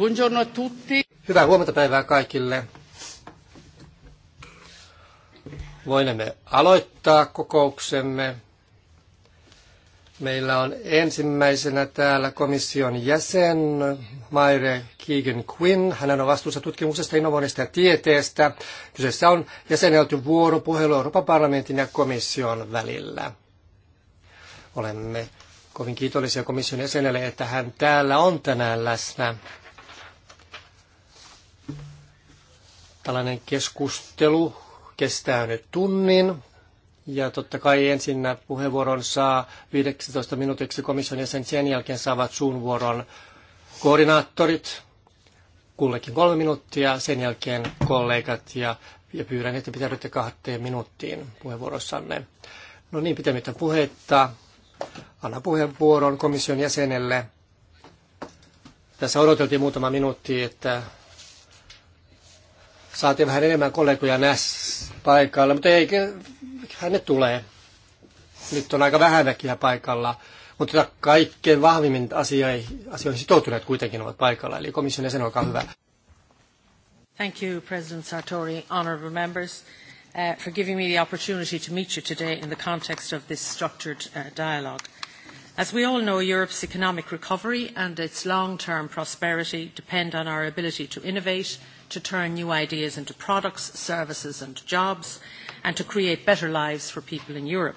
Buongiorno a tutti. Hyvää huomenta päivää kaikille. Voimme aloittaa kokouksemme. Meillä on ensimmäisenä täällä komission jäsen Maire Keegan Quinn. Hän on vastuussa tutkimuksesta, innovoinnista ja tieteestä. Kyseessä on jäsenelty vuoropuhelu Euroopan parlamentin ja komission välillä. Olemme kovin kiitollisia komission jäsenelle, että hän täällä on tänään läsnä. Tällainen keskustelu kestää nyt tunnin. Ja totta kai ensin puheenvuoron saa 15 minuutiksi komission jäsen, sen jälkeen saavat suun vuoron koordinaattorit, kullekin kolme minuuttia, sen jälkeen kollegat ja, ja pyydän, että pitäydytte kahteen minuuttiin puheenvuorossanne. No niin, pitämättä puhetta. Anna puheenvuoron komission jäsenelle. Tässä odoteltiin muutama minuutti, että saatiin vähän enemmän kollegoja näs paikalla, mutta ei, hänne tulee. Nyt on aika vähän väkiä paikalla, mutta tota, kaikkein vahvimmin asioihin sitoutuneet kuitenkin ovat paikalla, eli komission jäsen, olkaa hyvä. Thank you, President Sartori, honourable members, uh, for giving me the opportunity to meet you today in the context of this structured uh, dialogue. As we all know, Europe's economic recovery and its long-term prosperity depend on our ability to innovate, to turn new ideas into products, services and jobs, and to create better lives for people in Europe.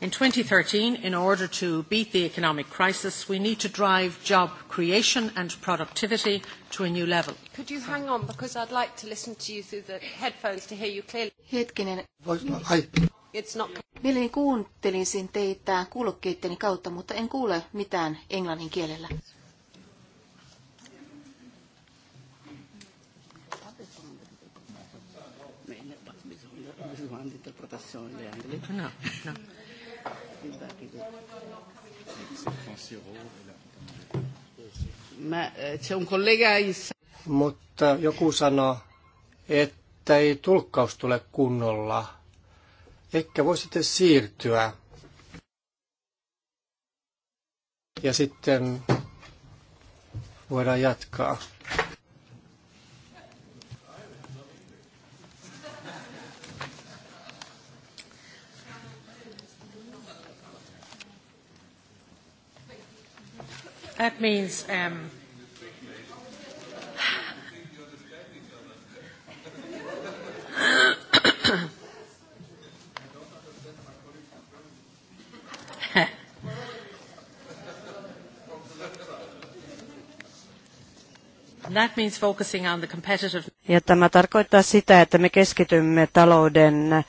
In 2013, in order to beat the economic crisis, we need to drive job creation and productivity to a new level. Could you hang on, because I'd like to listen to you through the headphones to hear you clearly. Hetkinen. It's not... Mielin kuuntelisin teitä kuulokkeitteni kautta, mutta en kuule mitään englannin kielellä. No, no. Mutta joku sanoi, että ei tulkkaus tule kunnolla. Ehkä voisitte siirtyä. Ja sitten voidaan jatkaa. That means um, that means focusing on the competitive ja tämä tarkoittaa sitä, että me keskitymme talouden eh,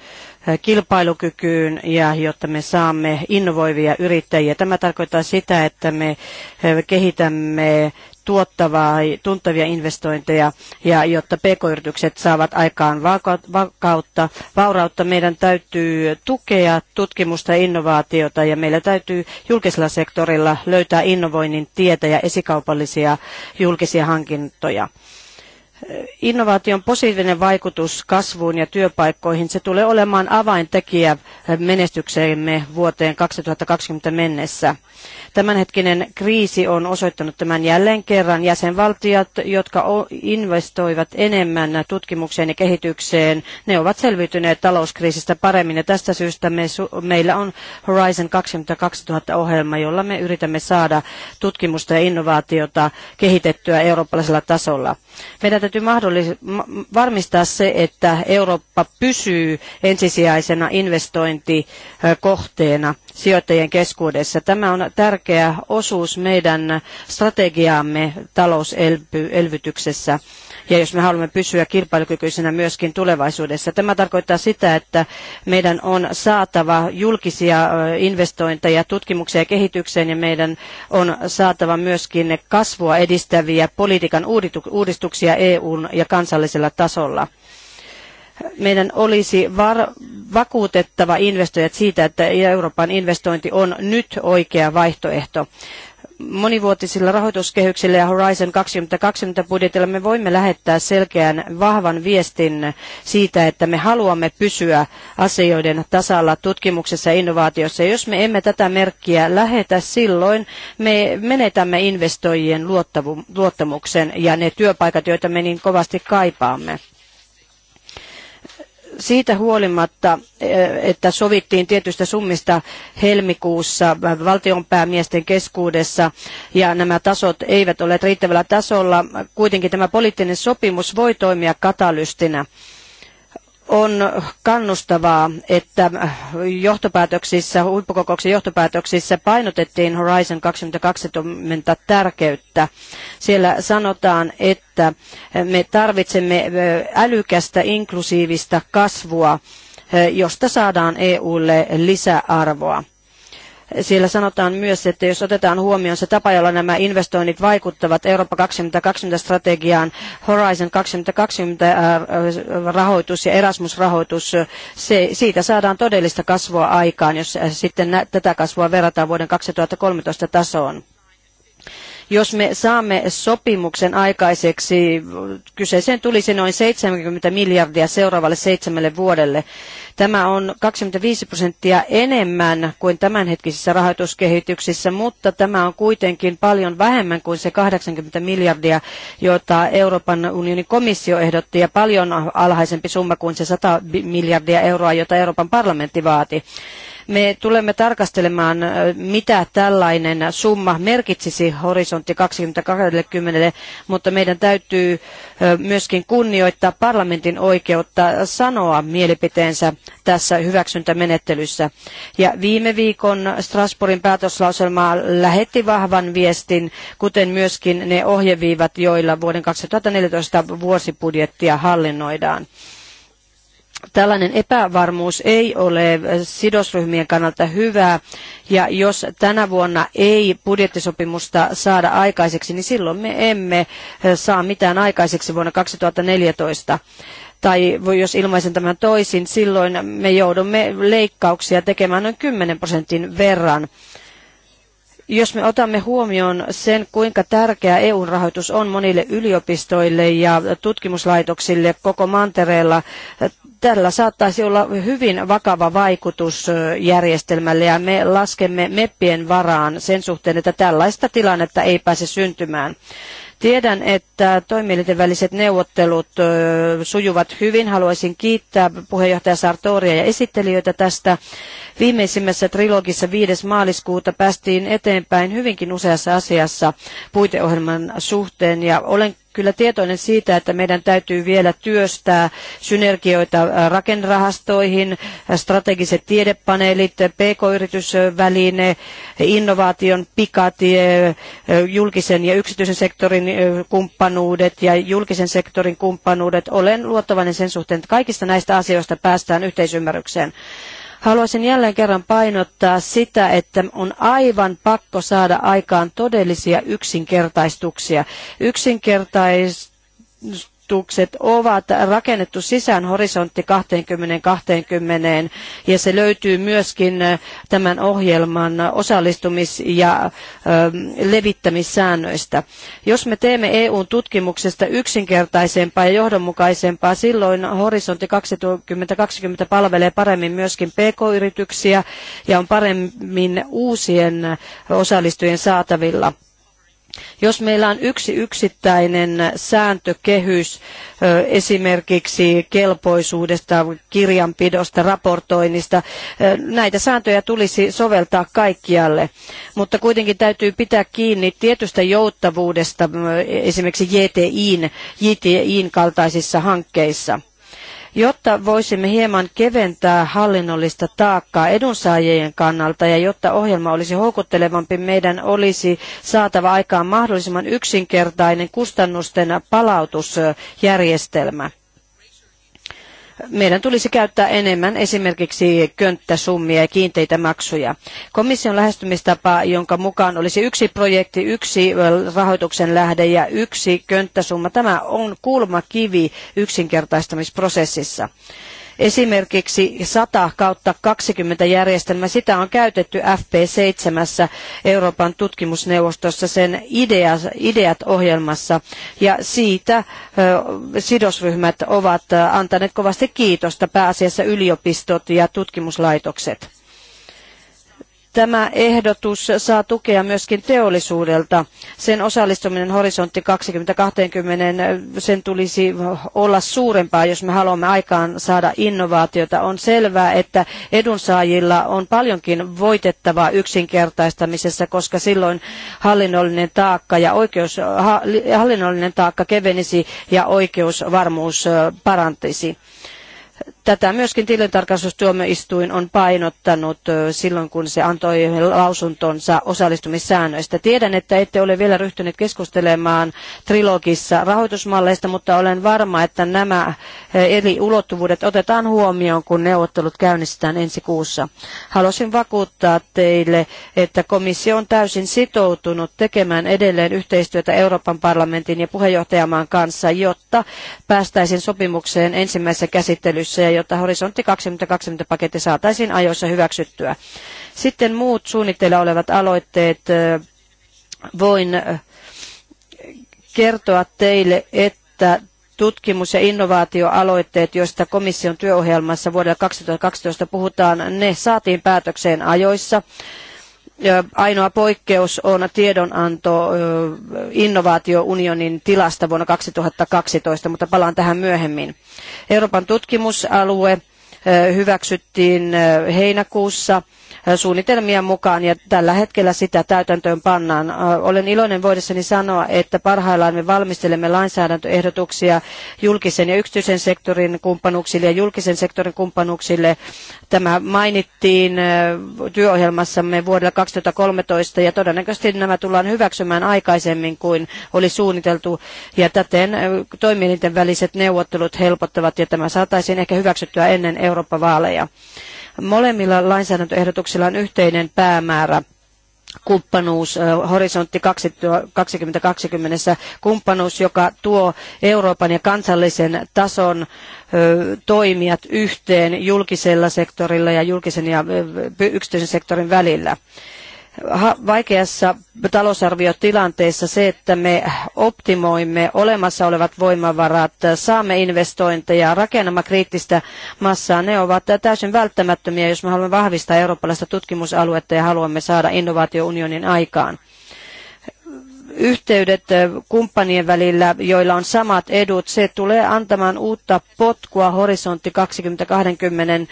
kilpailukykyyn ja jotta me saamme innovoivia yrittäjiä. Tämä tarkoittaa sitä, että me eh, kehitämme tuottavaa, tuntavia investointeja ja jotta pk-yritykset saavat aikaan vakautta, vaurautta, meidän täytyy tukea tutkimusta ja innovaatiota ja meillä täytyy julkisella sektorilla löytää innovoinnin tietä ja esikaupallisia julkisia hankintoja innovaation positiivinen vaikutus kasvuun ja työpaikkoihin, se tulee olemaan avaintekijä menestykseemme vuoteen 2020 mennessä. Tämänhetkinen kriisi on osoittanut tämän jälleen kerran. Jäsenvaltiot, jotka investoivat enemmän tutkimukseen ja kehitykseen, ne ovat selviytyneet talouskriisistä paremmin. Ja tästä syystä me, meillä on Horizon 2020 ohjelma, jolla me yritämme saada tutkimusta ja innovaatiota kehitettyä eurooppalaisella tasolla. Meidän täytyy varmistaa se, että Eurooppa pysyy ensisijaisena investointikohteena sijoittajien keskuudessa. Tämä on tärkeä osuus meidän strategiaamme talouselvytyksessä ja jos me haluamme pysyä kilpailukykyisenä myöskin tulevaisuudessa. Tämä tarkoittaa sitä, että meidän on saatava julkisia investointeja tutkimukseen ja kehitykseen ja meidän on saatava myöskin kasvua edistäviä politiikan uudistuksia EUn ja kansallisella tasolla meidän olisi var- vakuutettava investoijat siitä, että Euroopan investointi on nyt oikea vaihtoehto monivuotisilla rahoituskehyksillä ja Horizon 2020 budjetilla me voimme lähettää selkeän vahvan viestin siitä, että me haluamme pysyä asioiden tasalla tutkimuksessa ja innovaatiossa. Jos me emme tätä merkkiä lähetä, silloin me menetämme investoijien luottamuksen ja ne työpaikat, joita me niin kovasti kaipaamme siitä huolimatta, eh, että sovittiin tietystä summista helmikuussa valtionpäämiesten keskuudessa ja nämä tasot eivät ole riittävällä tasolla, kuitenkin tämä poliittinen sopimus voi toimia katalystinä on kannustavaa, että johtopäätöksissä, huippukokouksen johtopäätöksissä painotettiin Horizon 2020 tärkeyttä. Siellä sanotaan, että me tarvitsemme älykästä inklusiivista kasvua, josta saadaan EUlle lisäarvoa. Siellä sanotaan myös, että jos otetaan huomioon se tapa, jolla nämä investoinnit vaikuttavat Eurooppa 2020-strategiaan, Horizon 2020-rahoitus ja Erasmus-rahoitus, se, siitä saadaan todellista kasvua aikaan, jos sitten nä, tätä kasvua verrataan vuoden 2013 tasoon. Jos me saamme sopimuksen aikaiseksi, kyseeseen tulisi noin 70 miljardia seuraavalle seitsemälle vuodelle. Tämä on 25 prosenttia enemmän kuin tämänhetkisissä rahoituskehityksissä, mutta tämä on kuitenkin paljon vähemmän kuin se 80 miljardia, jota Euroopan unionin komissio ehdotti, ja paljon alhaisempi summa kuin se 100 miljardia euroa, jota Euroopan parlamentti vaati. Me tulemme tarkastelemaan, mitä tällainen summa merkitsisi horisontti 2020, mutta meidän täytyy myöskin kunnioittaa parlamentin oikeutta sanoa mielipiteensä tässä hyväksyntämenettelyssä. Ja viime viikon Strasbourgin päätöslauselma lähetti vahvan viestin, kuten myöskin ne ohjeviivat, joilla vuoden 2014 vuosibudjettia hallinnoidaan. Tällainen epävarmuus ei ole sidosryhmien kannalta hyvä, ja jos tänä vuonna ei budjettisopimusta saada aikaiseksi, niin silloin me emme eh, saa mitään aikaiseksi vuonna 2014 tai jos ilmaisen tämän toisin, silloin me joudumme leikkauksia tekemään noin 10 prosentin verran. Jos me otamme huomioon sen, kuinka tärkeä EU-rahoitus on monille yliopistoille ja tutkimuslaitoksille koko mantereella, tällä saattaisi olla hyvin vakava vaikutus järjestelmälle ja me laskemme meppien varaan sen suhteen, että tällaista tilannetta ei pääse syntymään. Tiedän, että toimielinten väliset neuvottelut sujuvat hyvin. Haluaisin kiittää puheenjohtaja Sartoria ja esittelijöitä tästä. Viimeisimmässä trilogissa 5. maaliskuuta päästiin eteenpäin hyvinkin useassa asiassa puiteohjelman suhteen ja olen kyllä tietoinen siitä, että meidän täytyy vielä työstää synergioita äh, rakennerahastoihin, äh, strategiset tiedepaneelit, äh, pk-yritysväline, innovaation pikatie, julkisen ja yksityisen sektorin kumppanuudet ja julkisen sektorin kumppanuudet. Olen luottavainen sen suhteen, että kaikista näistä asioista päästään yhteisymmärrykseen. Haluaisin jälleen kerran painottaa sitä, että on aivan pakko saada aikaan todellisia yksinkertaistuksia. Yksinkertaistuksia uudistukset ovat rakennettu sisään horisontti 2020 ja se löytyy myöskin tämän ohjelman osallistumis- ja levittämissäännöistä. Jos me teemme EUn tutkimuksesta yksinkertaisempaa ja johdonmukaisempaa, silloin horisontti 2020 palvelee paremmin myöskin pk-yrityksiä ja on paremmin uusien osallistujien saatavilla. Jos meillä on yksi yksittäinen sääntökehys esimerkiksi kelpoisuudesta, kirjanpidosta, raportoinnista, näitä sääntöjä tulisi soveltaa kaikkialle. Mutta kuitenkin täytyy pitää kiinni tietystä jouttavuudesta esimerkiksi JTIin, JTIin kaltaisissa hankkeissa jotta voisimme hieman keventää hallinnollista taakkaa edunsaajien kannalta ja jotta ohjelma olisi houkuttelevampi, meidän olisi saatava aikaan mahdollisimman yksinkertainen kustannusten palautusjärjestelmä meidän tulisi käyttää enemmän esimerkiksi könttäsummia ja kiinteitä maksuja. Komission lähestymistapa, jonka mukaan olisi yksi projekti, yksi rahoituksen lähde ja yksi könttäsumma, tämä on kulmakivi yksinkertaistamisprosessissa. Esimerkiksi 100 kautta 20 järjestelmä, sitä on käytetty FP7 Euroopan tutkimusneuvostossa sen Ideat-ohjelmassa ja siitä sidosryhmät ovat antaneet kovasti kiitosta, pääasiassa yliopistot ja tutkimuslaitokset. Tämä ehdotus saa tukea myöskin teollisuudelta. Sen osallistuminen horisontti 2020, sen tulisi olla suurempaa, jos me haluamme aikaan saada innovaatiota. On selvää, että edunsaajilla on paljonkin voitettavaa yksinkertaistamisessa, koska silloin hallinnollinen taakka ja oikeus, hallinnollinen taakka kevenisi ja oikeusvarmuus parantisi. Tätä myöskin tilintarkastustuomioistuin on painottanut silloin, kun se antoi lausuntonsa osallistumissäännöistä. Tiedän, että ette ole vielä ryhtyneet keskustelemaan trilogissa rahoitusmalleista, mutta olen varma, että nämä eri ulottuvuudet otetaan huomioon, kun neuvottelut käynnistetään ensi kuussa. Haluaisin vakuuttaa teille, että komissio on täysin sitoutunut tekemään edelleen yhteistyötä Euroopan parlamentin ja puheenjohtajamaan kanssa, jotta päästäisiin sopimukseen ensimmäisessä käsittelyssä ja jotta horisontti 2020 paketti saataisiin ajoissa hyväksyttyä. Sitten muut suunnitteilla olevat aloitteet voin kertoa teille, että tutkimus- ja innovaatioaloitteet, joista komission työohjelmassa vuodelle 2012 puhutaan, ne saatiin päätökseen ajoissa. Ainoa poikkeus on tiedonanto innovaatiounionin tilasta vuonna 2012, mutta palaan tähän myöhemmin. Euroopan tutkimusalue hyväksyttiin heinäkuussa suunnitelmien mukaan ja tällä hetkellä sitä täytäntöön pannaan. Olen iloinen voidessani sanoa, että parhaillaan me valmistelemme lainsäädäntöehdotuksia julkisen ja yksityisen sektorin kumppanuuksille ja julkisen sektorin kumppanuuksille. Tämä mainittiin työohjelmassamme vuodelle 2013 ja todennäköisesti nämä tullaan hyväksymään aikaisemmin kuin oli suunniteltu ja täten toimielinten väliset neuvottelut helpottavat ja tämä saataisiin ehkä hyväksyttyä ennen Eurooppa-vaaleja. Molemmilla lainsäädäntöehdotuksilla on yhteinen päämäärä kumppanuus, horisontti 2020, kumppanuus, joka tuo Euroopan ja kansallisen tason toimijat yhteen julkisella sektorilla ja julkisen ja yksityisen sektorin välillä vaikeassa talousarviotilanteessa se, että me optimoimme olemassa olevat voimavarat, saamme investointeja, rakennamme kriittistä massaa, ne ovat täysin välttämättömiä, jos me haluamme vahvistaa eurooppalaista tutkimusaluetta ja haluamme saada innovaatiounionin aikaan yhteydet kumppanien välillä, joilla on samat edut, se tulee antamaan uutta potkua horisontti 2020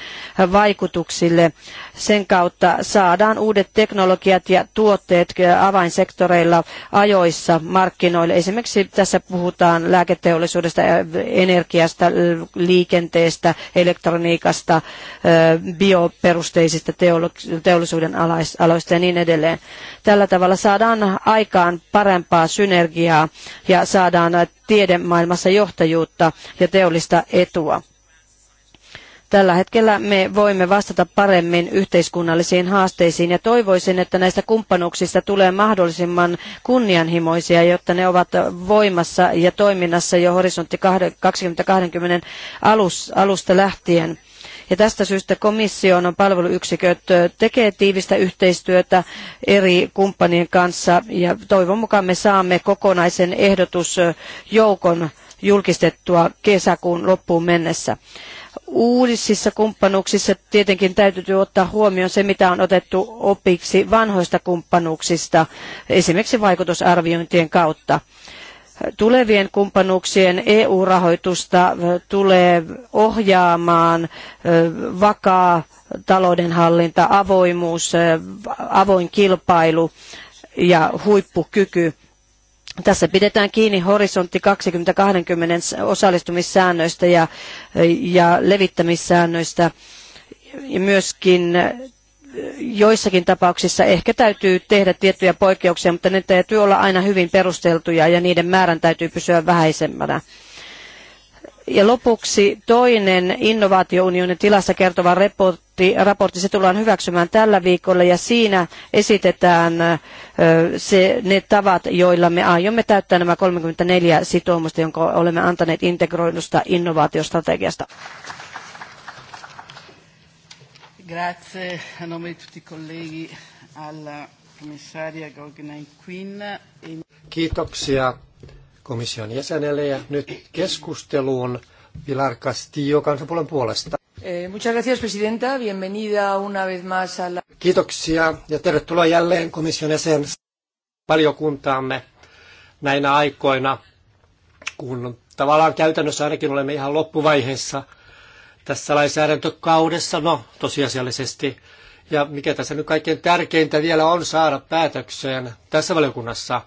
vaikutuksille. Sen kautta saadaan uudet teknologiat ja tuotteet avainsektoreilla ajoissa markkinoille. Esimerkiksi tässä puhutaan lääketeollisuudesta, energiasta, liikenteestä, elektroniikasta, bioperusteisista teollisuuden aloista ja niin edelleen. Tällä tavalla saadaan aikaan paremmin parempaa synergiaa ja saadaan tiedemaailmassa johtajuutta ja teollista etua. Tällä hetkellä me voimme vastata paremmin yhteiskunnallisiin haasteisiin ja toivoisin, että näistä kumppanuuksista tulee mahdollisimman kunnianhimoisia, jotta ne ovat voimassa ja toiminnassa jo horisontti 2020 alusta lähtien. Ja tästä syystä komission palveluyksiköt tekee tiivistä yhteistyötä eri kumppanien kanssa ja toivon mukaan me saamme kokonaisen ehdotusjoukon julkistettua kesäkuun loppuun mennessä uusissa kumppanuuksissa tietenkin täytyy ottaa huomioon se, mitä on otettu opiksi vanhoista kumppanuuksista, esimerkiksi vaikutusarviointien kautta tulevien kumppanuuksien EU-rahoitusta tulee ohjaamaan vakaa taloudenhallinta, avoimuus, avoin kilpailu ja huippukyky. Tässä pidetään kiinni horisontti 2020 osallistumissäännöistä ja, ja levittämissäännöistä ja myöskin joissakin tapauksissa ehkä täytyy tehdä tiettyjä poikkeuksia, mutta ne täytyy olla aina hyvin perusteltuja ja niiden määrän täytyy pysyä vähäisemmänä. Ja lopuksi toinen innovaatiounionin tilasta kertova raportti, raportti, se tullaan hyväksymään tällä viikolla ja siinä esitetään se, ne tavat, joilla me aiomme täyttää nämä 34 sitoumusta, jonka olemme antaneet integroidusta innovaatiostrategiasta. Grazie a nome di tutti i colleghi alla commissaria Gognain Quinn. In... Kiitoksia komission jäsenelle ja nyt keskusteluun Pilar Castillo kansanpuolen puolesta. Eh, muchas gracias, presidenta. Bienvenida una vez más a la... Kiitoksia ja tervetuloa jälleen komission jäsen valiokuntaamme näinä aikoina, kun tavallaan käytännössä ainakin olemme ihan loppuvaiheessa – tässä lainsäädäntökaudessa, no tosiasiallisesti. Ja mikä tässä nyt kaikkein tärkeintä vielä on saada päätökseen tässä valiokunnassa,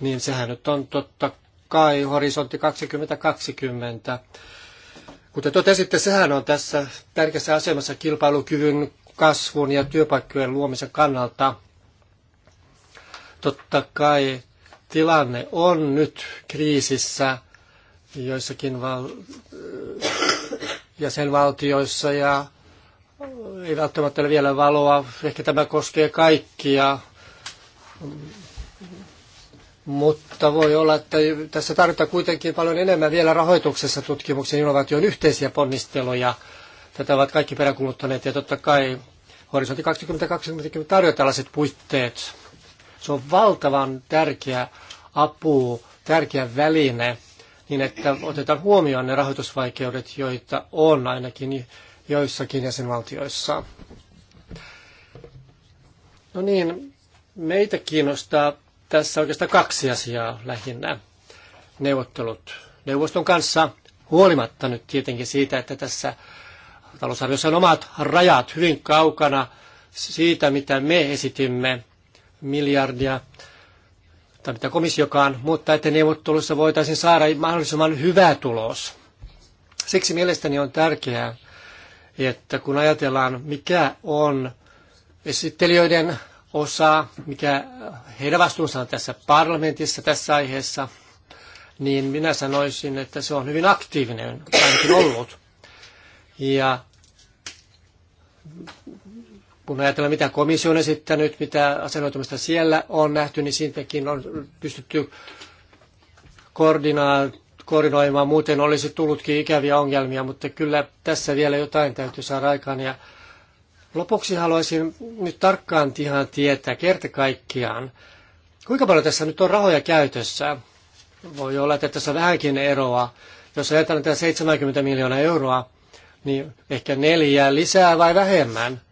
niin sehän nyt on totta kai horisontti 2020. Kuten totesitte, sehän on tässä tärkeässä asemassa kilpailukyvyn kasvun ja työpaikkojen luomisen kannalta. Totta kai tilanne on nyt kriisissä joissakin val- jäsenvaltioissa ja ei välttämättä ole vielä valoa. Ehkä tämä koskee kaikkia, mutta voi olla, että tässä tarvitaan kuitenkin paljon enemmän vielä rahoituksessa tutkimuksen innovaation yhteisiä ponnisteluja. Tätä ovat kaikki peräkuluttaneet ja totta kai Horisontti 2020 tarjoaa tällaiset puitteet. Se on valtavan tärkeä apu, tärkeä väline – niin että otetaan huomioon ne rahoitusvaikeudet, joita on ainakin joissakin jäsenvaltioissa. No niin, meitä kiinnostaa tässä oikeastaan kaksi asiaa lähinnä. Neuvottelut neuvoston kanssa, huolimatta nyt tietenkin siitä, että tässä talousarviossa on omat rajat hyvin kaukana siitä, mitä me esitimme miljardia tarvita komissiokaan, mutta että neuvottelussa voitaisiin saada mahdollisimman hyvä tulos. Siksi mielestäni on tärkeää, että kun ajatellaan, mikä on esittelijöiden osa, mikä heidän vastuunsa on tässä parlamentissa tässä aiheessa, niin minä sanoisin, että se on hyvin aktiivinen, ainakin ollut. Ja kun ajatellaan, mitä komissio on esittänyt, mitä asennoitumista siellä on nähty, niin siitäkin on pystytty koordinoimaan. Muuten olisi tullutkin ikäviä ongelmia, mutta kyllä tässä vielä jotain täytyy saada aikaan. Ja lopuksi haluaisin nyt tarkkaan ihan tietää kerta kaikkiaan, kuinka paljon tässä nyt on rahoja käytössä. Voi olla, että tässä on vähänkin eroa. Jos ajatellaan tätä 70 miljoonaa euroa, niin ehkä neljä lisää vai vähemmän –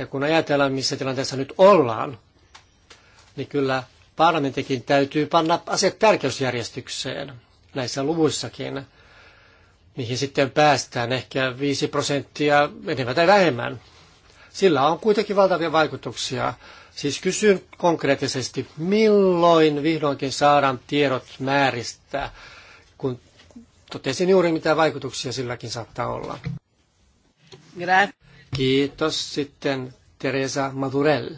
ja kun ajatellaan, missä tilanteessa nyt ollaan, niin kyllä parlamentikin täytyy panna asiat tärkeysjärjestykseen näissä luvuissakin, mihin sitten päästään ehkä 5 prosenttia enemmän tai vähemmän. Sillä on kuitenkin valtavia vaikutuksia. Siis kysyn konkreettisesti, milloin vihdoinkin saadaan tiedot määristä, kun totesin juuri mitä vaikutuksia silläkin saattaa olla. Grazie. Kiitos sitten Teresa Madurell.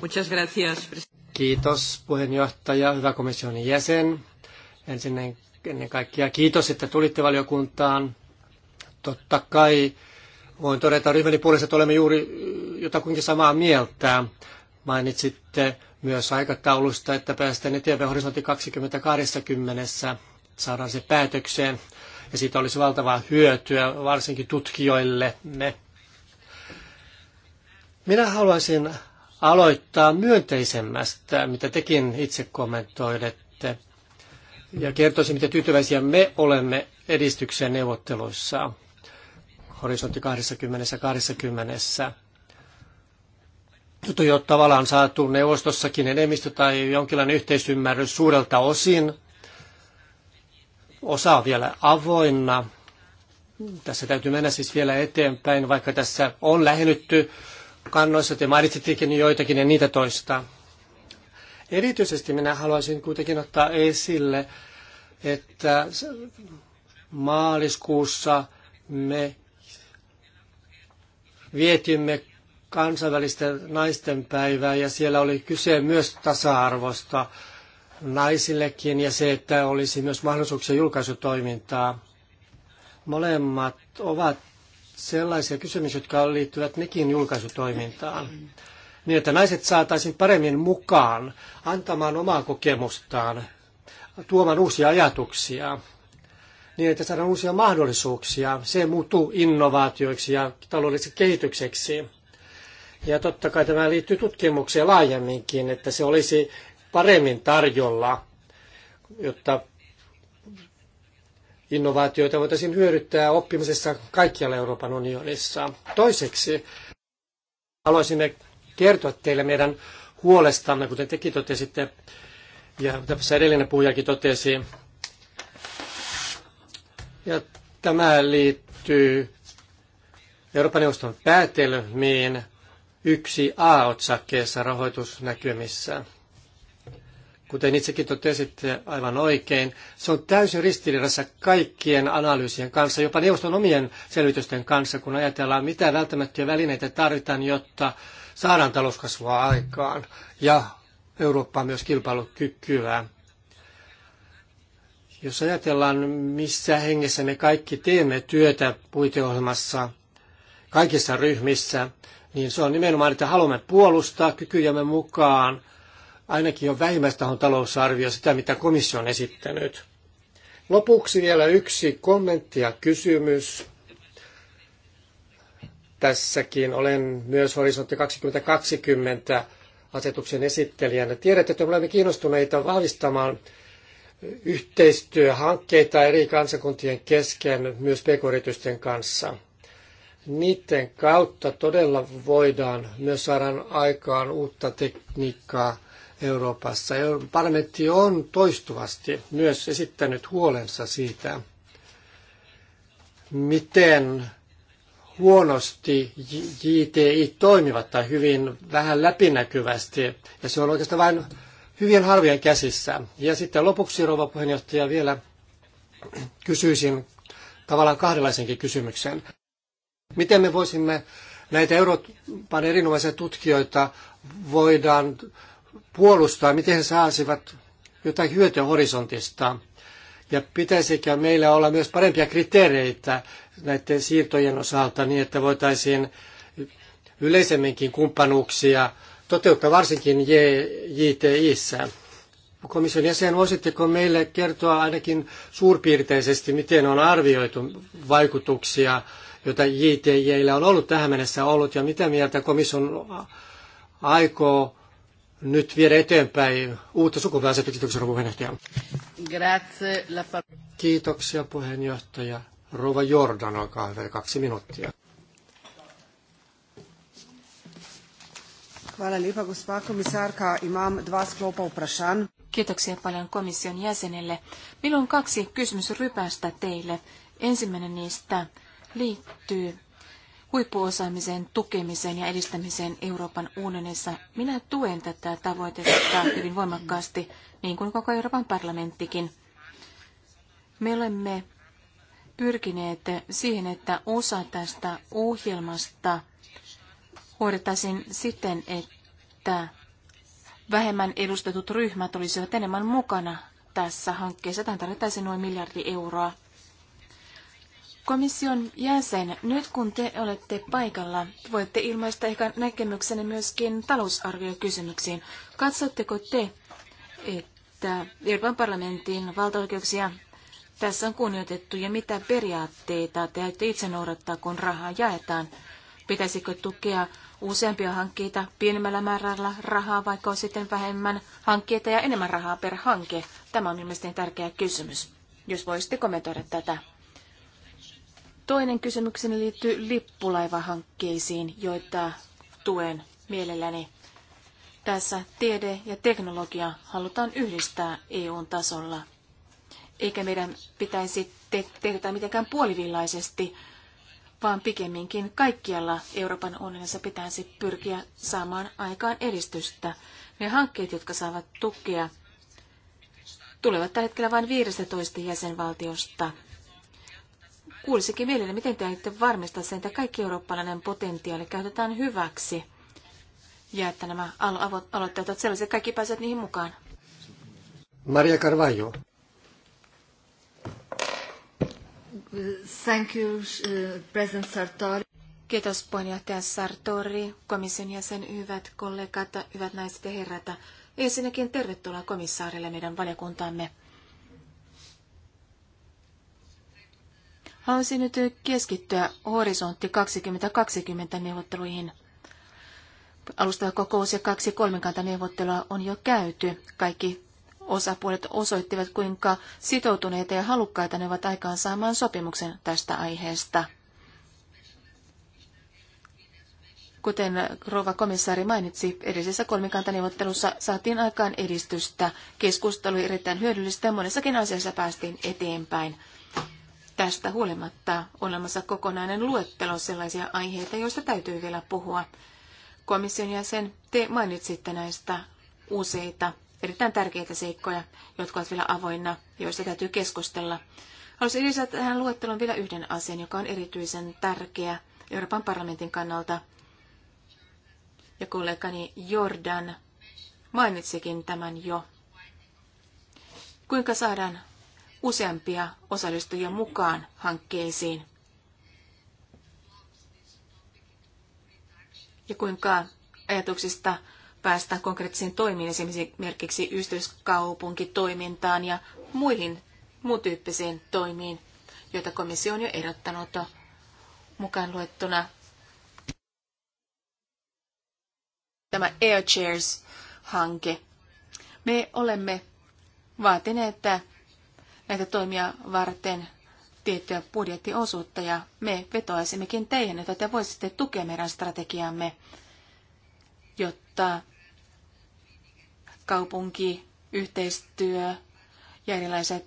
Muchas gracias. Kiitos puheenjohtaja, hyvä komission jäsen. Ensinnäkin ennen kaikkea kiitos, että tulitte valiokuntaan. Totta kai voin todeta ryhmäni puolesta, että olemme juuri äh, jotakuinkin samaa mieltä. Mainitsitte myös aikataulusta, että päästään eteenpäin horisontti 2020, saadaan se päätökseen ja siitä olisi valtavaa hyötyä varsinkin tutkijoille. Minä haluaisin aloittaa myönteisemmästä, mitä tekin itse kommentoidette, ja kertoisin, mitä tyytyväisiä me olemme edistykseen neuvotteluissa horisontti 20 20. Nyt on jo tavallaan saatu neuvostossakin enemmistö tai jonkinlainen yhteisymmärrys suurelta osin Osa on vielä avoinna. Tässä täytyy mennä siis vielä eteenpäin, vaikka tässä on lähennytty kannoissa. Te mainitsittekin joitakin ja niitä toista. Erityisesti minä haluaisin kuitenkin ottaa esille, että maaliskuussa me vietimme kansainvälistä naisten päivää ja siellä oli kyse myös tasa-arvosta naisillekin ja se, että olisi myös mahdollisuuksia julkaisutoimintaa. Molemmat ovat sellaisia kysymyksiä, jotka liittyvät nekin julkaisutoimintaan. Niin, että naiset saataisiin paremmin mukaan antamaan omaa kokemustaan, tuomaan uusia ajatuksia, niin että saadaan uusia mahdollisuuksia. Se muuttuu innovaatioiksi ja taloudelliseksi kehitykseksi. Ja totta kai tämä liittyy tutkimukseen laajemminkin, että se olisi paremmin tarjolla, jotta innovaatioita voitaisiin hyödyttää oppimisessa kaikkialla Euroopan unionissa. Toiseksi haluaisimme kertoa teille meidän huolestamme, kuten tekin totesitte, ja tässä edellinen puhujakin totesi. Ja tämä liittyy Euroopan neuvoston päätelmiin 1A-otsakkeessa rahoitusnäkymissä. Kuten itsekin totesitte aivan oikein, se on täysin ristiriidassa kaikkien analyysien kanssa, jopa neuvoston omien selvitysten kanssa, kun ajatellaan, mitä välttämättömiä välineitä tarvitaan, jotta saadaan talouskasvua aikaan ja Eurooppaa myös kilpailukykyä. Jos ajatellaan, missä hengessä me kaikki teemme työtä puiteohjelmassa kaikissa ryhmissä, niin se on nimenomaan, että haluamme puolustaa kykyjämme mukaan – ainakin jo vähimmäistahon talousarvio sitä, mitä komissio on esittänyt. Lopuksi vielä yksi kommentti ja kysymys. Tässäkin olen myös Horisontti 2020 asetuksen esittelijänä. Tiedätte, että me olemme kiinnostuneita vahvistamaan yhteistyöhankkeita eri kansakuntien kesken, myös pk-yritysten kanssa. Niiden kautta todella voidaan myös saada aikaan uutta tekniikkaa Euroopassa. Euroopan parlamentti on toistuvasti myös esittänyt huolensa siitä, miten huonosti JTI toimivat tai hyvin vähän läpinäkyvästi. Ja se on oikeastaan vain hyvin harvien käsissä. Ja sitten lopuksi, rouva puheenjohtaja, vielä kysyisin tavallaan kahdenlaisenkin kysymyksen. Miten me voisimme näitä Euroopan erinomaisia tutkijoita voidaan puolustaa, miten he saisivat jotain hyötyä horisontista. Ja pitäisikö meillä olla myös parempia kriteereitä näiden siirtojen osalta niin, että voitaisiin yleisemminkin kumppanuuksia toteuttaa varsinkin JTIssä. Komission jäsen, voisitteko meille kertoa ainakin suurpiirteisesti, miten on arvioitu vaikutuksia, joita JTIllä on ollut tähän mennessä ollut, ja mitä mieltä komission aikoo nyt viedä eteenpäin uutta sukupääsetyksi. Kiitoksia, rouva puheenjohtaja. Kiitoksia, puheenjohtaja. Rova Jordan, olkaa hyvä, kaksi minuuttia. Hvala lepa, gospa komisarka. Imam dva sklopa Kiitoksia paljon komission jäsenelle. Minulla on kaksi kysymysrypästä teille. Ensimmäinen niistä liittyy huippuosaamisen tukemiseen ja edistämiseen Euroopan unionissa. Minä tuen tätä tavoitetta hyvin voimakkaasti, niin kuin koko Euroopan parlamenttikin. Me olemme pyrkineet siihen, että osa tästä ohjelmasta hoidettaisiin siten, että vähemmän edustetut ryhmät olisivat enemmän mukana tässä hankkeessa. Tähän tarvittaisiin noin miljardi euroa Komission jäsen, nyt kun te olette paikalla, voitte ilmaista ehkä näkemyksenne myöskin talousarviokysymyksiin. Katsotteko te, että Euroopan parlamentin valtaoikeuksia tässä on kunnioitettu ja mitä periaatteita te aiotte itse noudattaa, kun rahaa jaetaan? Pitäisikö tukea useampia hankkeita pienemmällä määrällä rahaa, vaikka on sitten vähemmän hankkeita ja enemmän rahaa per hanke? Tämä on ilmeisesti tärkeä kysymys. Jos voisitte kommentoida tätä. Toinen kysymykseni liittyy lippulaivahankkeisiin, joita tuen mielelläni. Tässä tiede ja teknologia halutaan yhdistää eu tasolla, eikä meidän pitäisi te- tehdä tätä mitenkään puolivillaisesti, vaan pikemminkin kaikkialla Euroopan unionissa pitäisi pyrkiä saamaan aikaan edistystä. Ne hankkeet, jotka saavat tukea, tulevat tällä hetkellä vain 15 jäsenvaltiosta. Kuulisikin mielelläni, miten te aiotte varmistaa sen, että kaikki eurooppalainen potentiaali käytetään hyväksi ja että nämä alo- aloitteet ovat sellaiset, että kaikki pääsevät niihin mukaan. Maria Carvalho. Thank you, uh, President Sartori. Kiitos puheenjohtaja Sartori, komission jäsen, hyvät kollegat, hyvät naiset ja herrat. Ensinnäkin tervetuloa komissaarille meidän valiokuntaamme. Haluaisin nyt keskittyä horisontti 2020 neuvotteluihin. Alustava kokous ja kaksi kolmikanta neuvottelua on jo käyty. Kaikki osapuolet osoittivat, kuinka sitoutuneita ja halukkaita ne ovat aikaan saamaan sopimuksen tästä aiheesta. Kuten rouva komissaari mainitsi, edellisessä kolmikantaneuvottelussa saatiin aikaan edistystä. Keskustelu oli erittäin hyödyllistä ja monessakin asiassa päästiin eteenpäin. Tästä huolimatta olemassa kokonainen luettelo sellaisia aiheita, joista täytyy vielä puhua. Komission jäsen, te mainitsitte näistä useita erittäin tärkeitä seikkoja, jotka ovat vielä avoinna, joista täytyy keskustella. Haluaisin lisätä tähän luetteloon vielä yhden asian, joka on erityisen tärkeä Euroopan parlamentin kannalta. Ja kollegani Jordan mainitsikin tämän jo. Kuinka saadaan useampia osallistujia mukaan hankkeisiin. Ja kuinka ajatuksista päästään konkreettisiin toimiin, esimerkiksi ystävyyskaupunkitoimintaan ja muihin muun tyyppisiin toimiin, joita komissio on jo ehdottanut mukaan luettuna tämä Air Chairs-hanke. Me olemme vaatineet, että näitä toimia varten tiettyä budjettiosuutta ja me vetoaisimmekin teihin, että te voisitte tukea meidän strategiamme, jotta kaupunki, yhteistyö ja erilaiset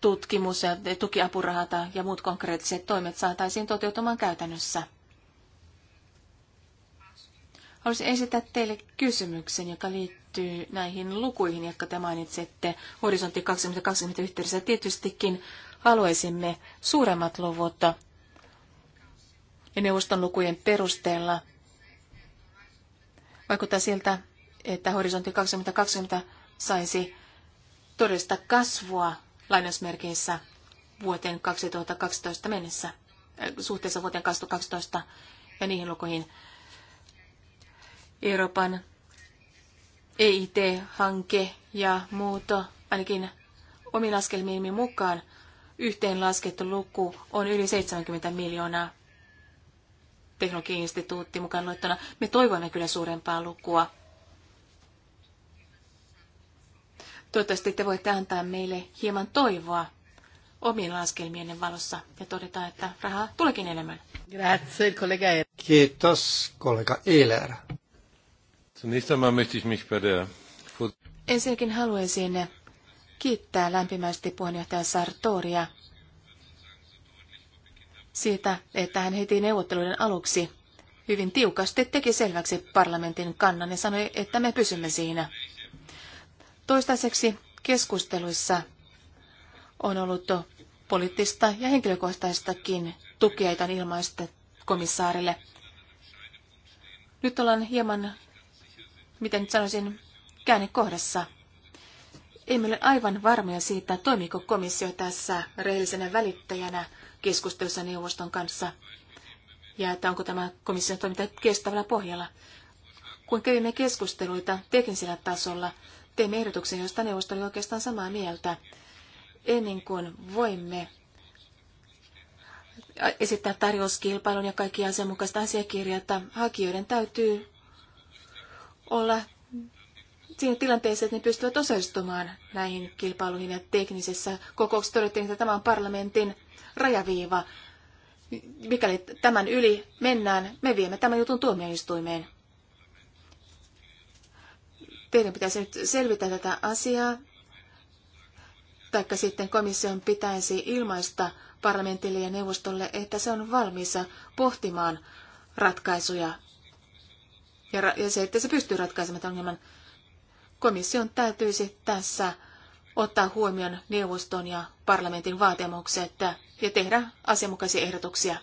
tutkimus- ja tukiapurahat ja muut konkreettiset toimet saataisiin toteutumaan käytännössä. Haluaisin esittää teille kysymyksen, joka liittyy liittyy näihin lukuihin, jotka te mainitsette horisontti 2020 yhteydessä. Tietystikin haluaisimme suuremmat luvut ja neuvoston lukujen perusteella. Vaikuttaa siltä, että horisontti 2020 saisi todellista kasvua lainausmerkeissä vuoteen 2012 mennessä, äh, suhteessa vuoteen 2012 ja niihin lukuihin. Euroopan EIT-hanke ja muuto, ainakin omin laskelmiini mukaan, yhteenlaskettu luku on yli 70 miljoonaa teknologiinstituutti mukaan luettuna. Me toivoimme kyllä suurempaa lukua. Toivottavasti te voitte antaa meille hieman toivoa omien laskelmienne valossa ja todeta, että rahaa tuleekin enemmän. Grazie, kollega Kiitos, kollega Eiler. Ensinnäkin haluaisin kiittää lämpimästi puheenjohtaja Sartoria siitä, että hän heti neuvotteluiden aluksi hyvin tiukasti teki selväksi parlamentin kannan ja sanoi, että me pysymme siinä. Toistaiseksi keskusteluissa on ollut poliittista ja henkilökohtaistakin tukea, ilmaista komissaarille. Nyt ollaan hieman miten nyt sanoisin, käännekohdassa. Emme ole aivan varmoja siitä, toimiko komissio tässä rehellisenä välittäjänä keskustelussa neuvoston kanssa, ja että onko tämä komission toiminta kestävällä pohjalla. Kun kävimme keskusteluita teknisellä tasolla, teimme ehdotuksen, josta neuvosto oli oikeastaan samaa mieltä. Ennen kuin voimme esittää tarjouskilpailun ja kaikki asianmukaiset asiakirjat, hakijoiden täytyy olla siihen tilanteeseen, että ne pystyvät osallistumaan näihin kilpailuihin ja teknisessä kokouksessa todettiin, että tämä on parlamentin rajaviiva. Mikäli tämän yli mennään, me viemme tämän jutun tuomioistuimeen. Teidän pitäisi nyt selvitä tätä asiaa, taikka sitten komission pitäisi ilmaista parlamentille ja neuvostolle, että se on valmis pohtimaan ratkaisuja ja, ja se, että se pystyy ratkaisemaan tämän ongelman. Komission täytyisi tässä ottaa huomioon neuvoston ja parlamentin vaatimukset ja tehdä asianmukaisia ehdotuksia.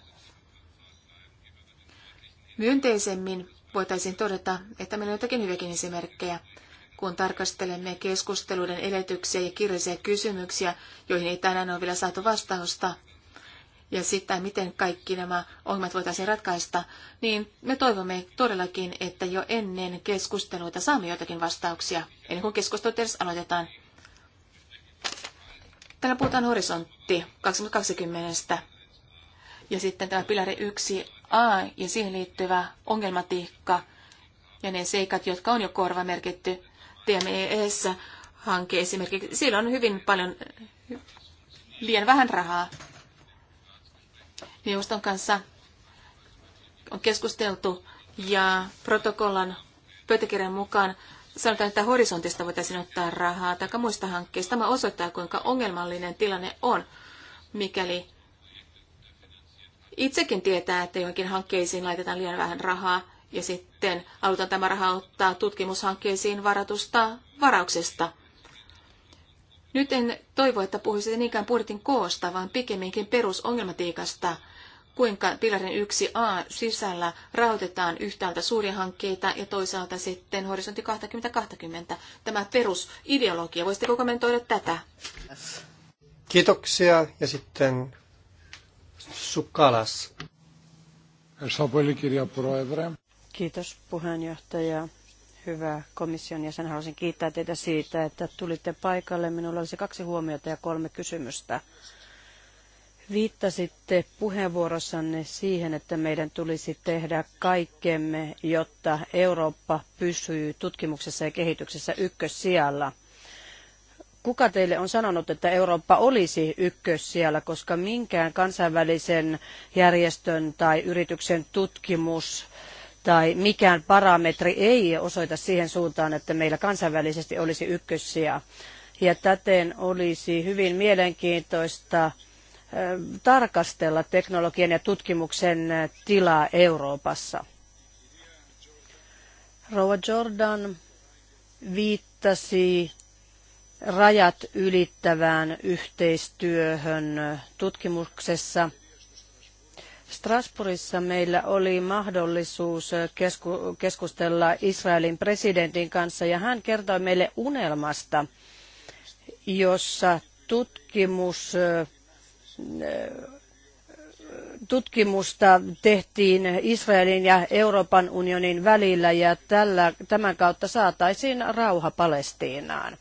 Myönteisemmin voitaisiin todeta, että meillä on jotakin hyviäkin esimerkkejä, kun tarkastelemme keskusteluiden edellytyksiä ja kirjallisia kysymyksiä, joihin ei tänään ole vielä saatu vastausta ja sitä, miten kaikki nämä ongelmat voitaisiin ratkaista, niin me toivomme todellakin, että jo ennen keskusteluita saamme jotakin vastauksia, ennen kuin keskustelut edes aloitetaan. Täällä puhutaan horisontti 2020 ja sitten tämä pilari 1a ja siihen liittyvä ongelmatiikka ja ne seikat, jotka on jo korvamerkitty TMES-hanke esimerkiksi. Siellä on hyvin paljon liian vähän rahaa neuvoston kanssa on keskusteltu ja protokollan pöytäkirjan mukaan sanotaan, että horisontista voitaisiin ottaa rahaa tai muista hankkeista. Tämä osoittaa, kuinka ongelmallinen tilanne on, mikäli itsekin tietää, että johonkin hankkeisiin laitetaan liian vähän rahaa ja sitten halutaan tämä raha ottaa tutkimushankkeisiin varatusta varauksesta. Nyt en toivo, että puhuisit niinkään budjetin koosta, vaan pikemminkin perusongelmatiikasta – kuinka pilarin 1a sisällä rahoitetaan yhtäältä suuria hankkeita ja toisaalta sitten horisontti 2020, tämä perusideologia. Voisitteko kommentoida tätä? Kiitoksia ja sitten Sukkalas. Kiitos puheenjohtaja. Hyvä komission jäsen, haluaisin kiittää teitä siitä, että tulitte paikalle. Minulla olisi kaksi huomiota ja kolme kysymystä. Viittasitte puheenvuorossanne siihen, että meidän tulisi tehdä kaikkemme, jotta Eurooppa pysyy tutkimuksessa ja kehityksessä ykkössijalla. Kuka teille on sanonut, että Eurooppa olisi ykkössijalla, koska minkään kansainvälisen järjestön tai yrityksen tutkimus tai mikään parametri ei osoita siihen suuntaan, että meillä kansainvälisesti olisi ykkössija. Ja täten olisi hyvin mielenkiintoista tarkastella teknologian ja tutkimuksen tilaa Euroopassa. Rouva Jordan viittasi rajat ylittävään yhteistyöhön tutkimuksessa. Strasbourgissa meillä oli mahdollisuus kesku- keskustella Israelin presidentin kanssa ja hän kertoi meille unelmasta, jossa tutkimus tutkimusta tehtiin Israelin ja Euroopan unionin välillä ja tällä, tämän kautta saataisiin rauha Palestiinaan.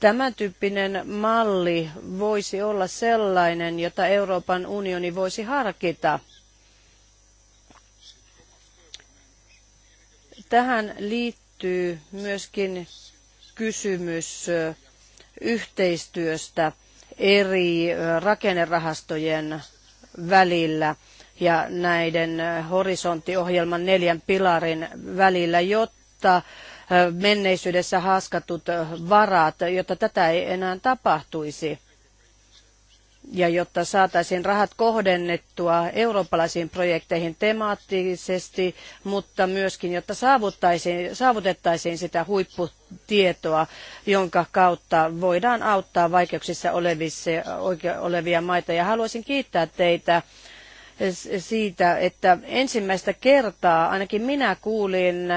Tämän tyyppinen malli voisi olla sellainen, jota Euroopan unioni voisi harkita. Tähän liittyy myöskin kysymys yhteistyöstä eri rakennerahastojen välillä ja näiden horisonttiohjelman neljän pilarin välillä, jotta menneisyydessä haaskatut varat, jotta tätä ei enää tapahtuisi ja jotta saataisiin rahat kohdennettua eurooppalaisiin projekteihin temaattisesti, mutta myöskin jotta saavutettaisiin sitä huipputietoa, jonka kautta voidaan auttaa vaikeuksissa olevia maita. Ja haluaisin kiittää teitä siitä, että ensimmäistä kertaa ainakin minä kuulin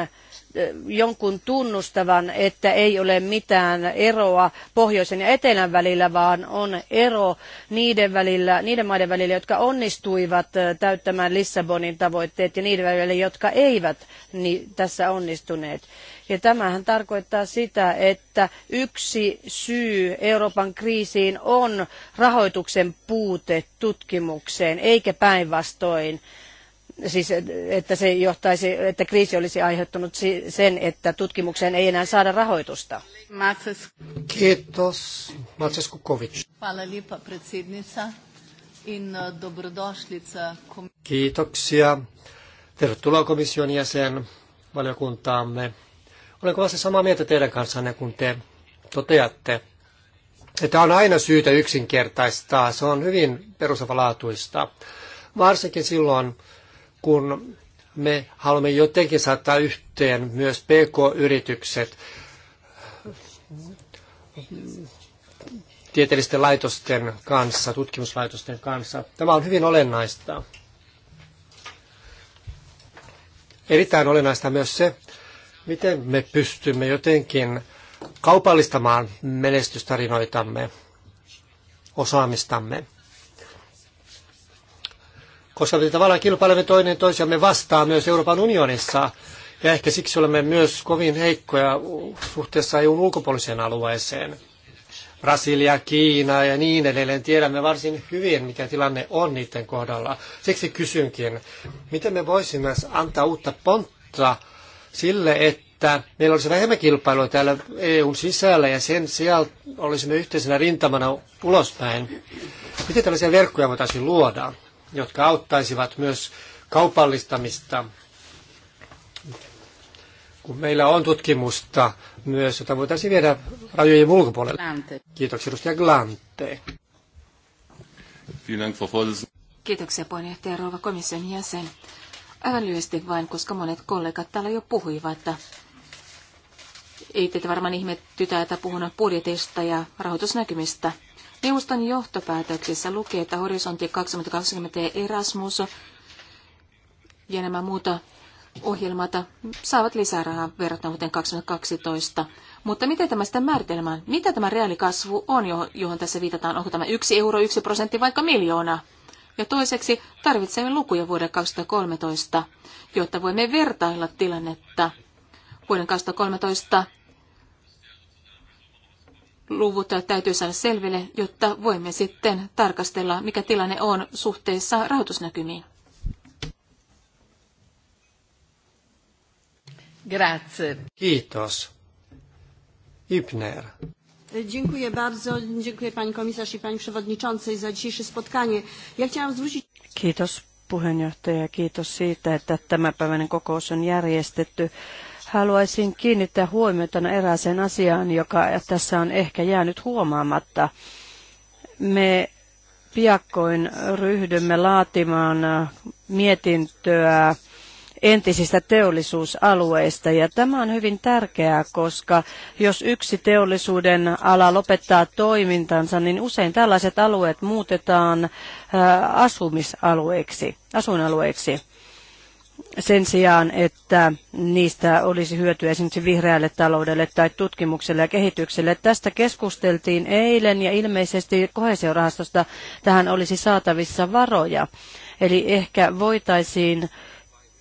jonkun tunnustavan, että ei ole mitään eroa pohjoisen ja etelän välillä, vaan on ero niiden, välillä, niiden maiden välillä, jotka onnistuivat täyttämään Lissabonin tavoitteet ja niiden välillä, jotka eivät niin tässä onnistuneet. Ja tämähän tarkoittaa sitä, että yksi syy Euroopan kriisiin on rahoituksen puute tutkimukseen, eikä päinvastoin siis että se johtaisi, että kriisi olisi aiheuttanut sen, että tutkimukseen ei enää saada rahoitusta. Kiitos. Matsas Kukovic. Eh, Kiitoksia. Tervetuloa komission jäsen valiokuntaamme. Olen kovasti samaa mieltä teidän kanssanne, kun te toteatte, että on aina syytä yksinkertaistaa. Se on hyvin perusavalaatuista. varsinkin silloin, kun me haluamme jotenkin saattaa yhteen myös PK-yritykset tieteellisten laitosten kanssa, tutkimuslaitosten kanssa. Tämä on hyvin olennaista. Erittäin olennaista myös se, miten me pystymme jotenkin kaupallistamaan menestystarinoitamme, osaamistamme koska me tavallaan kilpailemme toinen toisiamme vastaan myös Euroopan unionissa. Ja ehkä siksi olemme myös kovin heikkoja suhteessa EUn ulkopuoliseen alueeseen. Brasilia, Kiina ja niin edelleen. Tiedämme varsin hyvin, mikä tilanne on niiden kohdalla. Siksi kysynkin, miten me voisimme antaa uutta pontta sille, että meillä olisi vähemmän kilpailua täällä EUn sisällä ja sen sijaan olisimme yhteisenä rintamana ulospäin. Miten tällaisia verkkoja voitaisiin luoda? jotka auttaisivat myös kaupallistamista. Kun meillä on tutkimusta myös, jota voitaisiin viedä rajojen ulkopuolelle. Glante. Kiitoksia edustaja Glante. Kiitoksia puheenjohtaja Rouva komission jäsen. Aivan lyhyesti vain, koska monet kollegat täällä jo puhuivat, että ei teitä varmaan ihmetytä, että puhun budjetista ja rahoitusnäkymistä – Neuvoston johtopäätöksessä lukee, että horisontti 2020 Erasmus ja nämä muuta ohjelmat saavat lisää rahaa verrattuna vuoteen 2012. Mutta miten tämä sitten määritelmään? Mitä tämä reaalikasvu on, johon tässä viitataan? Onko tämä yksi euro, yksi prosentti, vaikka miljoona? Ja toiseksi tarvitsemme lukuja vuoden 2013, jotta voimme vertailla tilannetta. Vuoden 2013 luvut täytyy saada selville, jotta voimme sitten tarkastella, mikä tilanne on suhteessa rahoitusnäkymiin. Grazie. Kiitos. Ibner. Dziękuję bardzo. Dziękuję pani komisarz i pani przewodniczącej za dzisiejsze spotkanie. Ja chciałam zwrócić... Kiitos puheenjohtaja. Kiitos siitä, että tämä tämänpäiväinen kokous on järjestetty haluaisin kiinnittää huomiota erääseen asiaan, joka tässä on ehkä jäänyt huomaamatta. Me piakkoin ryhdymme laatimaan mietintöä entisistä teollisuusalueista. Ja tämä on hyvin tärkeää, koska jos yksi teollisuuden ala lopettaa toimintansa, niin usein tällaiset alueet muutetaan asumisalueiksi, asuinalueiksi sen sijaan, että niistä olisi hyötyä esimerkiksi vihreälle taloudelle tai tutkimukselle ja kehitykselle. Tästä keskusteltiin eilen ja ilmeisesti kohesiorahastosta tähän olisi saatavissa varoja. Eli ehkä voitaisiin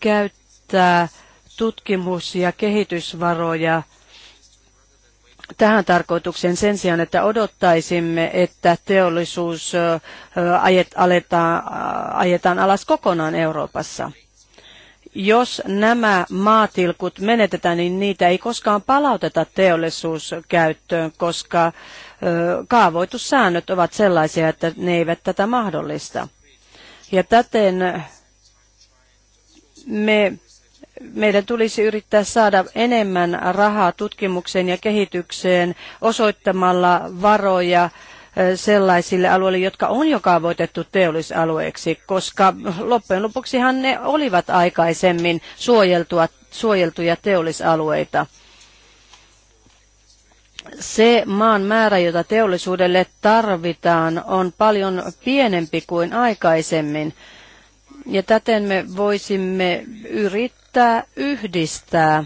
käyttää tutkimus- ja kehitysvaroja tähän tarkoitukseen sen sijaan, että odottaisimme, että teollisuus aletaan, ajetaan alas kokonaan Euroopassa jos nämä maatilkut menetetään, niin niitä ei koskaan palauteta teollisuuskäyttöön, koska kaavoitussäännöt ovat sellaisia, että ne eivät tätä mahdollista. Ja täten me, meidän tulisi yrittää saada enemmän rahaa tutkimukseen ja kehitykseen osoittamalla varoja sellaisille alueille, jotka on jo kaavoitettu teollisalueeksi, koska loppujen lopuksihan ne olivat aikaisemmin suojeltua, suojeltuja teollisalueita se maan määrä, jota teollisuudelle tarvitaan, on paljon pienempi kuin aikaisemmin. Ja täten me voisimme yrittää yhdistää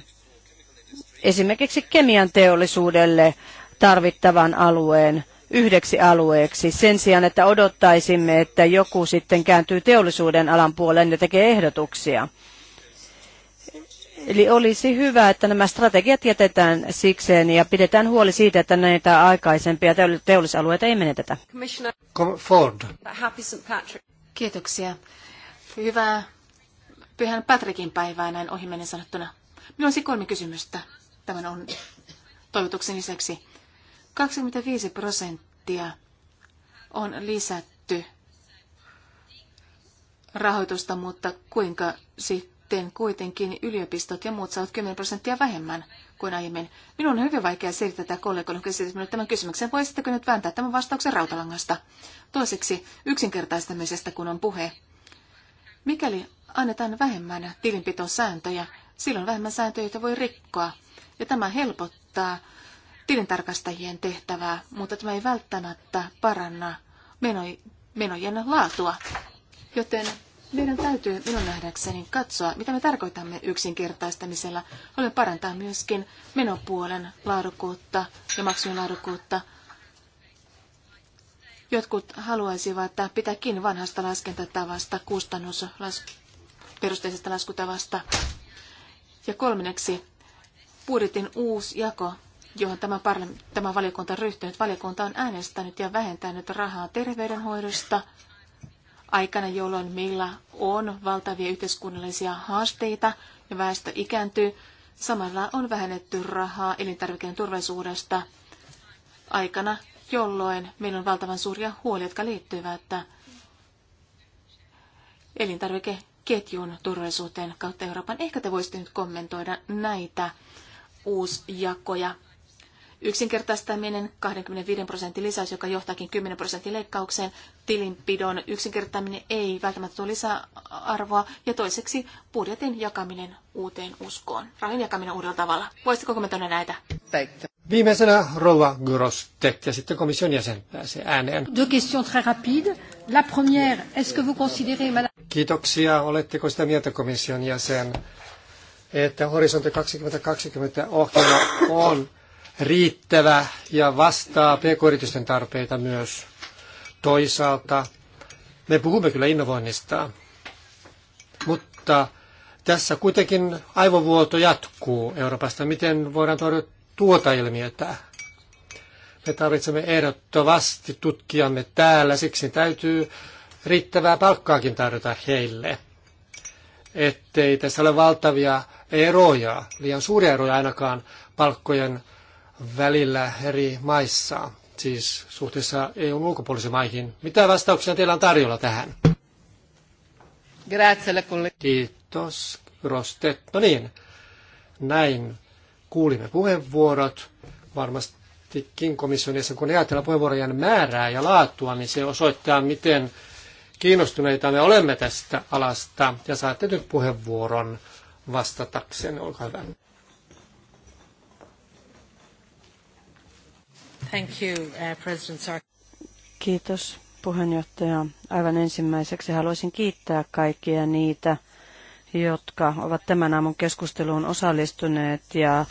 esimerkiksi kemian teollisuudelle tarvittavan alueen yhdeksi alueeksi sen sijaan, että odottaisimme, että joku sitten kääntyy teollisuuden alan puoleen ja tekee ehdotuksia. Eli olisi hyvä, että nämä strategiat jätetään sikseen ja pidetään huoli siitä, että näitä aikaisempia teollisalueita ei menetetä. Ford. Kiitoksia. Hyvää Pyhän Patrikin päivää näin ohimennen sanottuna. Minulla olisi kolme kysymystä tämän on toivotuksen lisäksi. 25 prosenttia on lisätty rahoitusta, mutta kuinka sitten kuitenkin yliopistot ja muut saavat 10 prosenttia vähemmän kuin aiemmin. Minun on hyvin vaikea selittää tätä kollegoille, kun esitit minulle tämän kysymyksen. Voisitteko nyt vääntää tämän vastauksen rautalangasta? Toiseksi yksinkertaistamisesta, kun on puhe. Mikäli annetaan vähemmän tilinpitosääntöjä, silloin vähemmän sääntöjä, joita voi rikkoa. Ja tämä helpottaa tilintarkastajien tehtävää, mutta tämä ei välttämättä paranna menojen laatua. Joten meidän täytyy minun nähdäkseni katsoa, mitä me tarkoitamme yksinkertaistamisella. Olen parantaa myöskin menopuolen laadukkuutta ja maksujen laadukkuutta. Jotkut haluaisivat pitää kiinni vanhasta laskentatavasta, kustannusperusteisesta laskutavasta. Ja kolmanneksi, budjetin uusi jako johon tämä, tämä valiokunta on ryhtynyt. Valiokunta on äänestänyt ja vähentänyt rahaa terveydenhoidosta aikana, jolloin meillä on valtavia yhteiskunnallisia haasteita ja väestö ikääntyy. Samalla on vähennetty rahaa elintarvikkeiden turvallisuudesta aikana, jolloin meillä on valtavan suuria huolia, jotka liittyvät elintarvikeketjun turvallisuuteen kautta Euroopan. Ehkä te voisitte nyt kommentoida näitä uusjakoja Yksinkertaistaminen, 25 prosentin lisäys, joka johtaakin 10 prosentin leikkaukseen. Tilinpidon yksinkertaistaminen ei välttämättä tuo lisäarvoa. Ja toiseksi budjetin jakaminen uuteen uskoon. Rahin jakaminen uudella tavalla. Voisitko kommentoida näitä? Viimeisenä Rova Grostek ja sitten komission jäsen pääsee ääneen. Kiitoksia. Oletteko sitä mieltä komission jäsen, että Horisontti 2020 ohjelma on riittävä ja vastaa pk-yritysten tarpeita myös. Toisaalta me puhumme kyllä innovoinnista, mutta tässä kuitenkin aivovuoto jatkuu Euroopasta. Miten voidaan tuoda tuota ilmiötä? Me tarvitsemme ehdottomasti tutkijamme täällä, siksi täytyy riittävää palkkaakin tarjota heille, ettei tässä ole valtavia eroja, liian suuria eroja ainakaan palkkojen välillä eri maissa, siis suhteessa EUn ulkopuolisiin maihin. Mitä vastauksia teillä on tarjolla tähän? Grazie, Kiitos, Rostet. No niin, näin kuulimme puheenvuorot. Varmastikin komissionissa, kun ajatellaan puheenvuorojen määrää ja laatua, niin se osoittaa, miten kiinnostuneita me olemme tästä alasta. Ja saatte nyt puheenvuoron vastatakseen. Olkaa hyvä. Uh, Kiitos puheenjohtaja. Aivan ensimmäiseksi haluaisin kiittää kaikkia niitä, jotka ovat tämän aamun keskusteluun osallistuneet ja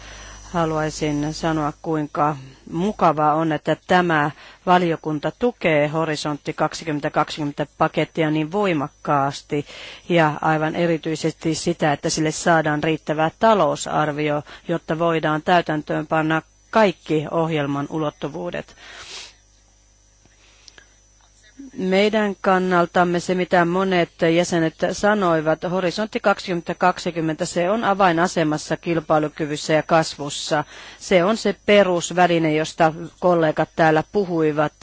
haluaisin sanoa, kuinka mukavaa on, että tämä valiokunta tukee Horisontti 2020 pakettia niin voimakkaasti ja aivan erityisesti sitä, että sille saadaan riittävä talousarvio, jotta voidaan täytäntöönpanna kaikki ohjelman ulottuvuudet. Meidän kannaltamme se, mitä monet jäsenet sanoivat, horisontti 2020, se on avainasemassa kilpailukyvyssä ja kasvussa. Se on se perusväline, josta kollegat täällä puhuivat,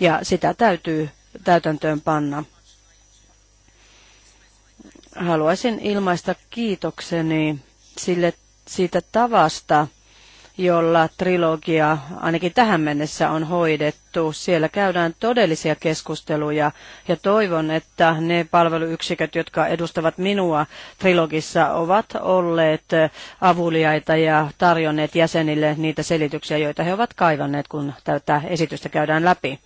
ja sitä täytyy täytäntöön panna. Haluaisin ilmaista kiitokseni sille, siitä tavasta, jolla trilogia ainakin tähän mennessä on hoidettu. Siellä käydään todellisia keskusteluja ja toivon, että ne palveluyksiköt, jotka edustavat minua trilogissa, ovat olleet avuliaita ja tarjonneet jäsenille niitä selityksiä, joita he ovat kaivanneet, kun tätä esitystä käydään läpi.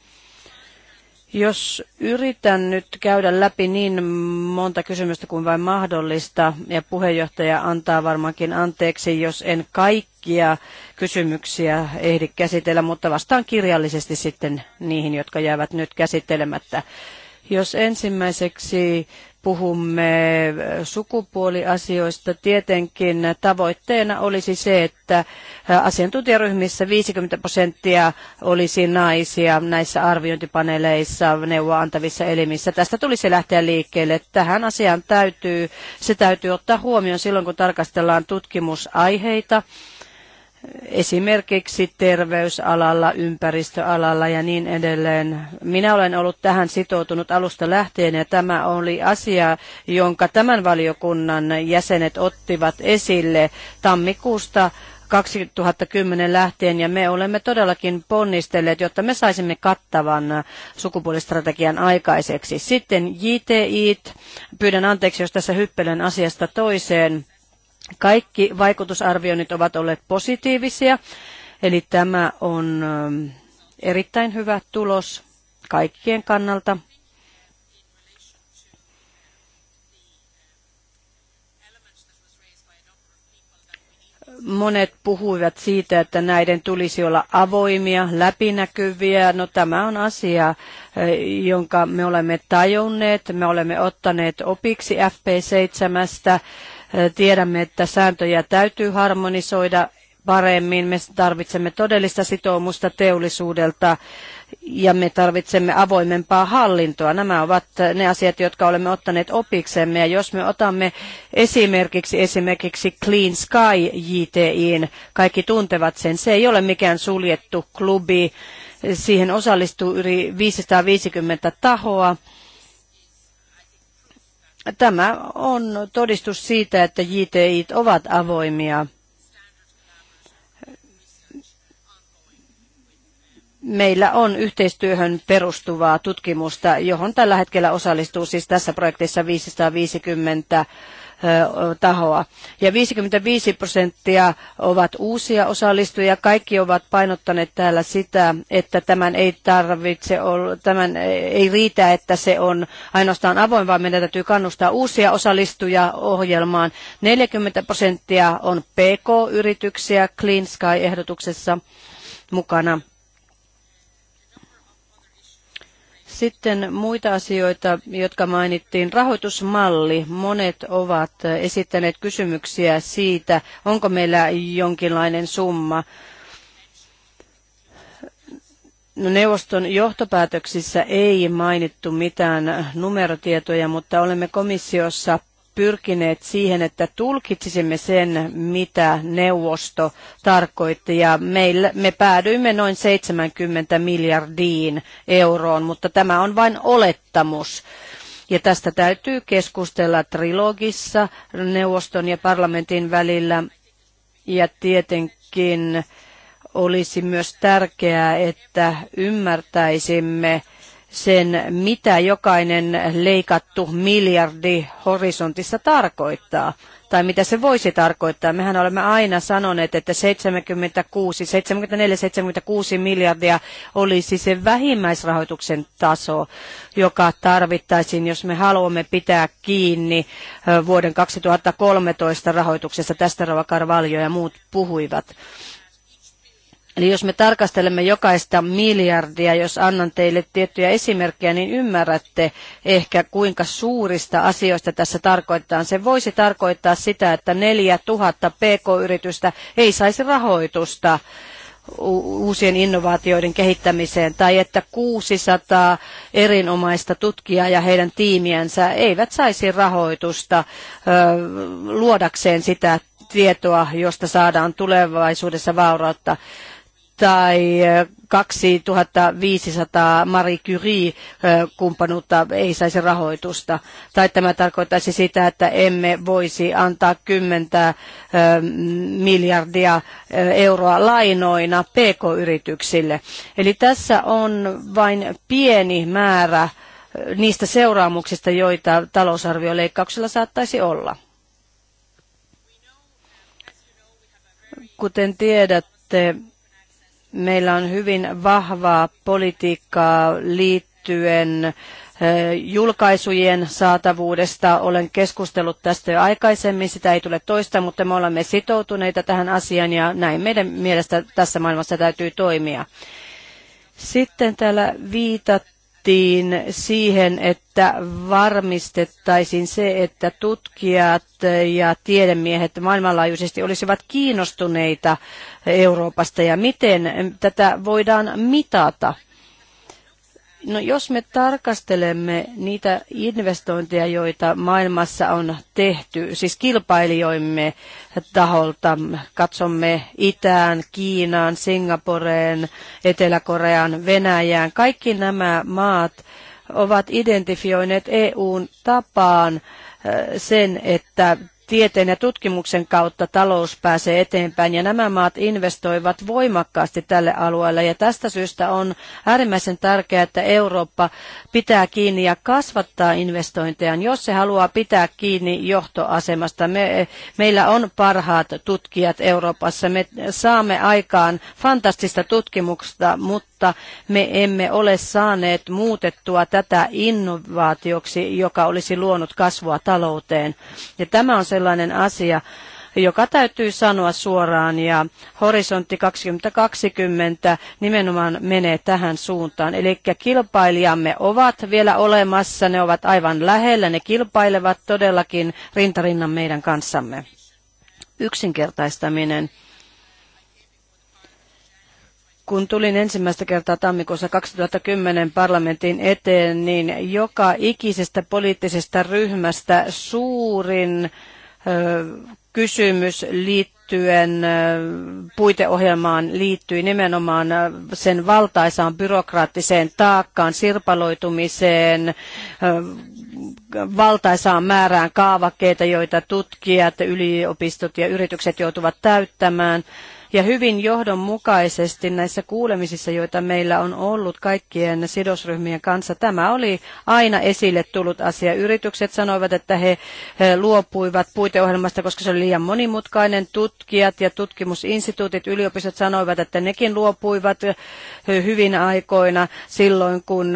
Jos yritän nyt käydä läpi niin monta kysymystä kuin vain mahdollista, ja puheenjohtaja antaa varmaankin anteeksi, jos en kaikkia kysymyksiä ehdi käsitellä, mutta vastaan kirjallisesti sitten niihin, jotka jäävät nyt käsittelemättä. Jos ensimmäiseksi puhumme äh, sukupuoliasioista. Tietenkin tavoitteena olisi se, että äh, asiantuntijaryhmissä 50 prosenttia olisi naisia näissä arviointipaneeleissa, neuvoa antavissa elimissä. Tästä tulisi lähteä liikkeelle. Tähän asiaan täytyy, se täytyy ottaa huomioon silloin, kun tarkastellaan tutkimusaiheita esimerkiksi terveysalalla, ympäristöalalla ja niin edelleen. Minä olen ollut tähän sitoutunut alusta lähtien ja tämä oli asia, jonka tämän valiokunnan jäsenet ottivat esille tammikuusta 2010 lähtien ja me olemme todellakin ponnistelleet, jotta me saisimme kattavan sukupuolistrategian aikaiseksi. Sitten JTI, pyydän anteeksi, jos tässä hyppelen asiasta toiseen kaikki vaikutusarvioinnit ovat olleet positiivisia, eli tämä on ähm, erittäin hyvä tulos kaikkien kannalta. monet puhuivat siitä, että näiden tulisi olla avoimia, läpinäkyviä. No tämä on asia, äh, jonka me olemme tajunneet. Me olemme ottaneet opiksi FP7. Tiedämme, että sääntöjä täytyy harmonisoida paremmin. Me tarvitsemme todellista sitoumusta teollisuudelta ja me tarvitsemme avoimempaa hallintoa. Nämä ovat ne asiat, jotka olemme ottaneet opiksemme. Ja jos me otamme esimerkiksi esimerkiksi Clean Sky JTIin, kaikki tuntevat sen, se ei ole mikään suljettu klubi. Siihen osallistuu yli 550 tahoa Tämä on todistus siitä, että JTI ovat avoimia. Meillä on yhteistyöhön perustuvaa tutkimusta, johon tällä hetkellä osallistuu siis tässä projektissa 550 tahoa. Ja 55 prosenttia ovat uusia osallistujia. Kaikki ovat painottaneet täällä sitä, että tämän ei tarvitse olla, tämän ei riitä, että se on ainoastaan avoin, vaan meidän täytyy kannustaa uusia osallistujia ohjelmaan. 40 prosenttia on PK-yrityksiä Clean Sky-ehdotuksessa mukana. Sitten muita asioita, jotka mainittiin. Rahoitusmalli. Monet ovat esittäneet kysymyksiä siitä, onko meillä jonkinlainen summa. No, neuvoston johtopäätöksissä ei mainittu mitään numerotietoja, mutta olemme komissiossa pyrkineet siihen, että tulkitsisimme sen, mitä neuvosto tarkoitti. Ja meillä, me päädyimme noin 70 miljardiin euroon, mutta tämä on vain olettamus. Ja tästä täytyy keskustella trilogissa neuvoston ja parlamentin välillä. Ja tietenkin olisi myös tärkeää, että ymmärtäisimme, sen, mitä jokainen leikattu miljardi horisontissa tarkoittaa tai mitä se voisi tarkoittaa. Mehän olemme aina sanoneet, että 76, 74-76 miljardia olisi se vähimmäisrahoituksen taso, joka tarvittaisiin, jos me haluamme pitää kiinni vuoden 2013 rahoituksessa. Tästä Rova Carvalho ja muut puhuivat. Eli jos me tarkastelemme jokaista miljardia, jos annan teille tiettyjä esimerkkejä, niin ymmärrätte ehkä kuinka suurista asioista tässä tarkoittaa. Se voisi tarkoittaa sitä, että 4000 pk-yritystä ei saisi rahoitusta uusien innovaatioiden kehittämiseen, tai että 600 erinomaista tutkijaa ja heidän tiimiänsä eivät saisi rahoitusta luodakseen sitä tietoa, josta saadaan tulevaisuudessa vaurautta tai 2500 Marie Curie-kumppanuutta ei saisi rahoitusta. Tai tämä tarkoittaisi sitä, että emme voisi antaa 10 miljardia euroa lainoina pk-yrityksille. Eli tässä on vain pieni määrä niistä seuraamuksista, joita talousarvioleikkauksella saattaisi olla. Kuten tiedätte, meillä on hyvin vahvaa politiikkaa liittyen eh, julkaisujen saatavuudesta. Olen keskustellut tästä jo aikaisemmin, sitä ei tule toista, mutta me olemme sitoutuneita tähän asiaan ja näin meidän mielestä tässä maailmassa täytyy toimia. Sitten täällä viitattiin pyrittiin siihen, että varmistettaisiin se, että tutkijat ja tiedemiehet maailmanlaajuisesti olisivat kiinnostuneita Euroopasta ja miten tätä voidaan mitata. No jos me tarkastelemme niitä investointeja, joita maailmassa on tehty, siis kilpailijoimme taholta, katsomme Itään, Kiinaan, Singaporeen, Etelä-Koreaan, Venäjään, kaikki nämä maat ovat identifioineet EUn tapaan eh, sen, että tieteen ja tutkimuksen kautta talous pääsee eteenpäin ja nämä maat investoivat voimakkaasti tälle alueelle ja tästä syystä on äärimmäisen tärkeää, että Eurooppa pitää kiinni ja kasvattaa investointejaan, jos se haluaa pitää kiinni johtoasemasta. Me, meillä on parhaat tutkijat Euroopassa, me saamme aikaan fantastista tutkimusta, mutta mutta me emme ole saaneet muutettua tätä innovaatioksi, joka olisi luonut kasvua talouteen. Ja tämä on sellainen asia, joka täytyy sanoa suoraan ja horisontti 2020 nimenomaan menee tähän suuntaan. Eli kilpailijamme ovat vielä olemassa, ne ovat aivan lähellä, ne kilpailevat todellakin rintarinnan meidän kanssamme. Yksinkertaistaminen kun tulin ensimmäistä kertaa tammikuussa 2010 parlamentin eteen, niin joka ikisestä poliittisesta ryhmästä suurin kysymys liittyen puiteohjelmaan liittyi nimenomaan sen valtaisaan byrokraattiseen taakkaan, sirpaloitumiseen, valtaisaan määrään kaavakkeita, joita tutkijat, yliopistot ja yritykset joutuvat täyttämään – ja hyvin johdonmukaisesti näissä kuulemisissa, joita meillä on ollut kaikkien sidosryhmien kanssa, tämä oli aina esille tullut asia. Yritykset sanoivat, että he luopuivat puiteohjelmasta, koska se oli liian monimutkainen. Tutkijat ja tutkimusinstituutit, yliopistot sanoivat, että nekin luopuivat hyvin aikoina silloin, kun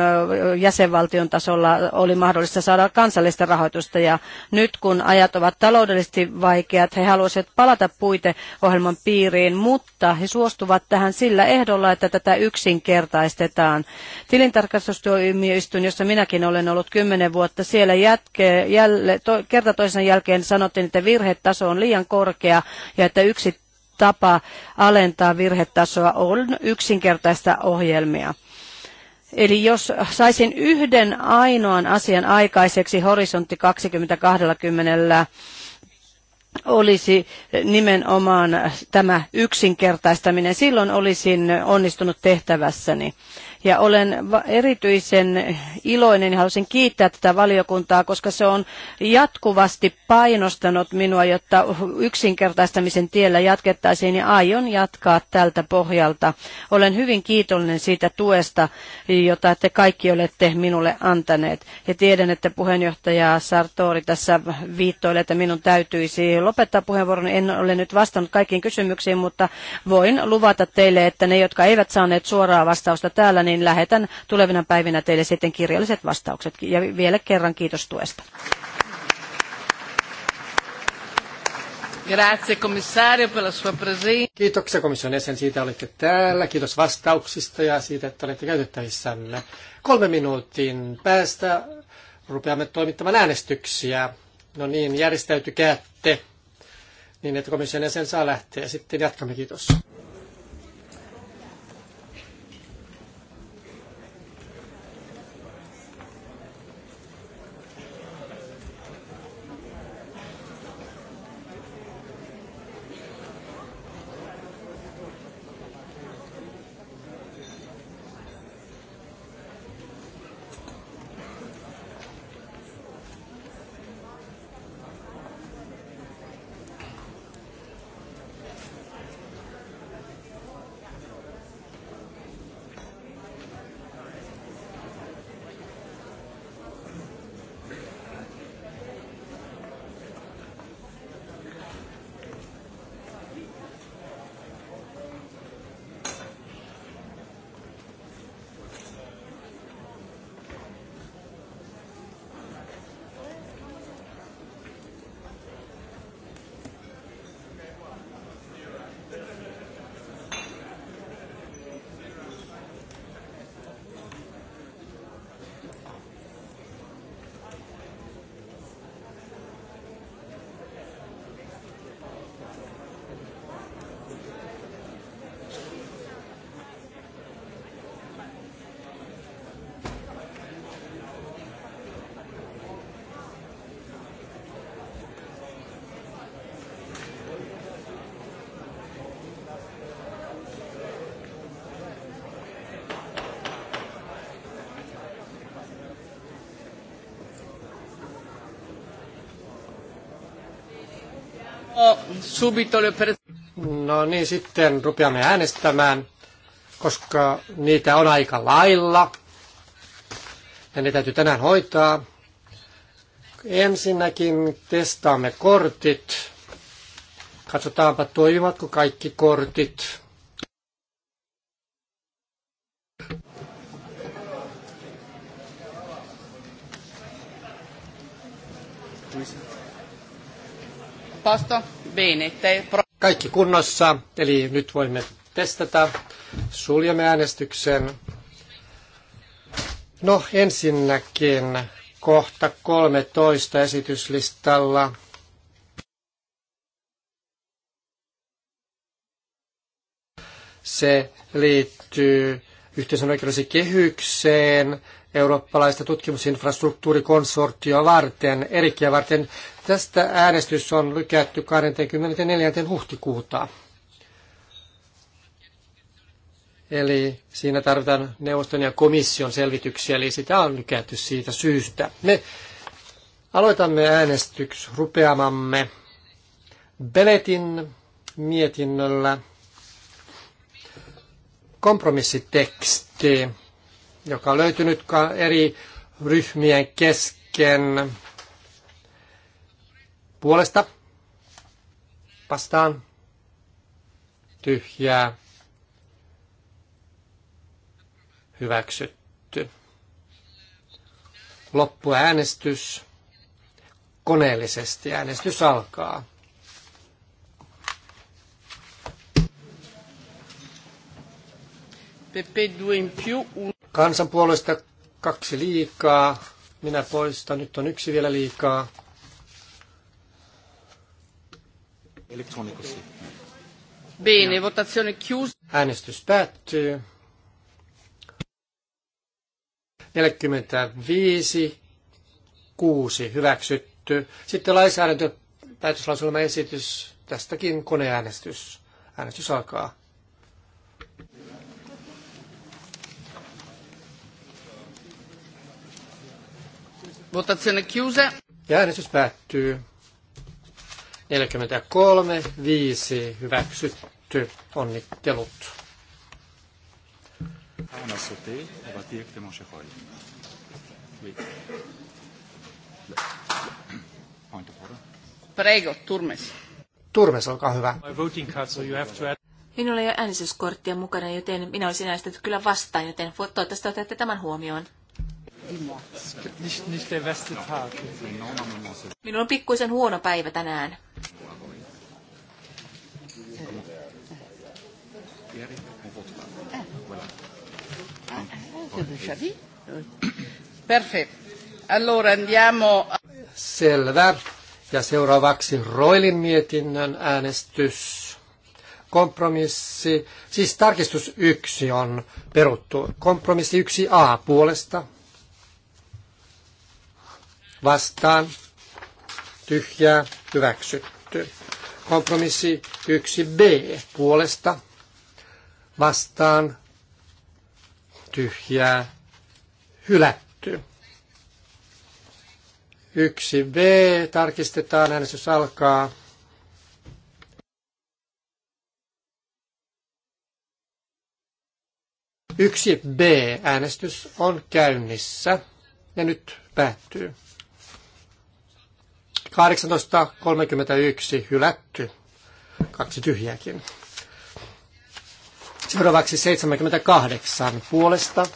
jäsenvaltion tasolla oli mahdollista saada kansallista rahoitusta. Ja nyt kun ajat ovat taloudellisesti vaikeat, he haluaisivat palata puiteohjelman piiriin, mutta he suostuvat tähän sillä ehdolla, että tätä yksinkertaistetaan. Tilintarkastustuomioistuin, jossa minäkin olen ollut kymmenen vuotta, siellä jätke, jälle, to, kerta toisen jälkeen sanottiin, että virhetaso on liian korkea ja että yksi tapa alentaa virhetasoa on yksinkertaista ohjelmia. Eli jos saisin yhden ainoan asian aikaiseksi horisontti 2020 olisi nimenomaan tämä yksinkertaistaminen. Silloin olisin onnistunut tehtävässäni. Ja olen erityisen iloinen ja haluaisin kiittää tätä valiokuntaa, koska se on jatkuvasti painostanut minua, jotta yksinkertaistamisen tiellä jatkettaisiin ja aion jatkaa tältä pohjalta. Olen hyvin kiitollinen siitä tuesta, jota te kaikki olette minulle antaneet. Ja tiedän, että puheenjohtaja Sartori tässä viittoi, että minun täytyisi lopettaa puheenvuoron. En ole nyt vastannut kaikkiin kysymyksiin, mutta voin luvata teille, että ne, jotka eivät saaneet suoraa vastausta täällä, niin niin lähetän tulevina päivinä teille sitten kirjalliset vastaukset. Ja vielä kerran kiitos tuesta. Grazie commissario per la sua presenza. Kiitoksia komission jäsen siitä, olitte täällä. Kiitos vastauksista ja siitä, että olette käytettävissänne. Kolme minuutin päästä rupeamme toimittamaan äänestyksiä. No niin, järjestäytykäätte niin, että komission jäsen saa lähteä. Sitten jatkamme. Kiitos. No niin, sitten rupeamme äänestämään, koska niitä on aika lailla. Ja ne täytyy tänään hoitaa. Ensinnäkin testaamme kortit. Katsotaanpa, toimivatko kaikki kortit. Pasta. Kaikki kunnossa, eli nyt voimme testata. Suljemme äänestyksen. No ensinnäkin kohta 13 esityslistalla. Se liittyy yhteisön oikeudellisiin kehykseen, eurooppalaista tutkimusinfrastruktuurikonsortioa varten, Erikkiä varten. Tästä äänestys on lykätty 24. huhtikuuta. Eli siinä tarvitaan neuvoston ja komission selvityksiä, eli sitä on lykätty siitä syystä. Me aloitamme äänestyks rupeamamme Beletin mietinnöllä kompromissiteksti, joka on löytynyt eri ryhmien kesken Puolesta vastaan tyhjää hyväksytty. Loppuäänestys koneellisesti. Äänestys alkaa. Kansanpuolesta kaksi liikaa. Minä poistan. Nyt on yksi vielä liikaa. Bene, votazione chiusa. Äänestys päättyy. 45, 6 hyväksytty. Sitten lainsäädäntö, päätöslauselma esitys, tästäkin koneäänestys. Äänestys alkaa. Votazione chiusa. Ja äänestys päättyy. 43, 5 hyväksytty. Onnittelut. Prego, Turmes. Turmes, olkaa hyvä. Minulla ei ole äänestyskorttia mukana, joten minä olisin äänestetty kyllä vastaan, joten toivottavasti otatte tämän huomioon. Minulla on pikkuisen huono päivä tänään. Shavi? Perfect. Allora andiamo... Selvä. Ja seuraavaksi Roilin mietinnön äänestys. Kompromissi, siis tarkistus yksi on peruttu. Kompromissi 1a puolesta. Vastaan. Tyhjää. Hyväksytty. Kompromissi 1b puolesta. Vastaan tyhjää hylätty. yksi b tarkistetaan, äänestys alkaa. Yksi B-äänestys on käynnissä ja nyt päättyy. 18.31 hylätty. Kaksi tyhjääkin. Seuraavaksi 78 puolesta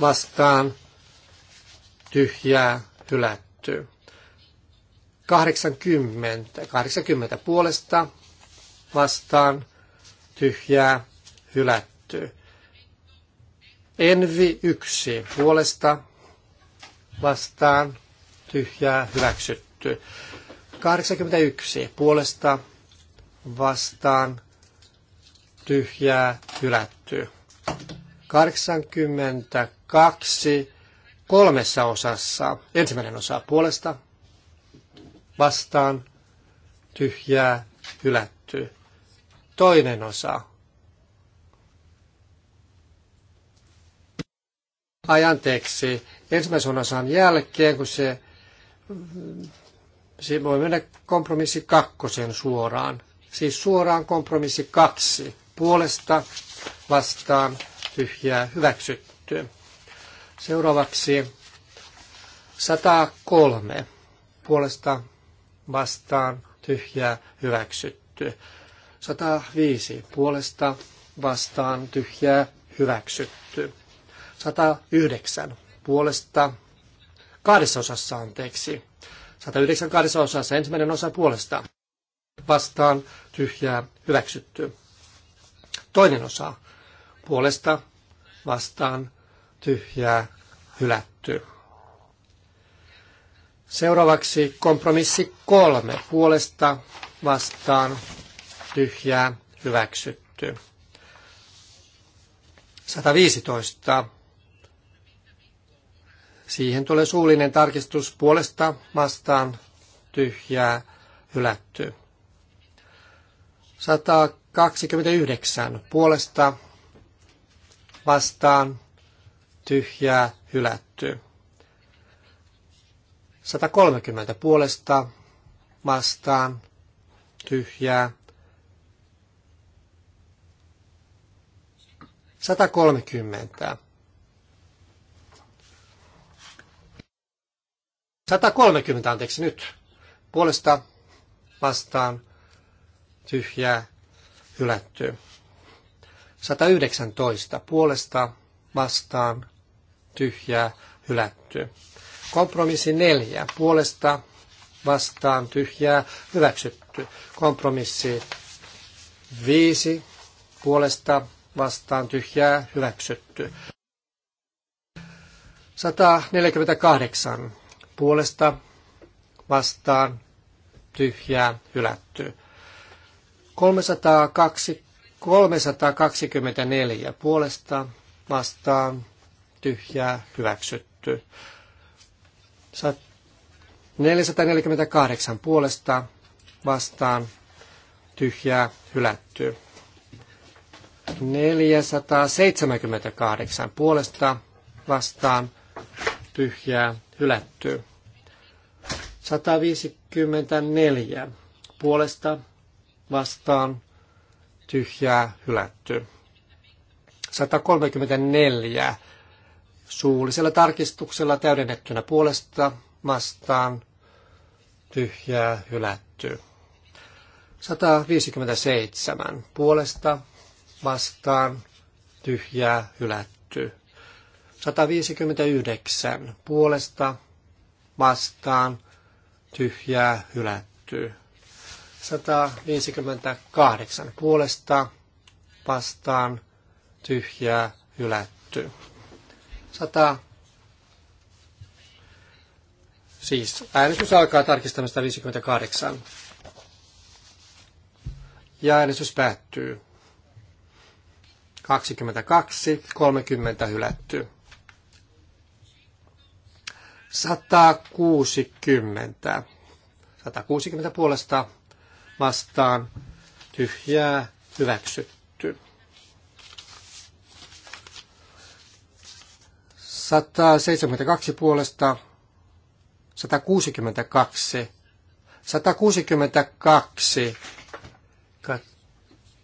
vastaan tyhjää hylätty. 80, 80 puolesta vastaan tyhjää hylätty. Envi 1 puolesta vastaan tyhjää hyväksytty. 81 puolesta vastaan tyhjää hylätty. 82 kolmessa osassa. Ensimmäinen osa puolesta vastaan tyhjää hylätty. Toinen osa. Ai anteeksi, ensimmäisen osan jälkeen, kun se, se voi mennä kompromissi kakkosen suoraan. Siis suoraan kompromissi kaksi puolesta vastaan tyhjää hyväksytty. Seuraavaksi 103 puolesta vastaan tyhjää hyväksytty. 105 puolesta vastaan tyhjää hyväksytty. 109 puolesta kahdessa osassa anteeksi. 109 kahdessa osassa ensimmäinen osa puolesta vastaan tyhjää hyväksytty. Toinen osa puolesta vastaan tyhjää hylätty. Seuraavaksi kompromissi kolme. Puolesta vastaan tyhjää hyväksytty. 115. Siihen tulee suullinen tarkistus puolesta vastaan tyhjää hylätty. 29 puolesta vastaan tyhjää hylätty. 130 puolesta vastaan tyhjää. 130. 130, anteeksi nyt. Puolesta vastaan tyhjää hylätty. 119 puolesta vastaan tyhjää hylätty. Kompromissi 4 puolesta vastaan tyhjää hyväksytty. Kompromissi 5 puolesta vastaan tyhjää hyväksytty. 148 puolesta vastaan tyhjää hylätty. 302, 324 puolesta vastaan tyhjää hyväksytty. 448 puolesta vastaan tyhjää hylätty. 478 puolesta vastaan tyhjää hylätty. 154 puolesta vastaan tyhjää hylätty. 134 suullisella tarkistuksella täydennettynä puolesta vastaan tyhjää hylätty. 157 puolesta vastaan tyhjää hylätty. 159 puolesta vastaan tyhjää hylätty. 158 puolesta vastaan tyhjää hylätty. 100 Siis äänestys alkaa tarkistamista 58. Ja äänestys päättyy. 22, 30 hylätty. 160. 160 puolesta vastaan tyhjää hyväksytty. 172 puolesta 162. 162.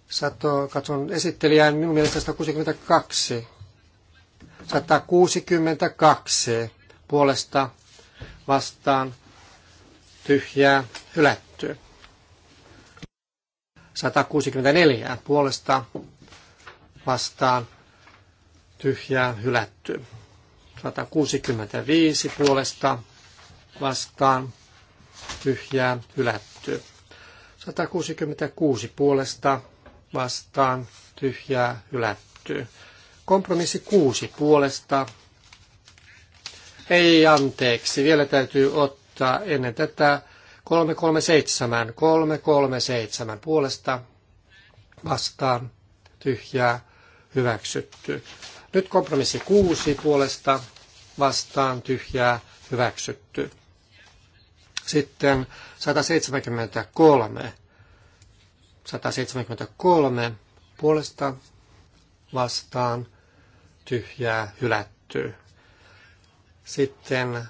Sato, katson esittelijää minun mielestä 162. 162 puolesta vastaan tyhjää hylättyä. 164 puolesta vastaan tyhjää hylätty. 165 puolesta vastaan tyhjää hylätty. 166 puolesta vastaan tyhjää hylätty. Kompromissi 6 puolesta. Ei anteeksi, vielä täytyy ottaa ennen tätä 337, 337 puolesta vastaan tyhjää hyväksytty. Nyt kompromissi 6 puolesta vastaan tyhjää hyväksytty. Sitten 173. 173 puolesta vastaan tyhjää hylätty. Sitten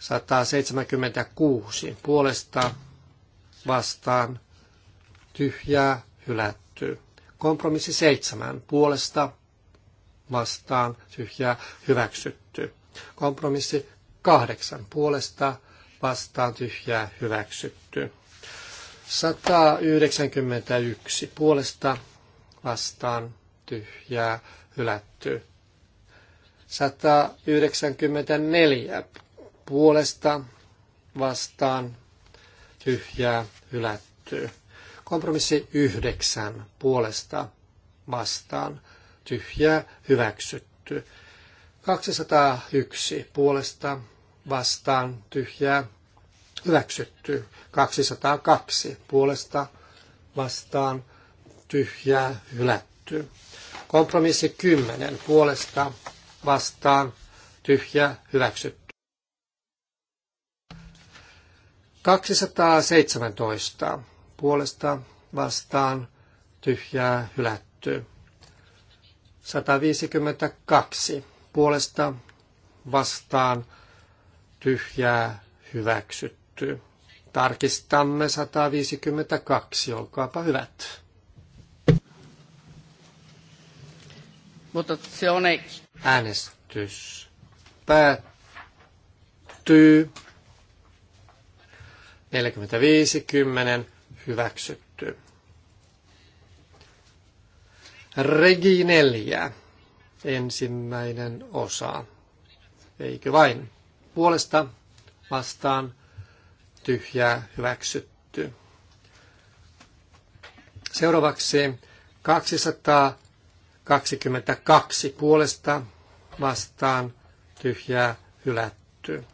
176 puolesta vastaan tyhjää hylätty. Kompromissi 7 puolesta vastaan tyhjää hyväksytty. Kompromissi 8 puolesta vastaan tyhjää hyväksytty. 191 puolesta vastaan tyhjää hylätty. 194 puolesta vastaan tyhjää hylättyy. Kompromissi yhdeksän puolesta vastaan tyhjää hyväksytty. 201 puolesta vastaan tyhjää hyväksytty. 202 puolesta vastaan tyhjää hylätty. Kompromissi 10 puolesta vastaan tyhjää hyväksytty. 217 puolesta vastaan tyhjää hylätty. 152 puolesta vastaan tyhjää hyväksytty. Tarkistamme 152, olkaapa hyvät. Mutta se on ei. Äänestys päättyy 45, 10 hyväksytty. Regi 4, ensimmäinen osa. Eikö vain? Puolesta vastaan tyhjää hyväksytty. Seuraavaksi 222 puolesta vastaan tyhjää hylätty.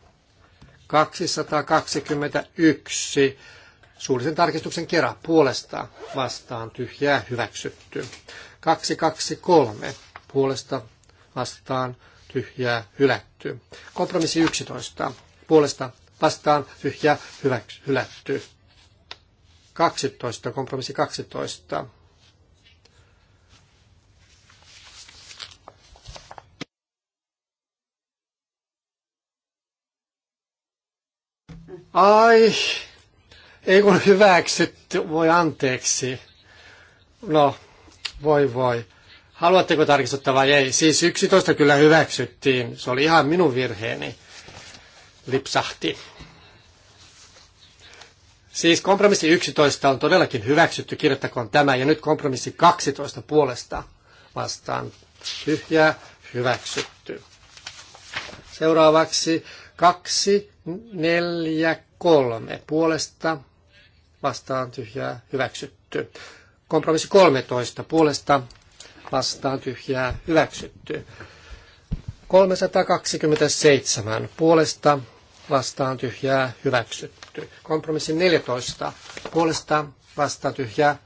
221 suullisen tarkistuksen kerran puolesta vastaan tyhjää hyväksytty. 223 puolesta vastaan tyhjää hylätty. Kompromissi 11 puolesta vastaan tyhjää hylätty. 12, kompromissi 12 Ai, ei kun hyväksytty, voi anteeksi. No, voi voi. Haluatteko tarkistuttaa vai ei? Siis 11 kyllä hyväksyttiin. Se oli ihan minun virheeni. Lipsahti. Siis kompromissi 11 on todellakin hyväksytty, kirjoittakoon tämä, ja nyt kompromissi 12 puolesta vastaan tyhjää hyväksytty. Seuraavaksi 2, 4, kolme puolesta vastaan tyhjää hyväksytty. Kompromissi 13 puolesta vastaan tyhjää hyväksytty. 327 puolesta vastaan tyhjää hyväksytty. Kompromissi 14 puolesta vastaan tyhjää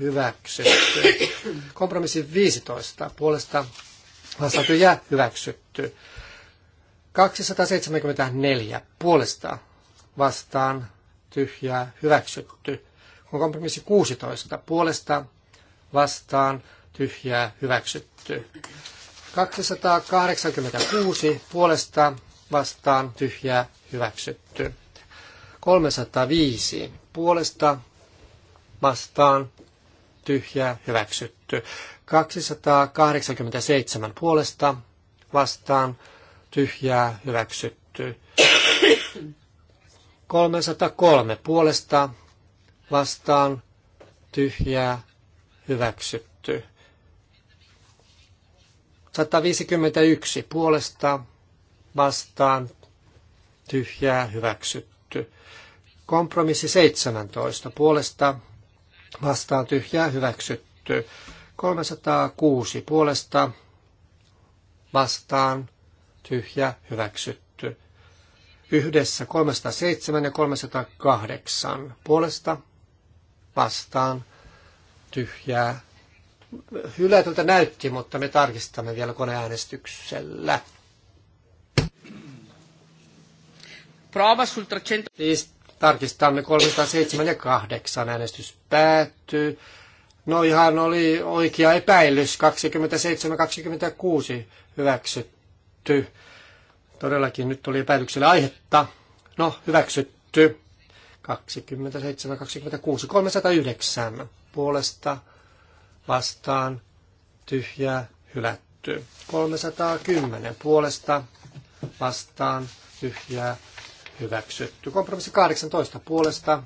hyväksytty. Kompromissi 15 puolesta vastaan tyhjää hyväksytty. 274 puolesta vastaan tyhjää hyväksytty. Kompromissi 16 puolesta vastaan tyhjää hyväksytty. 286 puolesta vastaan tyhjää hyväksytty. 305 puolesta vastaan tyhjää hyväksytty. 287 puolesta vastaan tyhjää hyväksytty. 303 puolesta vastaan tyhjää hyväksytty. 151 puolesta vastaan tyhjää hyväksytty. Kompromissi 17 puolesta vastaan tyhjää hyväksytty. 306 puolesta vastaan tyhjä hyväksytty yhdessä 307 ja 308 puolesta vastaan tyhjää. Hylätöltä näytti, mutta me tarkistamme vielä koneäänestyksellä. Prova sul 300. Siis tarkistamme 307 ja 8 äänestys päättyy. No ihan oli oikea epäilys, 27-26 hyväksytty. Todellakin nyt oli epäilyksellä aihetta. No, hyväksytty. 27, 26, 309 puolesta vastaan tyhjää hylätty. 310 puolesta vastaan tyhjää hyväksytty. Kompromissi 18 puolesta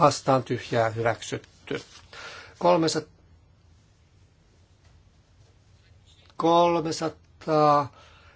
vastaan tyhjää hyväksytty. 300, 300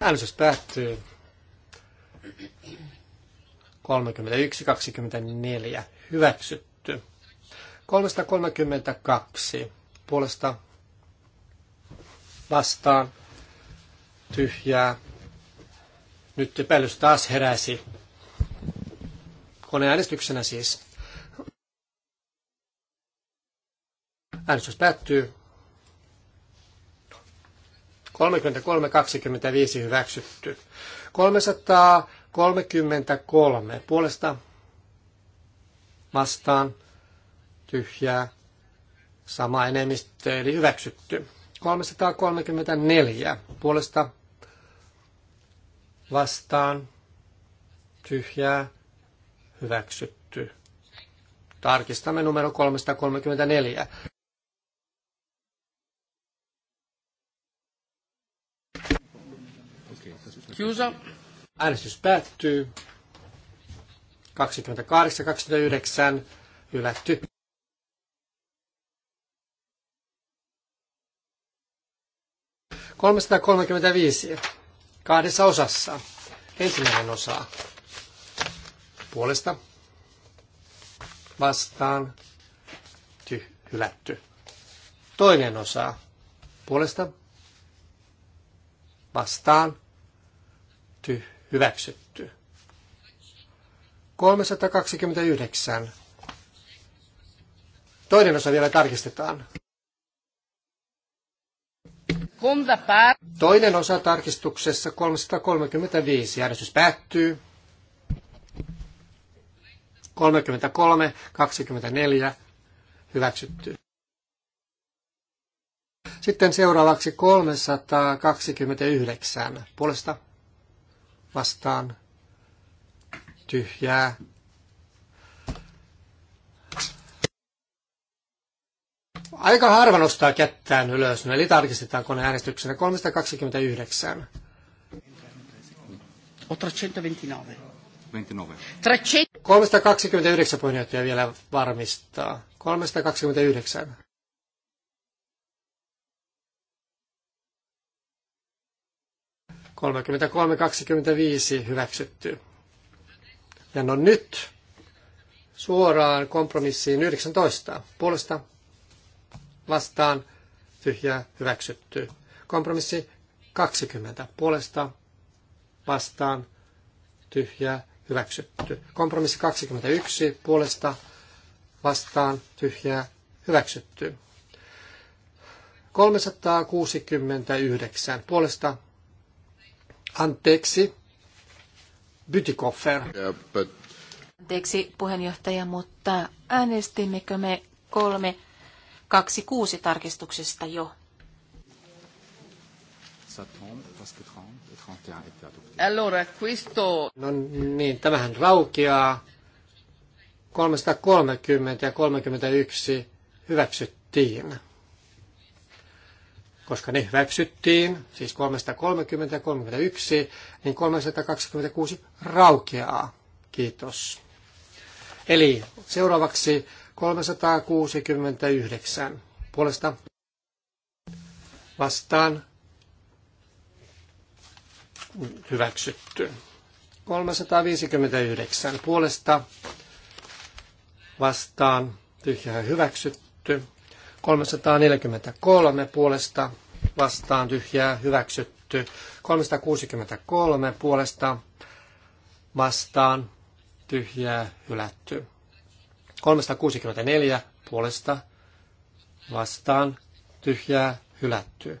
Äänestys päättyy. 31-24 hyväksytty. 332 puolesta vastaan tyhjää. Nyt epäilys taas heräsi. Koneäänestyksenä siis. Äänestys päättyy. 33-25 hyväksytty. 333 puolesta vastaan tyhjää sama enemmistö eli hyväksytty. 334 puolesta vastaan tyhjää hyväksytty. Tarkistamme numero 334. Kiusa, Äänestys päättyy. 28-29 hylätty. Kolmesta kolmekymmentäviisi kahdessa osassa. Ensimmäinen osa puolesta vastaan ty, hylätty. Toinen osa puolesta vastaan Hylätty, hyväksytty. 329. Toinen osa vielä tarkistetaan. Toinen osa tarkistuksessa 335. Äänestys päättyy. 33, 24 hyväksytty. Sitten seuraavaksi 329 puolesta vastaan tyhjää. Aika harva nostaa kättään ylös, eli tarkistetaan koneäänestyksenä 329. 329. 329 puheenjohtaja vielä varmistaa. 329. 33.25 hyväksytty. Ja no nyt suoraan kompromissiin 19. Puolesta vastaan tyhjää hyväksytty. Kompromissi 20. Puolesta vastaan tyhjää hyväksytty. Kompromissi 21. Puolesta vastaan tyhjää hyväksytty. 369. Puolesta Anteeksi, Bytikoffer. Yeah, but... Anteeksi puheenjohtaja, mutta äänestimmekö me kolme kaksi kuusi tarkistuksesta jo? Allora, questo... No niin, tämähän raukeaa. 330 ja 31 hyväksyttiin koska ne hyväksyttiin, siis 330 ja 31, niin 326 raukeaa. Kiitos. Eli seuraavaksi 369 puolesta vastaan hyväksytty. 359 puolesta vastaan tyhjää hyväksytty. 343 puolesta vastaan tyhjää hyväksytty. 363 puolesta vastaan tyhjää hylätty. 364 puolesta vastaan tyhjää hylätty.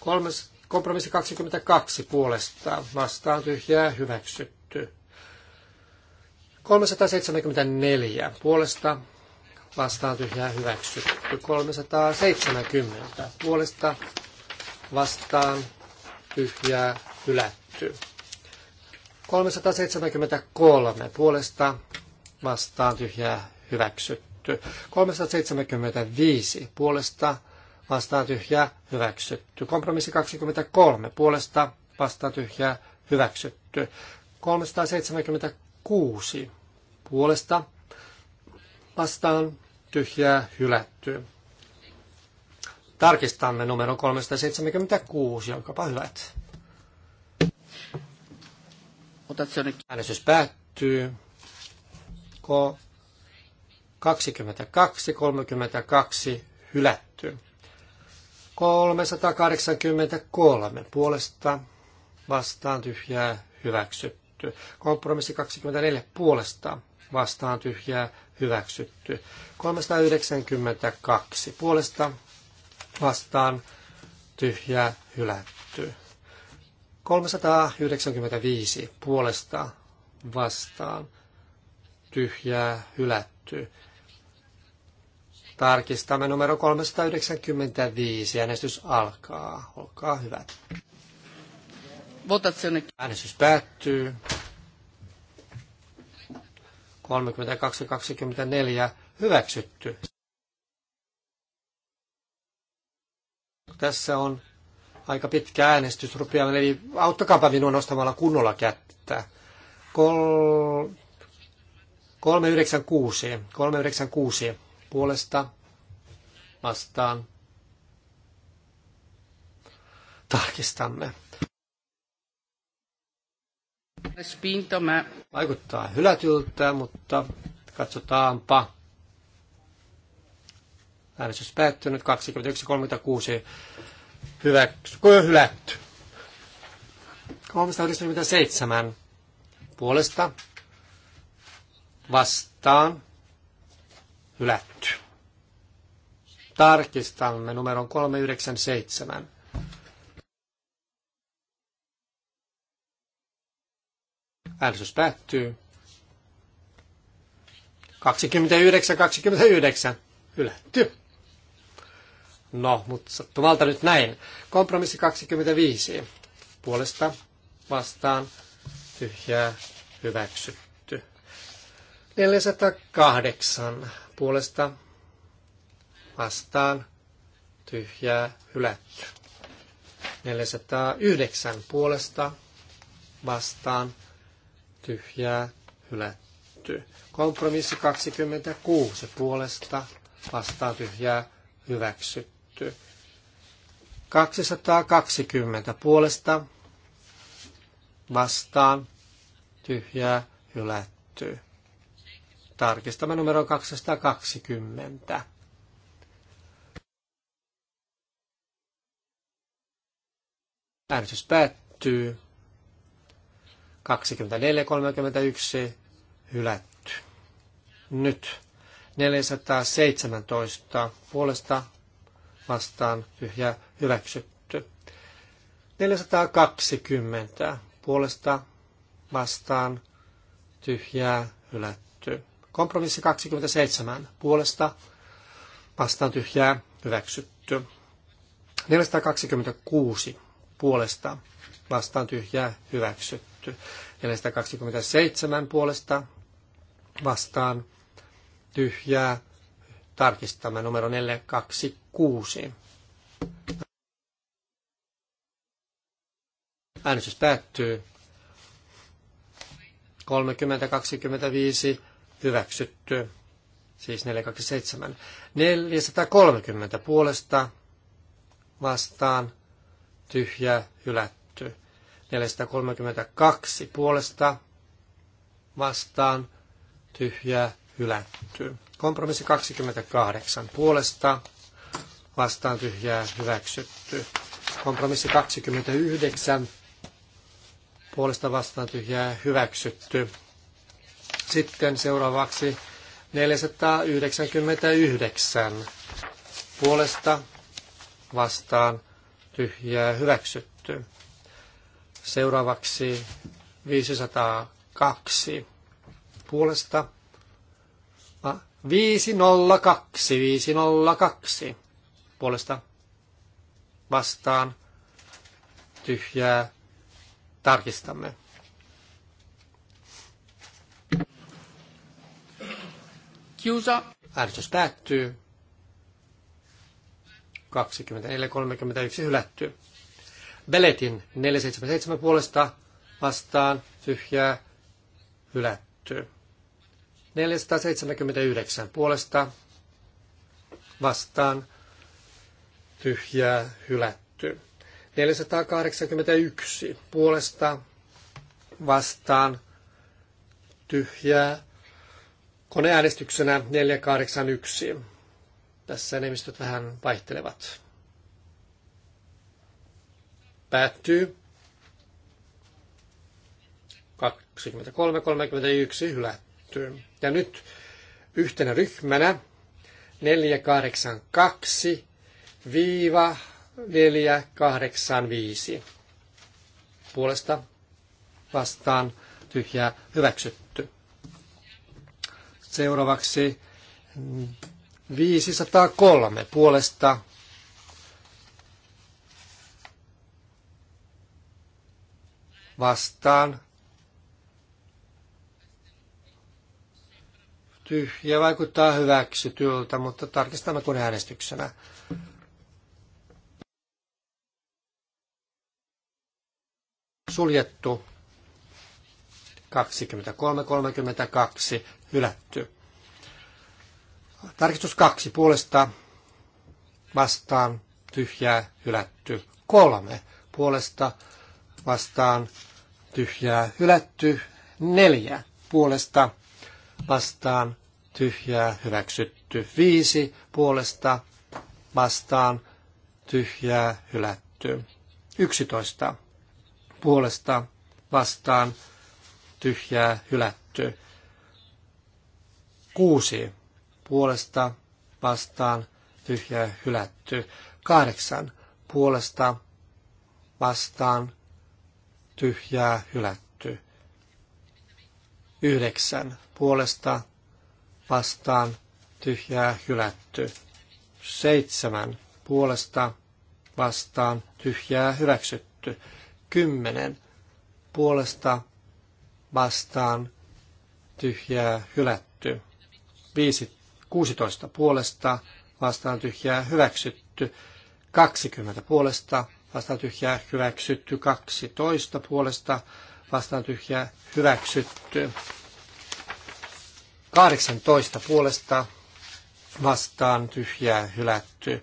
Kolmes, kompromissi 22 puolesta vastaan tyhjää hyväksytty. 374 puolesta vastaan tyhjää hyväksytty. 370 puolesta vastaan tyhjää hylätty. 373 puolesta vastaan tyhjää hyväksytty. 375 puolesta vastaan tyhjää hyväksytty. Kompromissi 23 puolesta vastaan tyhjää hyväksytty. 376 puolesta vastaan tyhjää hylätty. Tarkistamme numero 376, olkaapa hyvät. Äänestys päättyy. Ko 22, 32 hylätty. 383 puolesta vastaan tyhjää hyväksytty. Kompromissi 24 puolesta vastaan tyhjää hyväksytty. 392 puolesta vastaan tyhjää hylätty. 395 puolesta vastaan tyhjää hylätty. Tarkistamme numero 395. Äänestys alkaa. Olkaa hyvät. Votazione. Äänestys päättyy. 32-24 hyväksytty. Tässä on aika pitkä äänestys rupeamaan, eli auttakaapa minua nostamalla kunnolla kättä. Kol... 396, 396 puolesta vastaan. Tarkistamme. Vaikuttaa hylätyltä, mutta katsotaanpa. Äänestys päättynyt 21.36. Hyväksy, hylätty. 397 puolesta vastaan hylätty. Tarkistamme numeron 397. Äänestys päättyy. 29, 29. Ylätty. No, mutta sattumalta nyt näin. Kompromissi 25. Puolesta vastaan tyhjää hyväksytty. 408. Puolesta vastaan tyhjää hylätty. 409 puolesta vastaan tyhjää hylätty. Kompromissi 26 puolesta vastaan tyhjää hyväksytty. 220 puolesta vastaan tyhjää hylätty. Tarkistamme numero 220. Äänestys päättyy. 24.31 hylätty. Nyt 417 puolesta vastaan tyhjä hyväksytty. 420 puolesta vastaan tyhjää hylätty. Kompromissi 27 puolesta vastaan tyhjää hyväksytty. 426 puolesta vastaan tyhjää hyväksytty hylätty. 427 puolesta vastaan tyhjää. Tarkistamme numero 426. Äänestys päättyy. 30-25 hyväksytty, siis 427. 430 puolesta vastaan tyhjä hylätty. 432 puolesta vastaan tyhjää hylätty. Kompromissi 28 puolesta vastaan tyhjää hyväksytty. Kompromissi 29 puolesta vastaan tyhjää hyväksytty. Sitten seuraavaksi 499 puolesta vastaan tyhjää hyväksytty. Seuraavaksi 502 puolesta. 502, 502 puolesta vastaan tyhjää tarkistamme. Kiusa. Äänestys päättyy. 24.31 hylättyy. Beletin 477 puolesta vastaan tyhjää hylätty. 479 puolesta vastaan tyhjää hylätty. 481 puolesta vastaan tyhjää koneäänestyksenä 481. Tässä enemmistöt vähän vaihtelevat. Päättyy. 23.31 hylättyy. Ja nyt yhtenä ryhmänä 482 viiva 485. Puolesta vastaan tyhjää hyväksytty. Seuraavaksi 503 puolesta vastaan. Tyhjä vaikuttaa hyväksytyltä, mutta tarkistamme kun äänestyksenä. Suljettu. 23.32 hylätty. Tarkistus kaksi puolesta vastaan tyhjää hylätty. Kolme puolesta vastaan tyhjää hylätty. Neljä puolesta vastaan tyhjää hyväksytty. Viisi puolesta vastaan tyhjää hylätty. Yksitoista puolesta vastaan tyhjää hylätty. Kuusi puolesta vastaan tyhjää hylätty. Kahdeksan puolesta vastaan tyhjää hylätty. Yhdeksän puolesta vastaan tyhjää hylätty. Seitsemän puolesta vastaan tyhjää hyväksytty. Kymmenen puolesta vastaan tyhjää hylätty. Viisi, kuusitoista puolesta vastaan tyhjää hyväksytty. Kaksikymmentä puolesta vastaan tyhjää hyväksytty. 12 puolesta vastaan tyhjää hyväksytty. 18 puolesta vastaan tyhjää hylätty.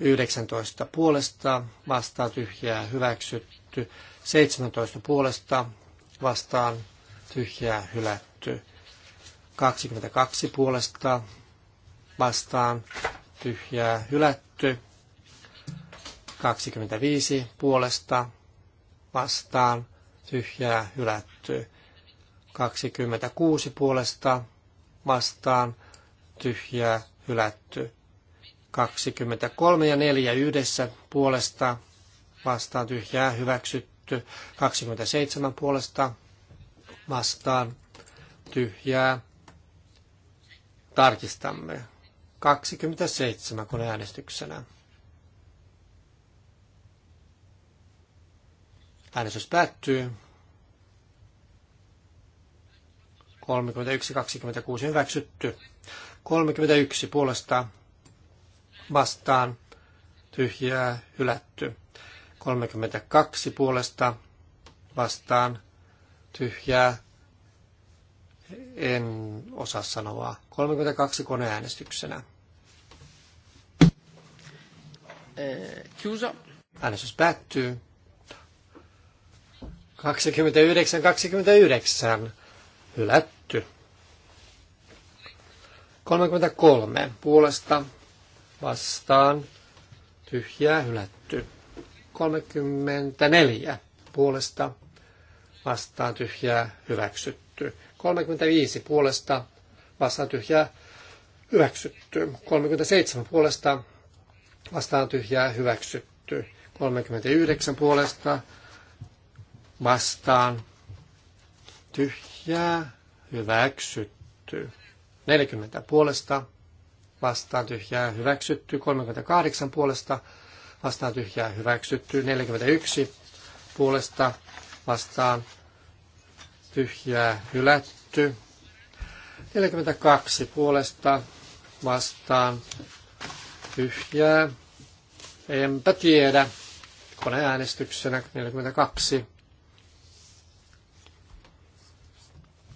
19 puolesta vastaan tyhjää hyväksytty. 17 puolesta vastaan tyhjää hylätty. 22 puolesta vastaan tyhjää hylätty. 25 puolesta vastaan tyhjää hylätty. 26 puolesta vastaan tyhjää hylätty. 23 ja 4 yhdessä puolesta vastaan tyhjää hyväksytty. 27 puolesta vastaan tyhjää. Tarkistamme. 27 koneäänestyksenä. äänestyksenä. Äänestys päättyy. 31-26 hyväksytty. 31 puolesta vastaan tyhjää hylätty. 32 puolesta vastaan tyhjää en osaa sanoa. 32 koneäänestyksenä. Äh, Äänestys päättyy. 29, 29. Hylätty. 33. Puolesta vastaan. Tyhjää hylätty. 34. Puolesta vastaan tyhjää hyväksytty. 35. Puolesta vastaan tyhjää hyväksytty. 37. Puolesta vastaan tyhjää hyväksytty. 39. Puolesta vastaan vastaan tyhjää hyväksytty. 40 puolesta vastaan tyhjää hyväksytty. 38 puolesta vastaan tyhjää hyväksytty. 41 puolesta vastaan tyhjää hylätty. 42 puolesta vastaan tyhjää. Enpä tiedä. Koneäänestyksenä 42.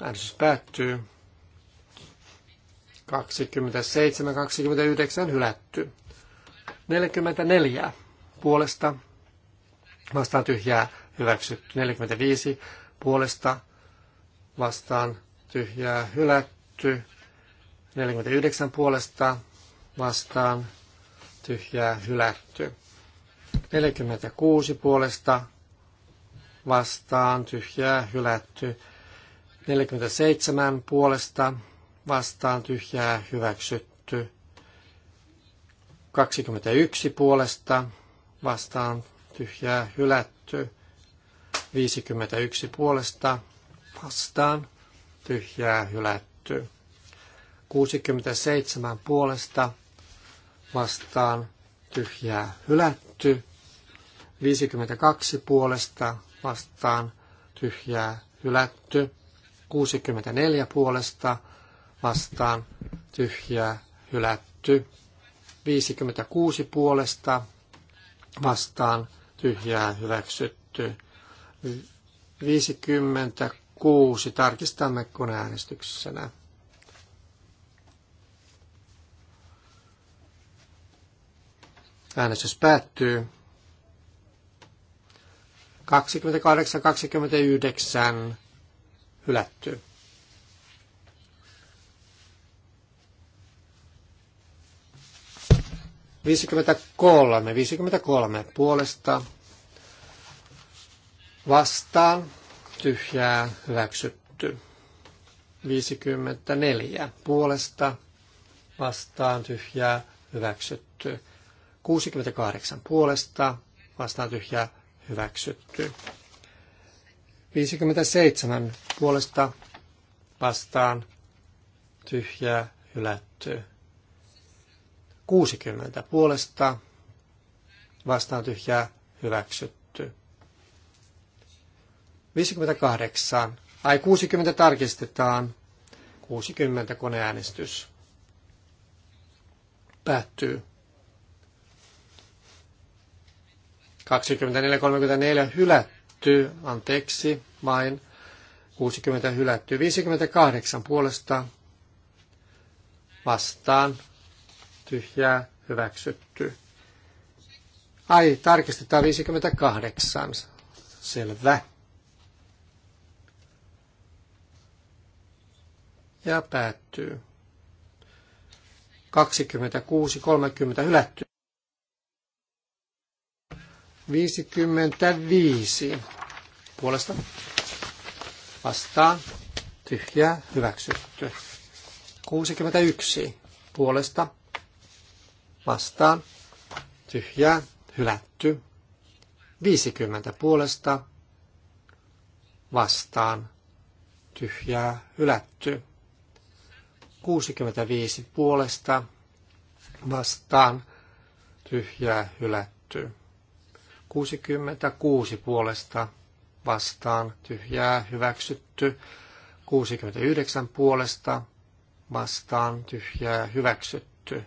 Äänestys päättyy. 27-29 hylätty. 44 puolesta vastaan tyhjää hyväksytty. 45 puolesta vastaan tyhjää hylätty. 49 puolesta vastaan tyhjää hylätty. 46 puolesta vastaan tyhjää hylätty. 47 puolesta vastaan tyhjää hyväksytty. 21 puolesta vastaan tyhjää hylätty. 51 puolesta vastaan tyhjää hylätty. 67 puolesta vastaan tyhjää hylätty. 52 puolesta vastaan tyhjää hylätty. 64 puolesta vastaan tyhjää hylätty. 56 puolesta vastaan tyhjää hyväksytty. 56 tarkistamme koneäänestyksenä. Äänestys päättyy. 28-29 hylätty. Viisikymmentäkolme, viisikymmentäkolme puolesta vastaan tyhjää hyväksytty. 54 puolesta vastaan tyhjää hyväksytty. 68 puolesta vastaan tyhjää hyväksytty. 57 puolesta vastaan tyhjää hylätty. 60 puolesta vastaan tyhjää hyväksytty. 58. Ai 60 tarkistetaan. 60 koneäänestys päättyy. 24.34 hylätty hylätty, anteeksi, vain 60 hylätty, 58 puolesta vastaan, tyhjää, hyväksytty. Ai, tarkistetaan 58. Selvä. Ja päättyy. 30 hylätty. 55 puolesta vastaan tyhjää hyväksytty. 61 puolesta vastaan tyhjää hylätty. 50 puolesta vastaan tyhjää hylätty. 65 puolesta vastaan tyhjää hylätty. 66 puolesta vastaan tyhjää hyväksytty. 69 puolesta vastaan tyhjää hyväksytty.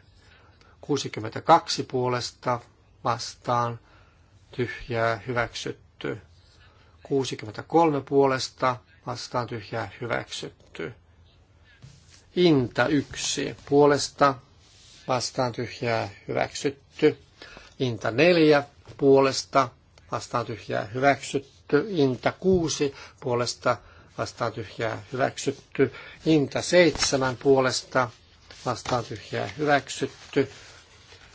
62 puolesta vastaan tyhjää hyväksytty. 63 puolesta vastaan tyhjää hyväksytty. Inta 1 puolesta vastaan tyhjää hyväksytty. Inta 4 puolesta vastaan tyhjää hyväksytty. Inta 6 puolesta vastaan tyhjää hyväksytty. Inta 7 puolesta vastaan tyhjää hyväksytty.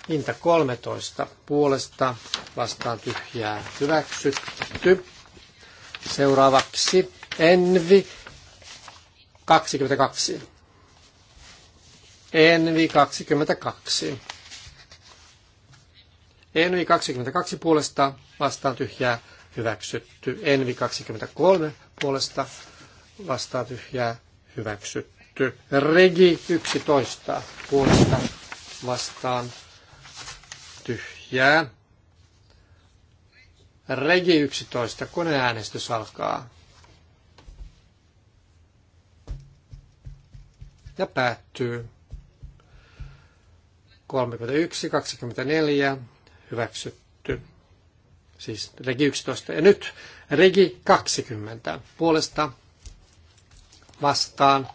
Inta 13 puolesta vastaan tyhjää hyväksytty. Seuraavaksi Envi 22. Envi 22. Envi 22 puolesta vastaan tyhjää hyväksytty. Envi 23 puolesta vastaan tyhjää hyväksytty. Regi 11 puolesta vastaan tyhjää. Regi 11, koneäänestys alkaa. Ja päättyy. 31, 24, hyväksytty. Siis regi 11. Ja nyt regi 20. Puolesta vastaan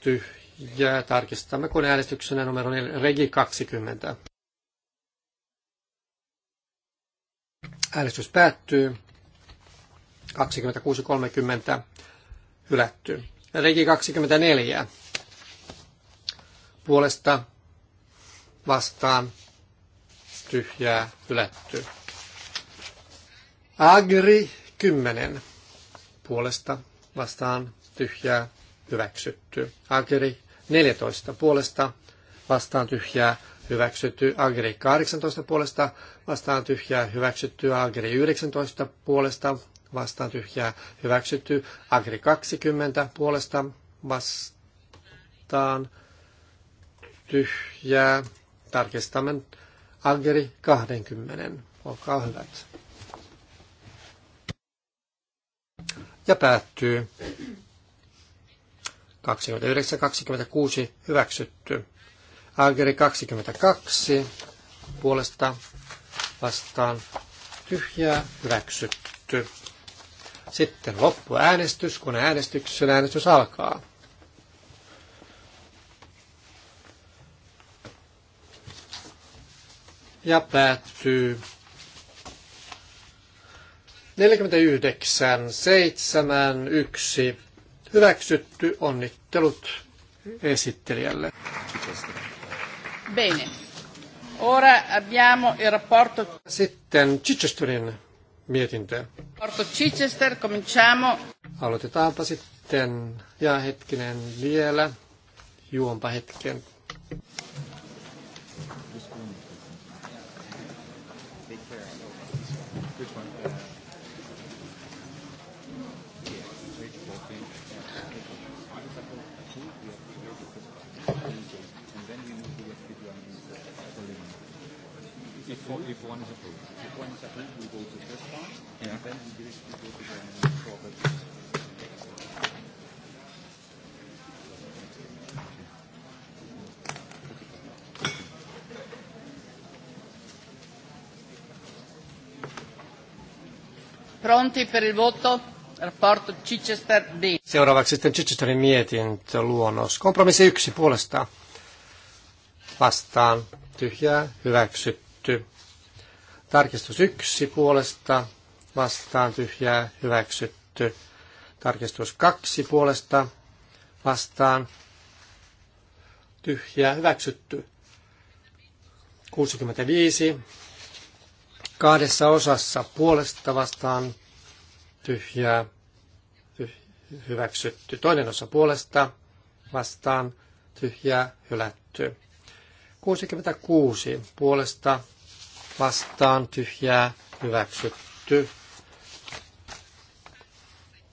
tyhjää. Tarkistamme kun äänestyksenä numero 4, regi 20. Äänestys päättyy. 26.30 hylätty. Regi 24 puolesta vastaan tyhjää hylätty. Agri 10 puolesta vastaan tyhjää hyväksytty. Agri 14 puolesta vastaan tyhjää hyväksytty. Agri 18 puolesta vastaan tyhjää hyväksytty. Agri 19 puolesta vastaan tyhjää hyväksytty. Agri 20 puolesta vastaan tyhjää. Tarkistamme Algeri 20. Olkaa hyvät. Ja päättyy. 29.26 hyväksytty. Algeri 22 puolesta vastaan tyhjää hyväksytty. Sitten loppuäänestys, kun äänestyksen äänestys alkaa. ja päättyy 49, 7, 1. Hyväksytty. Onnittelut esittelijälle. Bene. Ora abbiamo il rapporto... Sitten Chichesterin mietintö. Rapporto Chichester, cominciamo. Aloitetaanpa sitten. Ja hetkinen vielä. Juonpa hetken if one is approved. If one is approved, we first part, yeah. then we directly go to the Pronti per il voto? Chichester B. Seuraavaksi sitten Chichesterin mietintö luonnos. Kompromissi yksi puolesta vastaan tyhjää hyväksytty. Tarkistus yksi puolesta vastaan tyhjää hyväksytty. Tarkistus kaksi puolesta vastaan tyhjää hyväksytty. 65. Kahdessa osassa puolesta vastaan tyhjää hyväksytty. Toinen osa puolesta vastaan tyhjää hylätty. 66 puolesta vastaan tyhjää hyväksytty.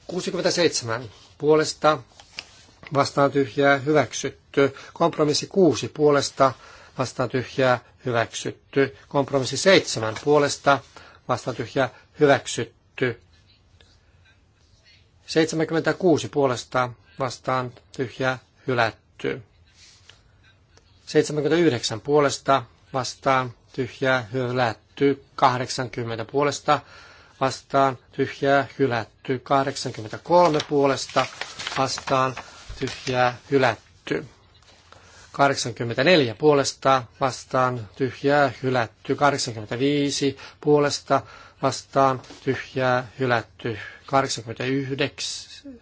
67 puolesta vastaan tyhjää hyväksytty. Kompromissi 6 puolesta vastaan tyhjää hyväksytty. Kompromissi 7 puolesta vastaan tyhjää hyväksytty. 76 puolesta vastaan tyhjää hylätty. 79 puolesta vastaan tyhjää, hylätty 80 puolesta vastaan, tyhjää, hylätty 83 puolesta vastaan, tyhjää, hylätty. 84 puolesta vastaan, tyhjää, hylätty. 85 puolesta vastaan, tyhjää, hylätty. 89,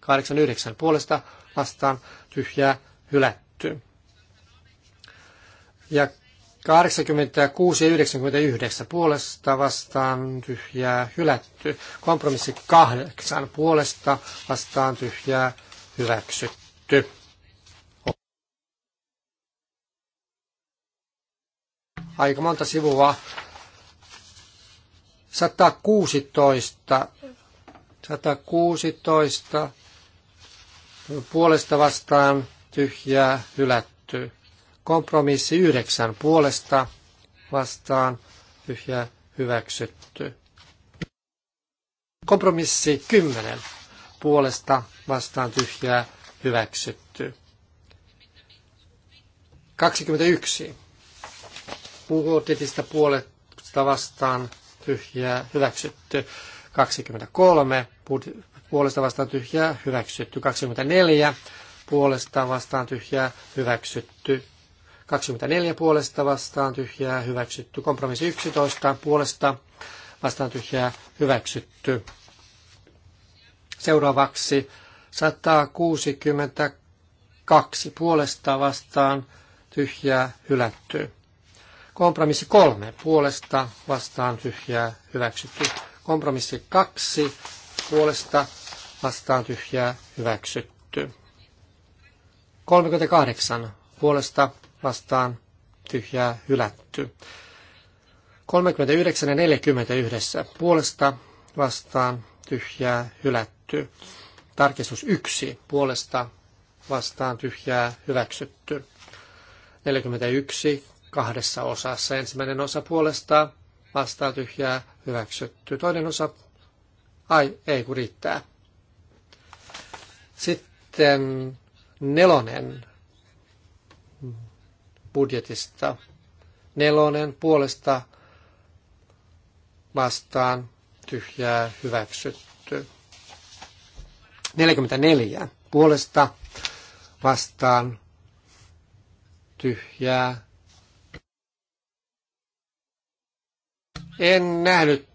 89 puolesta vastaan, tyhjää, hylätty. Ja 86 ja 99 puolesta vastaan tyhjää hylätty. Kompromissi 8 puolesta vastaan tyhjää hyväksytty. Aika monta sivua. 116. 116 puolesta vastaan tyhjää hylätty. Kompromissi yhdeksän puolesta vastaan tyhjä hyväksytty. Kompromissi kymmenen puolesta vastaan tyhjää hyväksytty. 21. Budjetista puolesta vastaan tyhjää hyväksytty. 23. Puolesta vastaan tyhjää hyväksytty. 24. Puolesta vastaan tyhjää hyväksytty. 24 puolesta vastaan tyhjää hyväksytty. Kompromissi 11 puolesta vastaan tyhjää hyväksytty. Seuraavaksi 162 puolesta vastaan tyhjää hylätty. Kompromissi 3 puolesta vastaan tyhjää hyväksytty. Kompromissi 2 puolesta vastaan tyhjää hyväksytty. 38 puolesta vastaan tyhjää hylätty. 39 ja 40 yhdessä puolesta vastaan tyhjää hylätty. Tarkistus 1 puolesta vastaan tyhjää hyväksytty. 41 kahdessa osassa. Ensimmäinen osa puolesta vastaan tyhjää hyväksytty. Toinen osa, ai ei kun riittää. Sitten nelonen budjetista. Nelonen puolesta vastaan tyhjää hyväksytty. 44 puolesta vastaan tyhjää. En nähnyt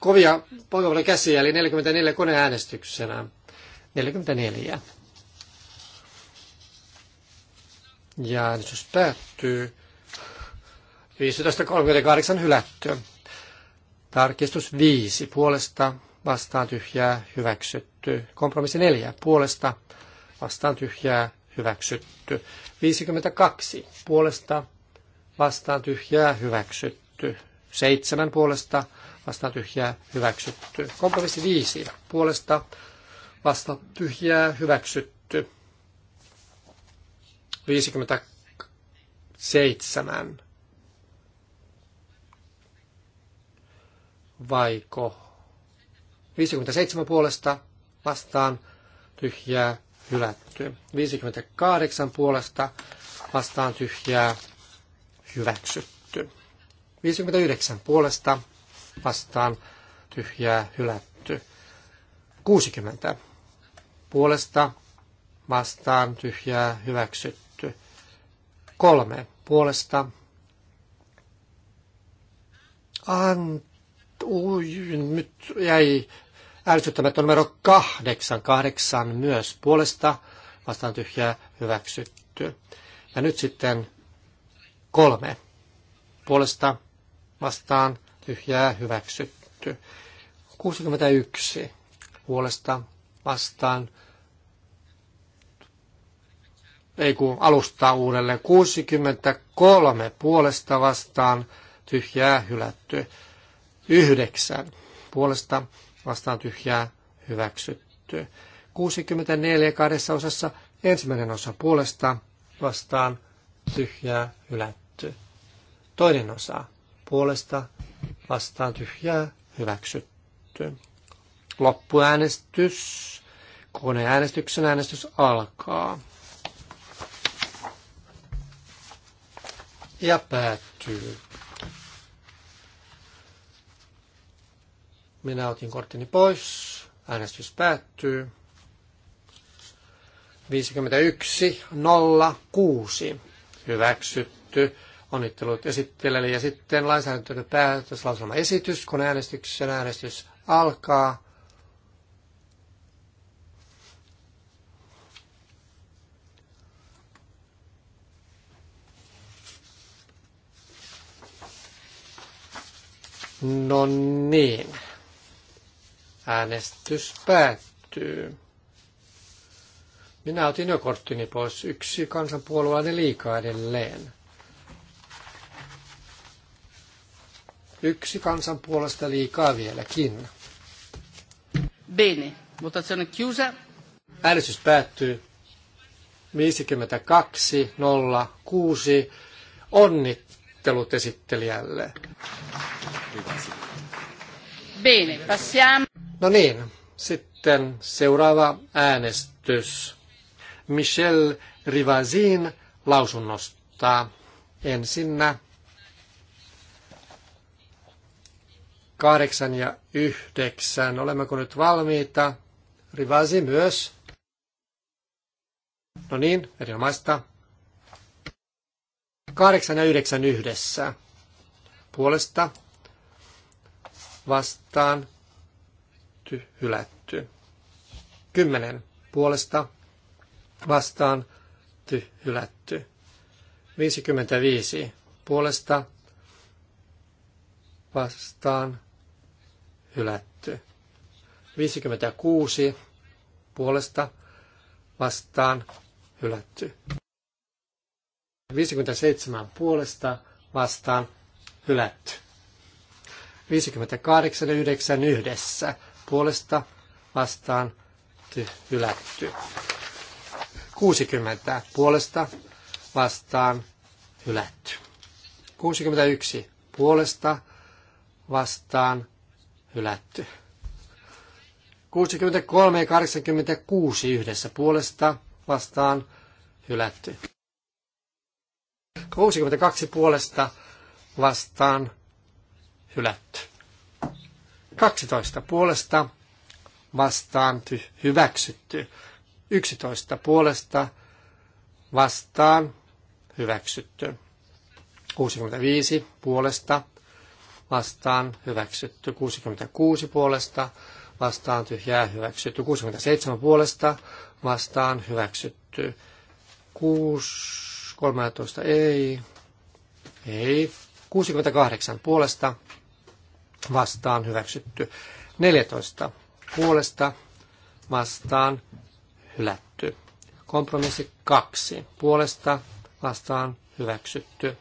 kovia poikavalle käsiä, eli 44 koneäänestyksenä. 44. Ja äänestys päättyy. 15.38 hylätty. Tarkistus 5 puolesta vastaan tyhjää hyväksytty. Kompromissi 4 puolesta vastaan tyhjää hyväksytty. 52 puolesta vastaan tyhjää hyväksytty. 7 puolesta vastaan tyhjää hyväksytty. Kompromissi 5 puolesta vastaan tyhjää hyväksytty. 57. Vaiko 57 puolesta vastaan tyhjää hylätty. 58 puolesta vastaan tyhjää hyväksytty. 59 puolesta vastaan tyhjää hylätty. 60 puolesta vastaan tyhjää hyväksytty. Kolme puolesta. Ant, ui, nyt jäi ärsyttämättä numero kahdeksan. Kahdeksan myös puolesta vastaan tyhjää hyväksytty. Ja nyt sitten kolme puolesta vastaan tyhjää hyväksytty. 61 puolesta vastaan ei kun alustaa uudelleen. 63 puolesta vastaan tyhjää hylätty. 9 puolesta vastaan tyhjää hyväksytty. 64 kahdessa osassa ensimmäinen osa puolesta vastaan tyhjää hylätty. Toinen osa puolesta vastaan tyhjää hyväksytty. Loppuäänestys. Koneäänestyksen äänestys alkaa. ja päättyy. Minä otin korttini pois. Äänestys päättyy. 51 06 hyväksytty. Onnittelut esittelijälle ja sitten lausuma esitys, kun äänestyksen äänestys alkaa. No niin. Äänestys päättyy. Minä otin jo korttini pois. Yksi kansanpuolueinen liikaa edelleen. Yksi kansanpuolesta liikaa vieläkin. Bene. Votazione chiusa. Äänestys päättyy 52.06. Onnittelut esittelijälle. Bene, passiamo. No niin, sitten seuraava äänestys. Michel Rivasin lausunnosta. Ensinnä kahdeksan ja yhdeksän. Olemmeko nyt valmiita? Rivasi myös. No niin, erinomaista. Kahdeksan ja yhdeksän yhdessä. Puolesta vastaan ty, hylätty. Kymmenen puolesta vastaan ty, hylätty. 55 puolesta vastaan hylätty. 56 puolesta vastaan hylätty. 57 puolesta vastaan hylätty. 58 yhdessä puolesta vastaan hylätty. 60 puolesta vastaan hylätty. 61 puolesta vastaan hylätty. 63 ja 86 yhdessä puolesta vastaan hylätty. 62 puolesta vastaan hylätty. 12 puolesta vastaan hyväksytty. 11 puolesta vastaan hyväksytty. 65 puolesta vastaan hyväksytty. 66 puolesta vastaan tyhjää hyväksytty. 67 puolesta vastaan hyväksytty. 6, 13 ei, ei. 68 puolesta vastaan hyväksytty. 14 puolesta vastaan hylätty. Kompromissi 2 puolesta vastaan hyväksytty.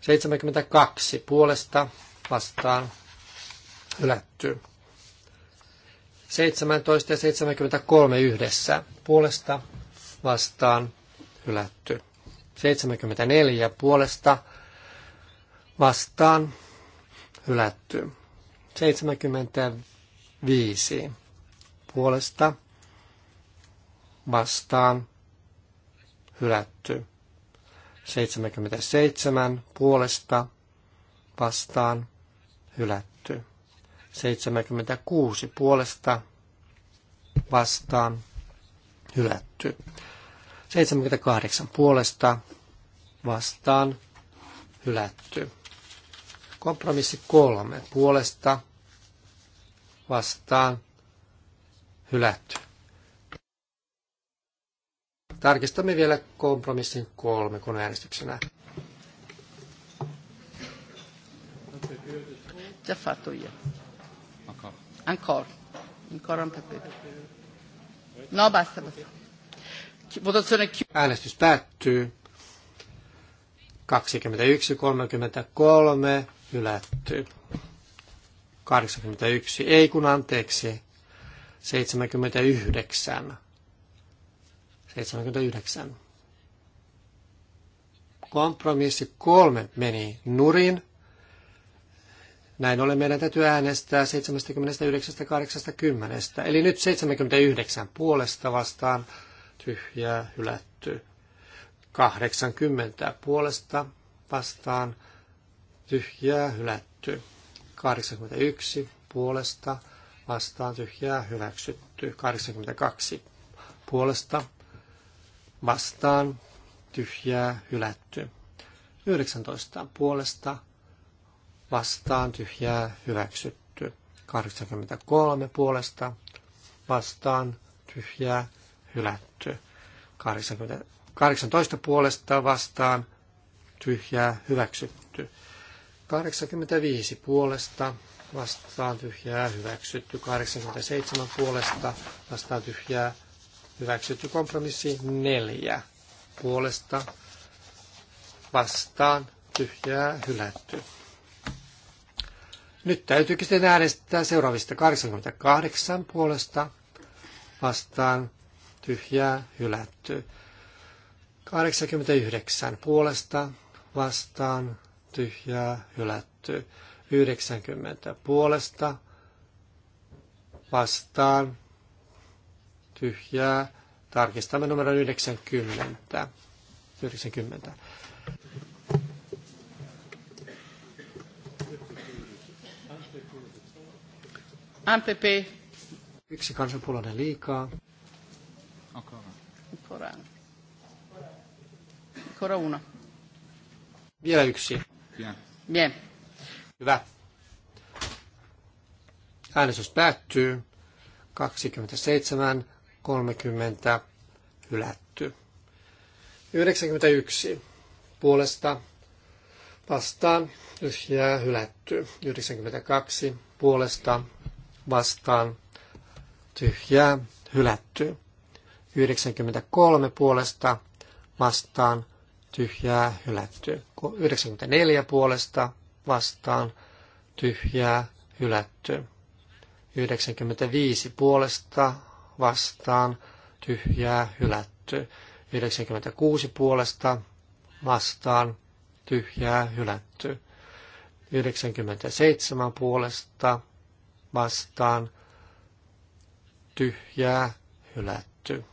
72 puolesta vastaan hylätty. 17 ja 73 yhdessä puolesta vastaan hylätty. 74 puolesta vastaan hylätty. 75 puolesta vastaan hylätty. 77 puolesta vastaan hylätty. 76 puolesta vastaan hylätty. 78 puolesta vastaan hylätty. Kompromissi kolme puolesta vastaan hylätty. Tarkistamme vielä kompromissin kolme kun äänestyksenä. Già fatto io. Ancora. Ancora. un pepe. No, basta, basta. Votazione chiusa. Äänestys päättyy. 21.33 hylätty. 81, ei kun anteeksi, 79. 79. Kompromissi kolme meni nurin. Näin ollen meidän täytyy äänestää 79-80. Eli nyt 79 puolesta vastaan tyhjää hylätty. 80 puolesta vastaan tyhjää hylätty. 81 puolesta vastaan tyhjää hyväksytty. 82 puolesta vastaan tyhjää hylätty. 19 puolesta vastaan tyhjää hyväksytty. 83 puolesta vastaan tyhjää hylätty. 18 puolesta vastaan tyhjää hyväksytty. 85 puolesta vastaan tyhjää hyväksytty, 87 puolesta vastaan tyhjää hyväksytty, kompromissi 4 puolesta vastaan tyhjää hylätty. Nyt täytyykin sitten äänestää seuraavista 88 puolesta vastaan tyhjää hylätty. 89 puolesta vastaan tyhjää hylätty. 90 puolesta vastaan tyhjää. Tarkistamme numero 90. 90. MPP. Yksi kansanpuolueen liikaa. Ancora. Ancora uno. Vielä yksi. Bien. Bien. Hyvä. Äänestys päättyy. 27, 30, hylätty. 91 puolesta vastaan, tyhjää hylätty. 92 puolesta vastaan, tyhjää hylätty. 93 puolesta vastaan, tyhjää hylätty. 94 puolesta vastaan tyhjää hylätty. 95 puolesta vastaan tyhjää hylätty. 96 puolesta vastaan tyhjää hylätty. 97 puolesta vastaan tyhjää hylätty.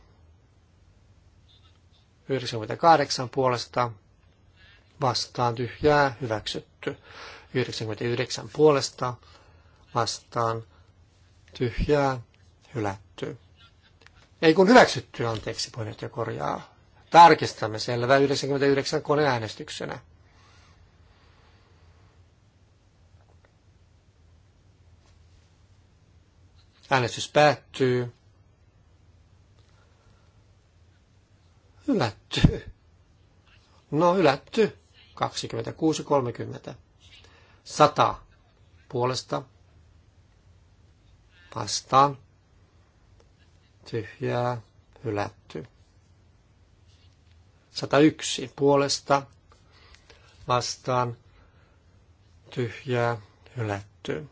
98 puolesta vastaan tyhjää hyväksytty. 99 puolesta vastaan tyhjää hylätty. Ei kun hyväksytty, anteeksi, ja korjaa. Tarkistamme selvä 99 koneäänestyksenä. Äänestys päättyy. Ylätty. No hylätty. 26.30. 100 puolesta vastaan. Tyhjää, hylätty. 101 puolesta vastaan. Tyhjää, hylätty.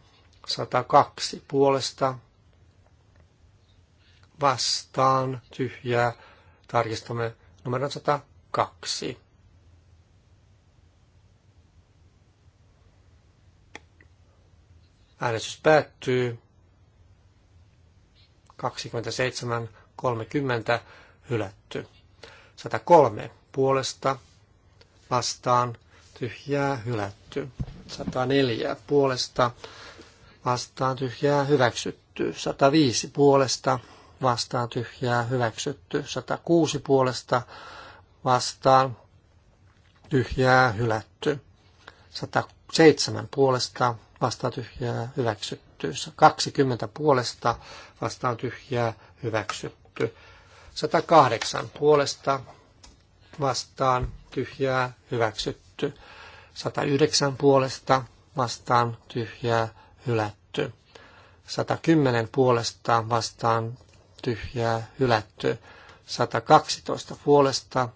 102 puolesta vastaan. Tyhjää, tarkistamme numero 102. Äänestys päättyy. 27.30 hylätty. 103 puolesta vastaan tyhjää hylätty. 104 puolesta vastaan tyhjää hyväksytty. 105 puolesta vastaan tyhjää hyväksytty. 106 puolesta vastaan tyhjää hylätty. 107 puolesta vastaan tyhjää hyväksytty. 20 puolesta vastaan tyhjää hyväksytty. 108 puolesta vastaan tyhjää hyväksytty. 109 puolesta vastaan tyhjää hylätty. 110 puolesta vastaan tyhjää hylätty. 112 puolesta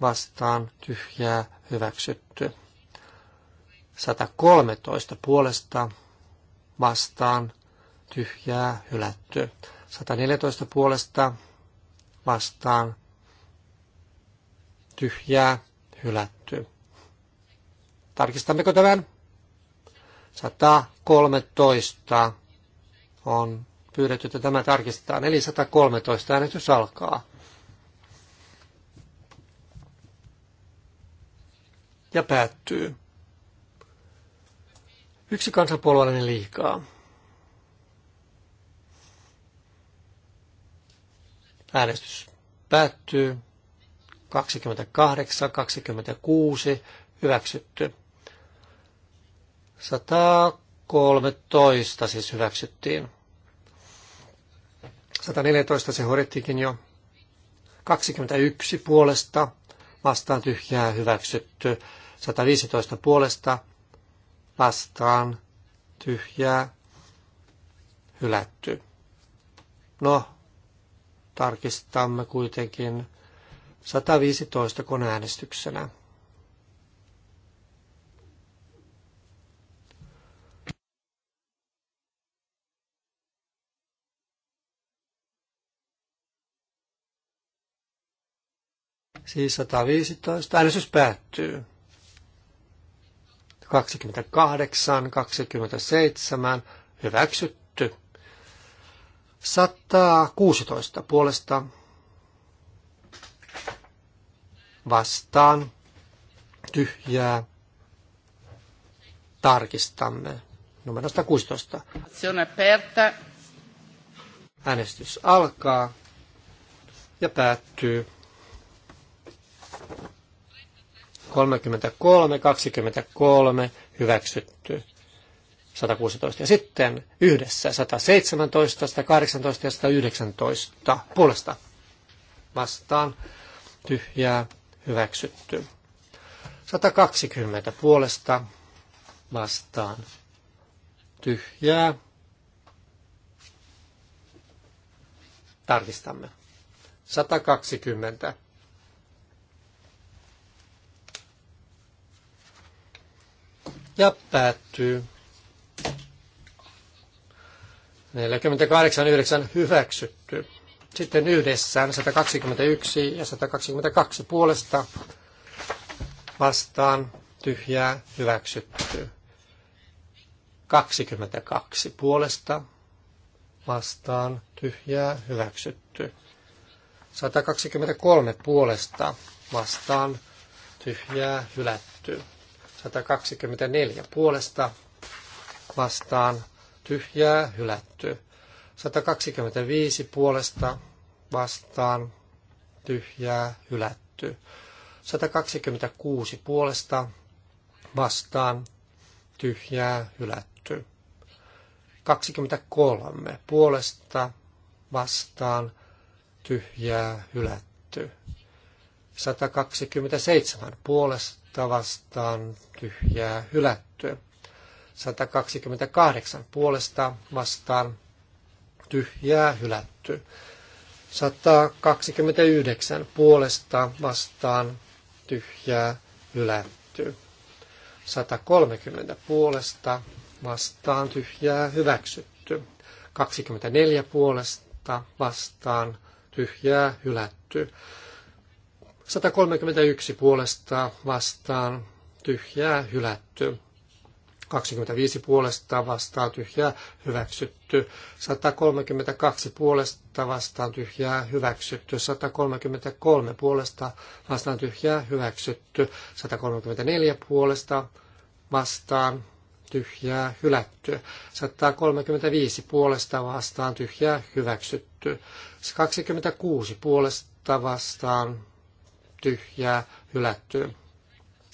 vastaan tyhjää hyväksytty. 113 puolesta vastaan tyhjää hylätty. 114 puolesta vastaan tyhjää hylätty. Tarkistammeko tämän? 113 on pyydetty, että tämä tarkistetaan. Eli 113 äänestys alkaa. Ja päättyy. Yksi kansanpuolueellinen liikaa. Äänestys päättyy. 28, 26, hyväksytty. 113 siis hyväksyttiin. 114 se horettikin jo. 21 puolesta vastaan tyhjää hyväksytty. 115 puolesta vastaan tyhjää hylätty. No, tarkistamme kuitenkin 115 koneäänestyksenä. Siis 115. Äänestys päättyy. 28, 27. Hyväksytty. 116 puolesta vastaan tyhjää tarkistamme. Numero 116. Äänestys alkaa ja päättyy. 33, 23 hyväksytty. 116. Ja sitten yhdessä 117, 118 ja 119 puolesta vastaan tyhjää hyväksytty. 120 puolesta vastaan tyhjää. Tarkistamme. 120 ja päättyy. 48.9 hyväksytty. Sitten yhdessään 121 ja 122 puolesta vastaan tyhjää hyväksytty. 22 puolesta vastaan tyhjää hyväksytty. 123 puolesta vastaan tyhjää hylätty. 124 puolesta vastaan tyhjää hylätty. 125 puolesta vastaan tyhjää hylätty. 126 puolesta vastaan tyhjää hylätty. 23 puolesta vastaan tyhjää hylätty. 127 puolesta puolesta vastaan tyhjää hylätty. 128 puolesta vastaan tyhjää hylätty. 129 puolesta vastaan tyhjää hylätty. 130 puolesta vastaan tyhjää hyväksytty. 24 puolesta vastaan tyhjää hylätty. 131 puolesta vastaan tyhjää hylätty. 25 puolesta vastaan tyhjää hyväksytty. 132 puolesta vastaan tyhjää hyväksytty. 133 puolesta vastaan tyhjää hyväksytty. 134 puolesta vastaan tyhjää hylätty. 135 puolesta vastaan tyhjää hyväksytty. 26 puolesta vastaan tyhjää hylättyä.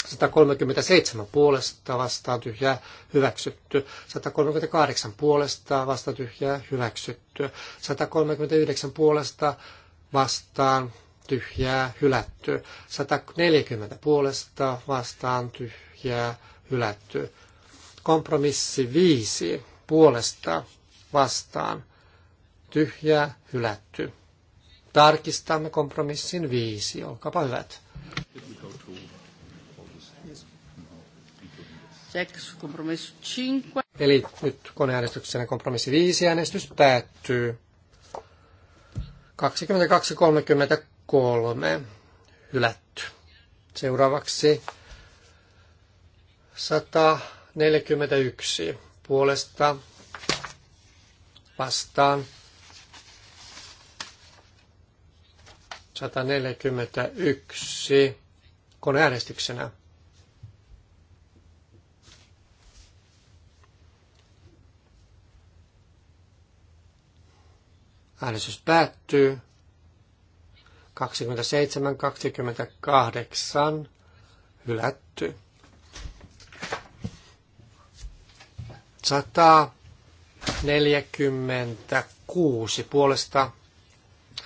137 puolesta vastaan tyhjää hyväksytty. 138 puolesta vastaan tyhjää hyväksytty. 139 puolesta vastaan tyhjää hylätty. 140 puolesta vastaan tyhjää hylätty. Kompromissi 5 puolesta vastaan tyhjää hylätty. Tarkistamme kompromissin viisi. Olkaapa hyvät. Eli nyt koneäänestyksenä kompromissi 5 äänestys päättyy. 22.33 hylätty. Seuraavaksi 141 puolesta vastaan 141 koneäänestyksenä. Äänestys päättyy. 27-28 hylätty. 146 puolesta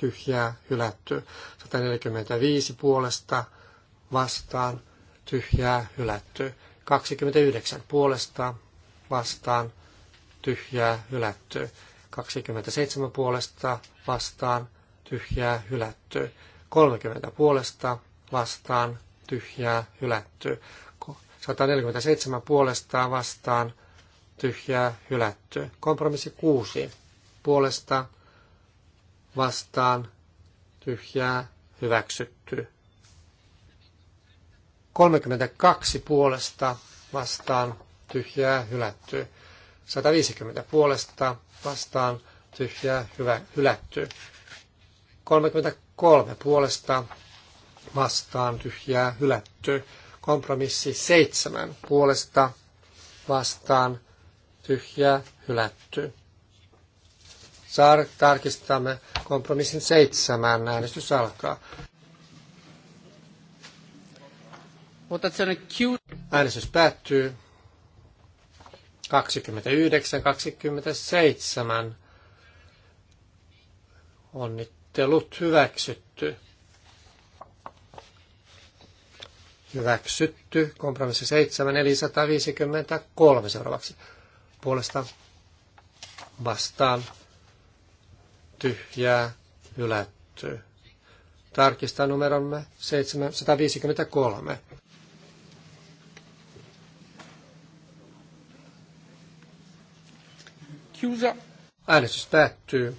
tyhjää hylätty. 145 puolesta vastaan tyhjää hylätty. 29 puolesta vastaan tyhjää hylätty. 27 puolesta vastaan tyhjää hylätty. 30 puolesta vastaan tyhjää hylätty. 147 puolesta vastaan tyhjää hylätty. Kompromissi 6 puolesta vastaan tyhjää hyväksytty. 32 puolesta vastaan tyhjää hylätty. 150 puolesta vastaan tyhjää hyvä, hylätty. 33 puolesta vastaan tyhjää hylätty. Kompromissi 7 puolesta vastaan tyhjää hylätty. Saar, tarkistamme kompromissin seitsemän. Äänestys alkaa. Äänestys päättyy. 29-27. Onnittelut hyväksytty. Hyväksytty. Kompromissi 7 eli 153 seuraavaksi. Puolesta vastaan tyhjää, hylätty. Tarkista numeromme 753. Kiusa. Äänestys päättyy.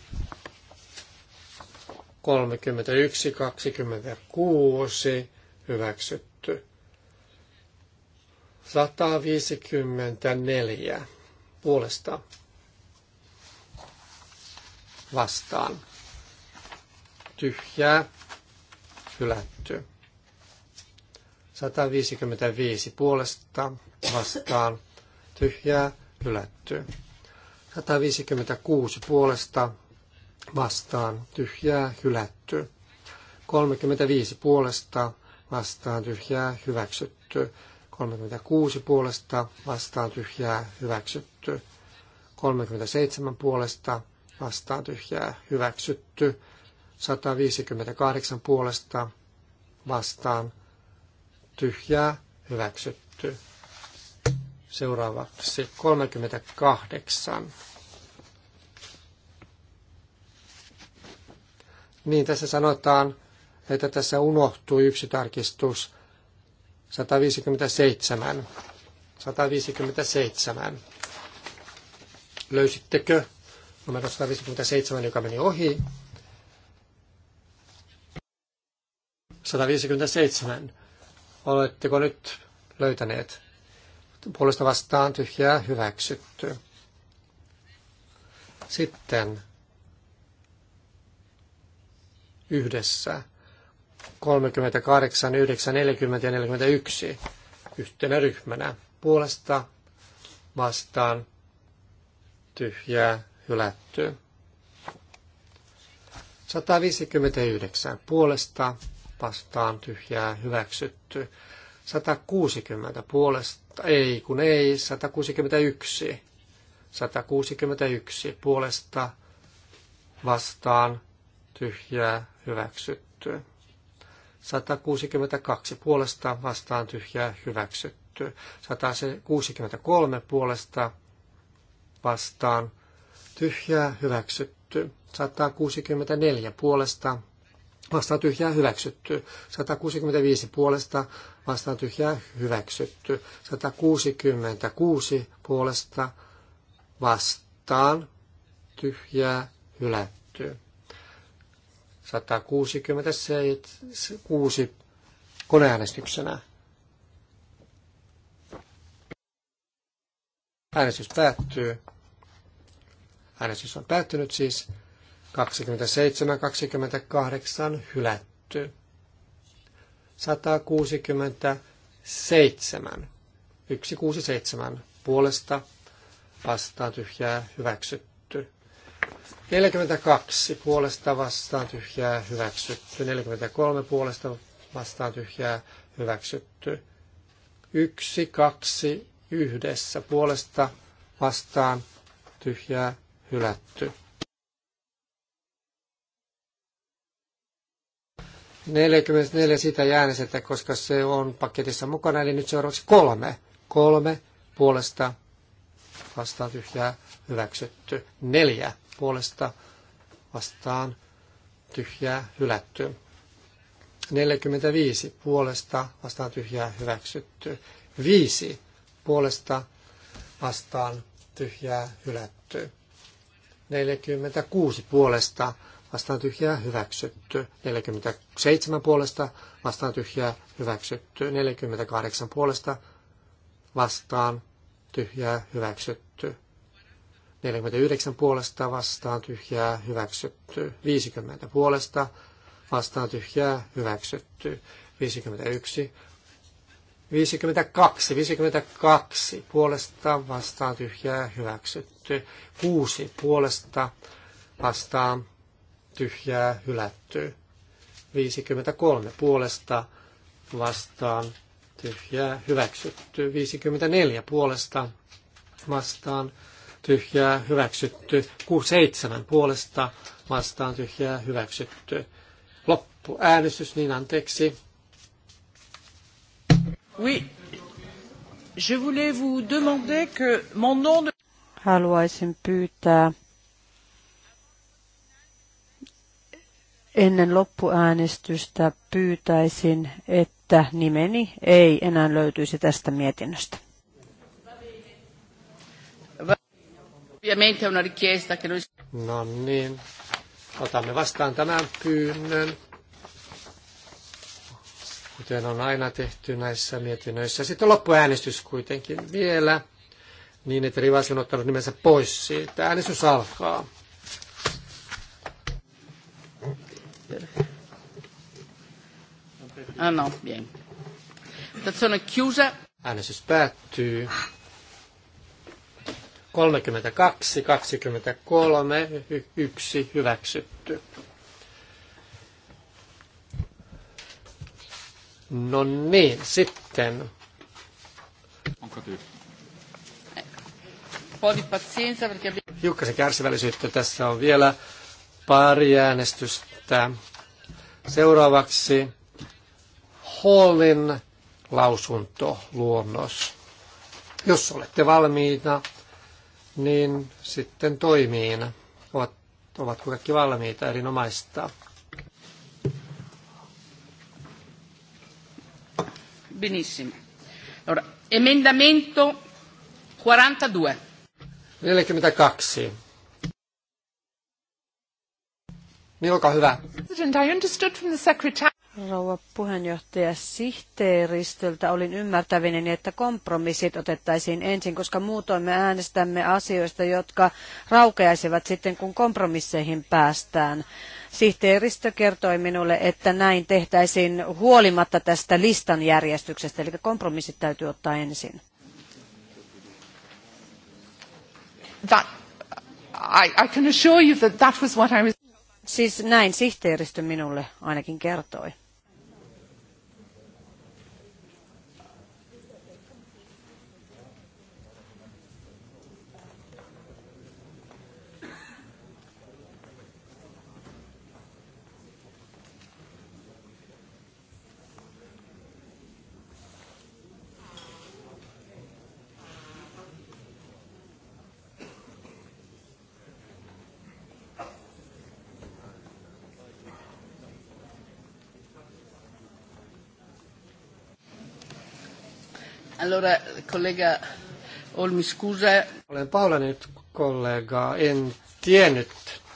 31, 26, hyväksytty. 154 puolesta vastaan. Tyhjää, hylätty. 155 puolesta vastaan, tyhjää, hylätty. 156 puolesta vastaan, tyhjää, hylätty. 35 puolesta vastaan, tyhjää, hyväksytty. 36 puolesta vastaan, tyhjää, hyväksytty. 37 puolesta vastaan tyhjää hyväksytty. 158 puolesta vastaan tyhjää hyväksytty. Seuraavaksi 38. Niin tässä sanotaan, että tässä unohtui yksi tarkistus 157. 157. Löysittekö? numero 157, joka meni ohi. 157. Oletteko nyt löytäneet? Puolesta vastaan tyhjää hyväksytty. Sitten yhdessä 38, 9, 40 ja 41 yhtenä ryhmänä. Puolesta vastaan tyhjää hylätty. 159 puolesta vastaan tyhjää hyväksytty. 160 puolesta, ei kun ei, 161. 161 puolesta vastaan tyhjää hyväksytty. 162 puolesta vastaan tyhjää hyväksytty. 163 puolesta vastaan tyhjää hyväksytty. 164 puolesta vastaan tyhjää hyväksytty. 165 puolesta vastaan tyhjää hyväksytty. 166 puolesta vastaan tyhjää hylätty. 166 koneäänestyksenä. Äänestys päättyy. Äänestys on päättynyt siis 27-28 hylätty. 167. 167 puolesta vastaan tyhjää hyväksytty. 42 puolesta vastaan tyhjää hyväksytty. 43 puolesta vastaan tyhjää hyväksytty. 1, 2, yhdessä puolesta vastaan tyhjää hylätty. 44 sitä jäänesetä, koska se on paketissa mukana, eli nyt seuraavaksi kolme. Kolme puolesta vastaan tyhjää hyväksytty. Neljä puolesta vastaan tyhjää hylätty. 45 puolesta vastaan tyhjää hyväksytty. 5 puolesta vastaan tyhjää hylätty. 46 puolesta vastaan tyhjää hyväksytty. 47 puolesta vastaan tyhjää hyväksytty. 48 puolesta vastaan tyhjää hyväksytty. 49 puolesta vastaan tyhjää hyväksytty. 50 puolesta vastaan tyhjää hyväksytty. 51 52, 52 puolesta vastaa tyhjää hyväksytty. 6 puolesta vastaa tyhjää hylätty. 53 puolesta vastaan tyhjää hyväksytty. 54 puolesta vastaan tyhjää hyväksytty. 67 puolesta vastaan tyhjää hyväksytty. Loppuäänestys, niin anteeksi. Je voulais vous demander que mon nom de... Haluaisin pyytää ennen loppuäänestystä pyytäisin, että nimeni ei enää löytyisi tästä mietinnöstä. No niin, otamme vastaan tämän pyynnön kuten on aina tehty näissä mietinnöissä. Sitten loppuäänestys kuitenkin vielä, niin että Rivas on ottanut nimensä pois siitä. Äänestys alkaa. Ah no, bien. on chiusa. Äänestys päättyy. 32, 23, 1 hyväksytty. No niin, sitten. Onko Hiukkasen kärsivällisyyttä. Tässä on vielä pari äänestystä. Seuraavaksi Hallin lausuntoluonnos. Jos olette valmiita, niin sitten toimiin. Ovat, ovatko kaikki valmiita? Erinomaista. Benissimo. Allora, emendamento 42. 42. Niin, olkaa hyvä. I understood from the secretary rouva puheenjohtaja sihteeristöltä olin ymmärtävinen, että kompromissit otettaisiin ensin, koska muutoin me äänestämme asioista, jotka raukeaisivat sitten, kun kompromisseihin päästään. Sihteeristö kertoi minulle, että näin tehtäisiin huolimatta tästä listan järjestyksestä, eli kompromissit täytyy ottaa ensin. That, I, I can assure you that that was what I was... Siis näin sihteeristö minulle ainakin kertoi. Allora, collega Olmi, scusa. Olen pahoillani kollegaa. En tiennyt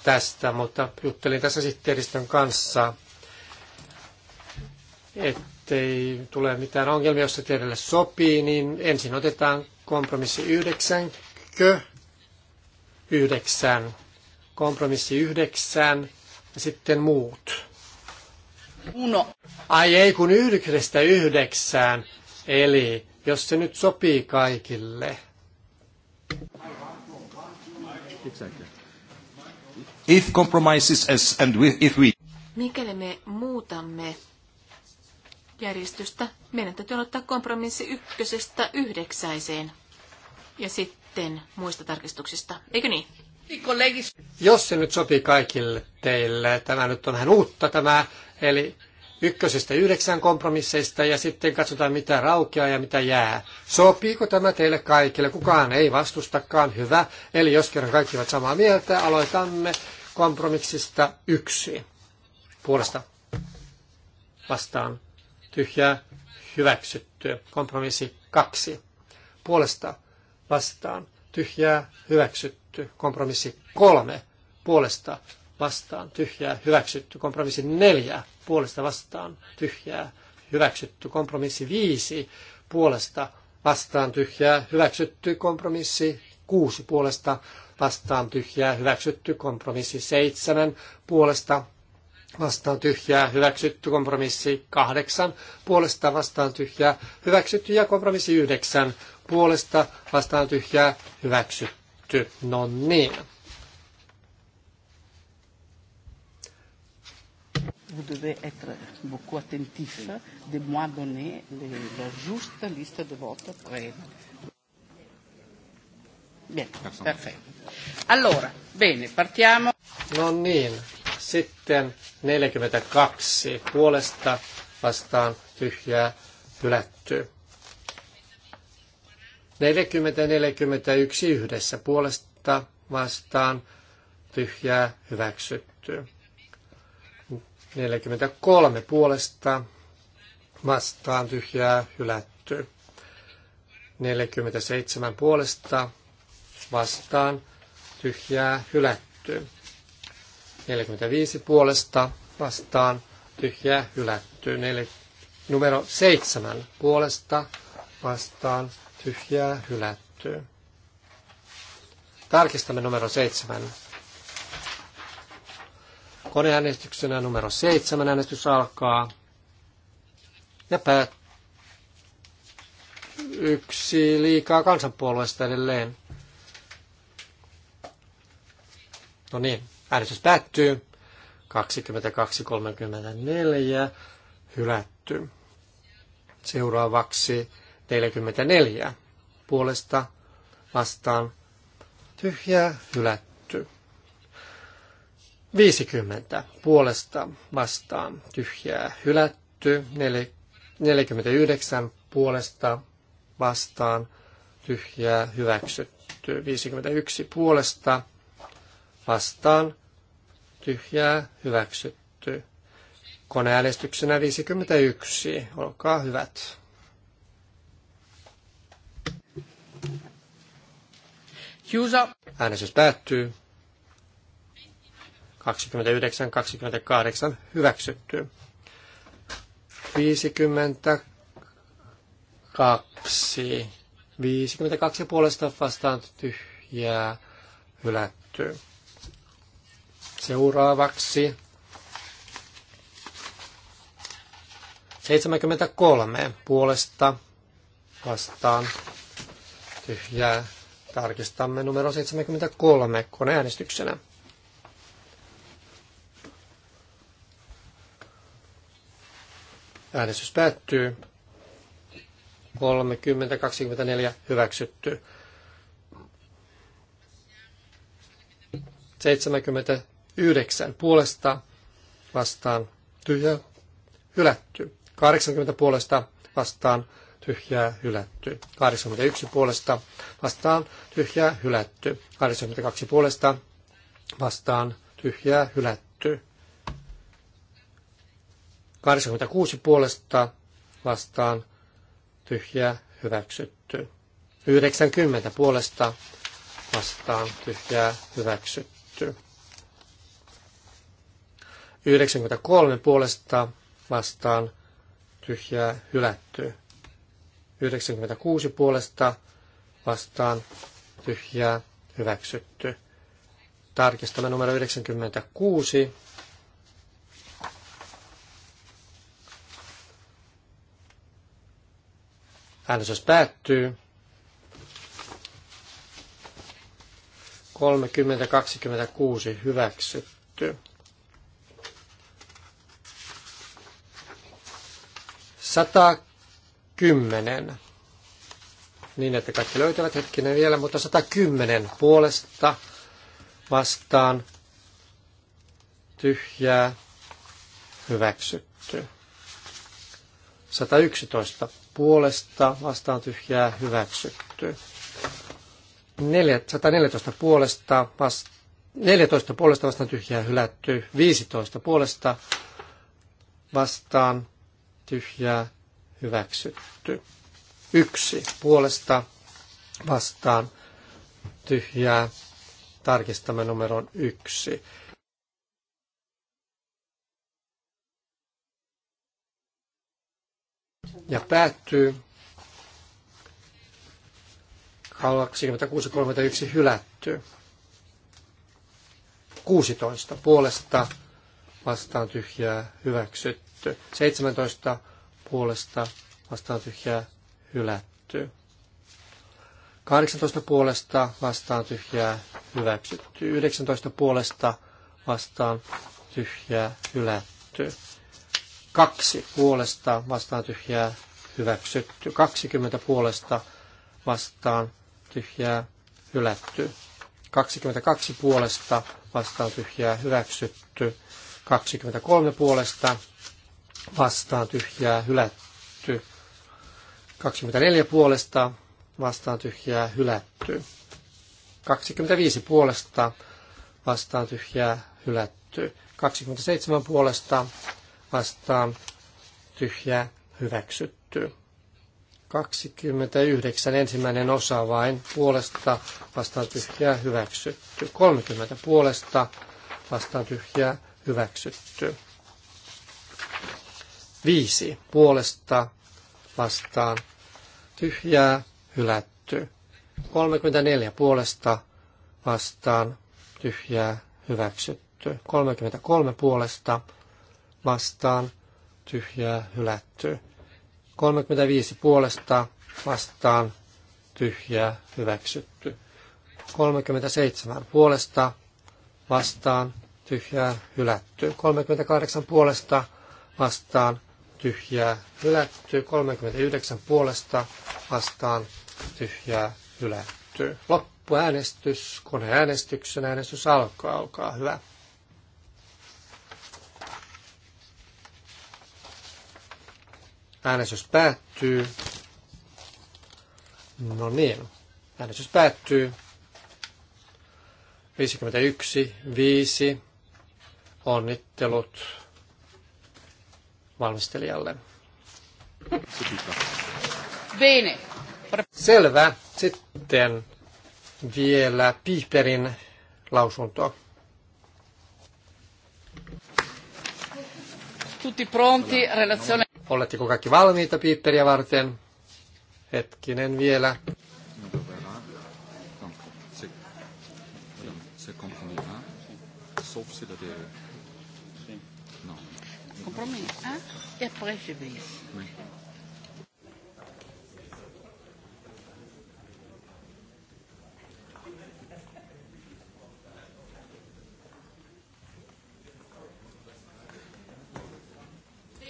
tästä, mutta juttelin tässä sihteeristön kanssa, ettei tule mitään ongelmia, jos se tiedelle sopii, niin ensin otetaan kompromissi yhdeksän, kö yhdeksän, kompromissi yhdeksän ja sitten muut. Uno. Ai ei, kun yhdeksästä yhdeksään, eli jos se nyt sopii kaikille. If compromises as, and if we... Mikäli me muutamme järjestystä, meidän täytyy ottaa kompromissi ykkösestä yhdeksäiseen ja sitten muista tarkistuksista, eikö niin? Jos se nyt sopii kaikille teille, tämä nyt on vähän uutta tämä, eli ykkösestä yhdeksän kompromisseista ja sitten katsotaan mitä raukeaa ja mitä jää. Sopiiko tämä teille kaikille? Kukaan ei vastustakaan. Hyvä. Eli jos kerran kaikki ovat samaa mieltä, aloitamme kompromissista yksi. Puolesta vastaan tyhjää hyväksytty. Kompromissi kaksi. Puolesta vastaan tyhjää hyväksytty. Kompromissi kolme. Puolesta vastaan tyhjää hyväksytty. Kompromissi neljä puolesta vastaan tyhjää hyväksytty. Kompromissi viisi puolesta vastaan tyhjää hyväksytty. Kompromissi kuusi puolesta vastaan tyhjää hyväksytty. Kompromissi seitsemän puolesta vastaan tyhjää, hyväksytty kompromissi kahdeksan, puolesta vastaan tyhjää, hyväksytty ja kompromissi yhdeksän, puolesta vastaan tyhjää, hyväksytty. No niin. vous devez être beaucoup attentif de moi donner les, la juste liste de votes prévue. Bien, parfait. Allora, bene, partiamo. No niin, sitten 42 puolesta vastaan tyhjää hylätty. 40-41 yhdessä puolesta vastaan tyhjää hyväksytty. 43 puolesta vastaan tyhjää hylätty. 47 puolesta vastaan tyhjää hylätty. 45 puolesta vastaan tyhjää hylätty. Nel- numero 7 puolesta vastaan tyhjää hylätty. Tarkistamme numero 7 koneäänestyksenä numero seitsemän äänestys alkaa ja päät yksi liikaa kansanpuolueesta edelleen. No niin, äänestys päättyy. 22.34 hylätty. Seuraavaksi 44 puolesta vastaan tyhjää hylätty. 50 puolesta vastaan tyhjää hylätty, 49 puolesta vastaan tyhjää hyväksytty, 51 puolesta vastaan tyhjää hyväksytty. Koneäänestyksenä 51. Olkaa hyvät. Äänestys päättyy. 29-28 hyväksytty. 52, 52 puolesta vastaan tyhjää hylätty. Seuraavaksi 73 puolesta vastaan tyhjää. Tarkistamme numero 73 koneäänestyksenä. Äänestys päättyy. 30-24 hyväksytty. 79 puolesta vastaan tyhjää hylätty. 80 puolesta vastaan tyhjää hylätty. 81 puolesta vastaan tyhjää hylätty. 82 puolesta vastaan tyhjää hylätty. 86 puolesta vastaan tyhjä hyväksytty. 90 puolesta vastaan tyhjää hyväksytty. 93 puolesta vastaan tyhjää hylätty. 96 puolesta vastaan tyhjää hyväksytty. Tarkistamme numero 96. Äänestys päättyy. 30-26 hyväksytty. Sata kymmenen. Niin, että kaikki löytävät hetkinen vielä, mutta 110 puolesta vastaan tyhjää hyväksytty. 111 puolesta vastaan tyhjää hyväksytty. 114 puolesta, vast, 14 puolesta vastaan tyhjää hylätty, 15 puolesta vastaan tyhjää hyväksytty. Yksi puolesta vastaan tyhjää tarkistamme numeron yksi. ja päättyy 26.31 hylätty. 16 puolesta vastaan tyhjää hyväksytty. 17 puolesta vastaan tyhjää hylätty. 18 puolesta vastaan tyhjää hyväksytty. 19 puolesta vastaan tyhjää hylätty kaksi puolesta vastaan tyhjää hyväksytty. 20 puolesta vastaan tyhjää hylätty. 22 puolesta vastaan tyhjää hyväksytty. 23 puolesta vastaan tyhjää hylätty. 24 puolesta vastaan tyhjää hylätty. 25 puolesta vastaan tyhjää hylätty. 27 puolesta vastaan tyhjää hyväksytty. 29 ensimmäinen osa vain puolesta vastaan tyhjää hyväksytty. 30 puolesta vastaan tyhjää hyväksytty. 5 puolesta vastaan tyhjää hylätty. 34 puolesta vastaan tyhjää hyväksytty. 33 puolesta vastaan tyhjää hylättyä. 35 puolesta vastaan tyhjää hyväksytty. 37 puolesta vastaan tyhjää hylätty. 38 puolesta vastaan tyhjää hylätty. 39 puolesta vastaan tyhjää hylätty. Loppuäänestys, koneäänestyksen äänestys alkaa, olkaa hyvä. Äänestys päättyy. No niin, äänestys päättyy. 51, 5. Onnittelut valmistelijalle. Bene. Selvä. Sitten vielä Piiperin lausunto. Tutti pronti, relazione... Oletteko kaikki valmiita piipperiä varten? Hetkinen vielä. Compromis 1 et après je vais. Oui.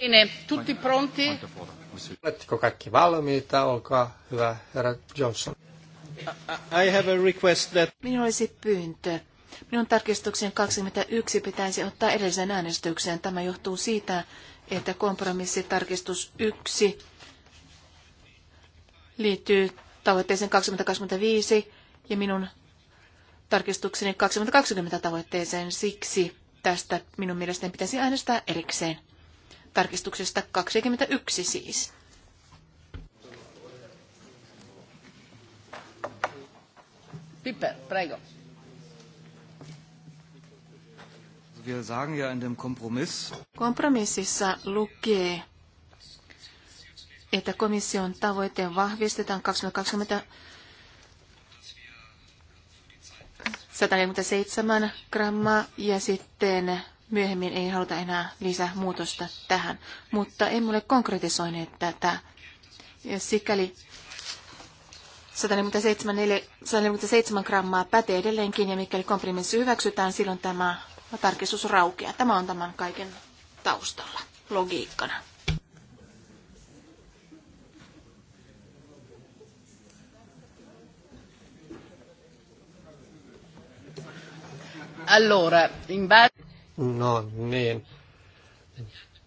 Niin, tutti pronti. Oletteko kaikki valmiita? Olkaa hyvä, herra Johnson. I have a request that... Minulla olisi pyyntö. Minun tarkistuksen 21 pitäisi ottaa edellisen äänestykseen. Tämä johtuu siitä, että kompromissitarkistus 1 liittyy tavoitteeseen 2025 ja minun tarkistukseni 2020 tavoitteeseen. Siksi tästä minun mielestäni pitäisi äänestää erikseen. Tarkistuksesta 21 siis. Piper, prego. Wir sagen ja in dem Kompromiss. Kompromississa lukee, että komission tavoite vahvistetaan 2020 147 grammaa ja sitten myöhemmin ei haluta enää lisää muutosta tähän, mutta emme ole konkretisoineet tätä. Ja sikäli 147, 147 grammaa pätee edelleenkin, ja mikäli kompromissi hyväksytään, silloin tämä tarkistus raukeaa. Tämä on tämän kaiken taustalla logiikkana. Allora, in base... No niin.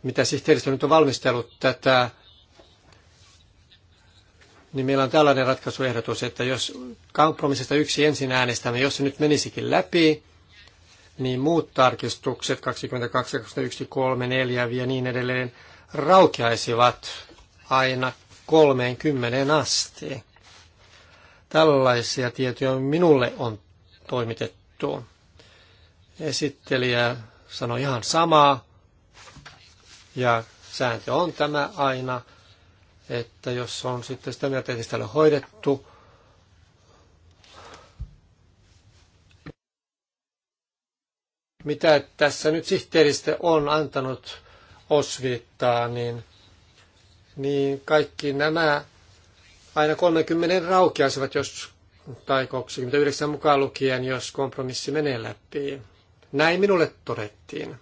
Mitä sihteeristö nyt on valmistellut tätä, niin meillä on tällainen ratkaisuehdotus, että jos kompromissista yksi ensin äänestämme, jos se nyt menisikin läpi, niin muut tarkistukset 22, 21, 3, 4 ja niin edelleen raukeaisivat aina 30 asti. Tällaisia tietoja minulle on toimitettu. Esittelijä sanoi ihan samaa. Ja sääntö on tämä aina, että jos on sitten sitä mieltä, että sitä ole hoidettu, mitä tässä nyt sihteeristä on antanut osviittaa, niin, niin kaikki nämä aina 30 raukeaisivat, jos, tai 29 mukaan lukien, jos kompromissi menee läpi. Näin minulle todettiin.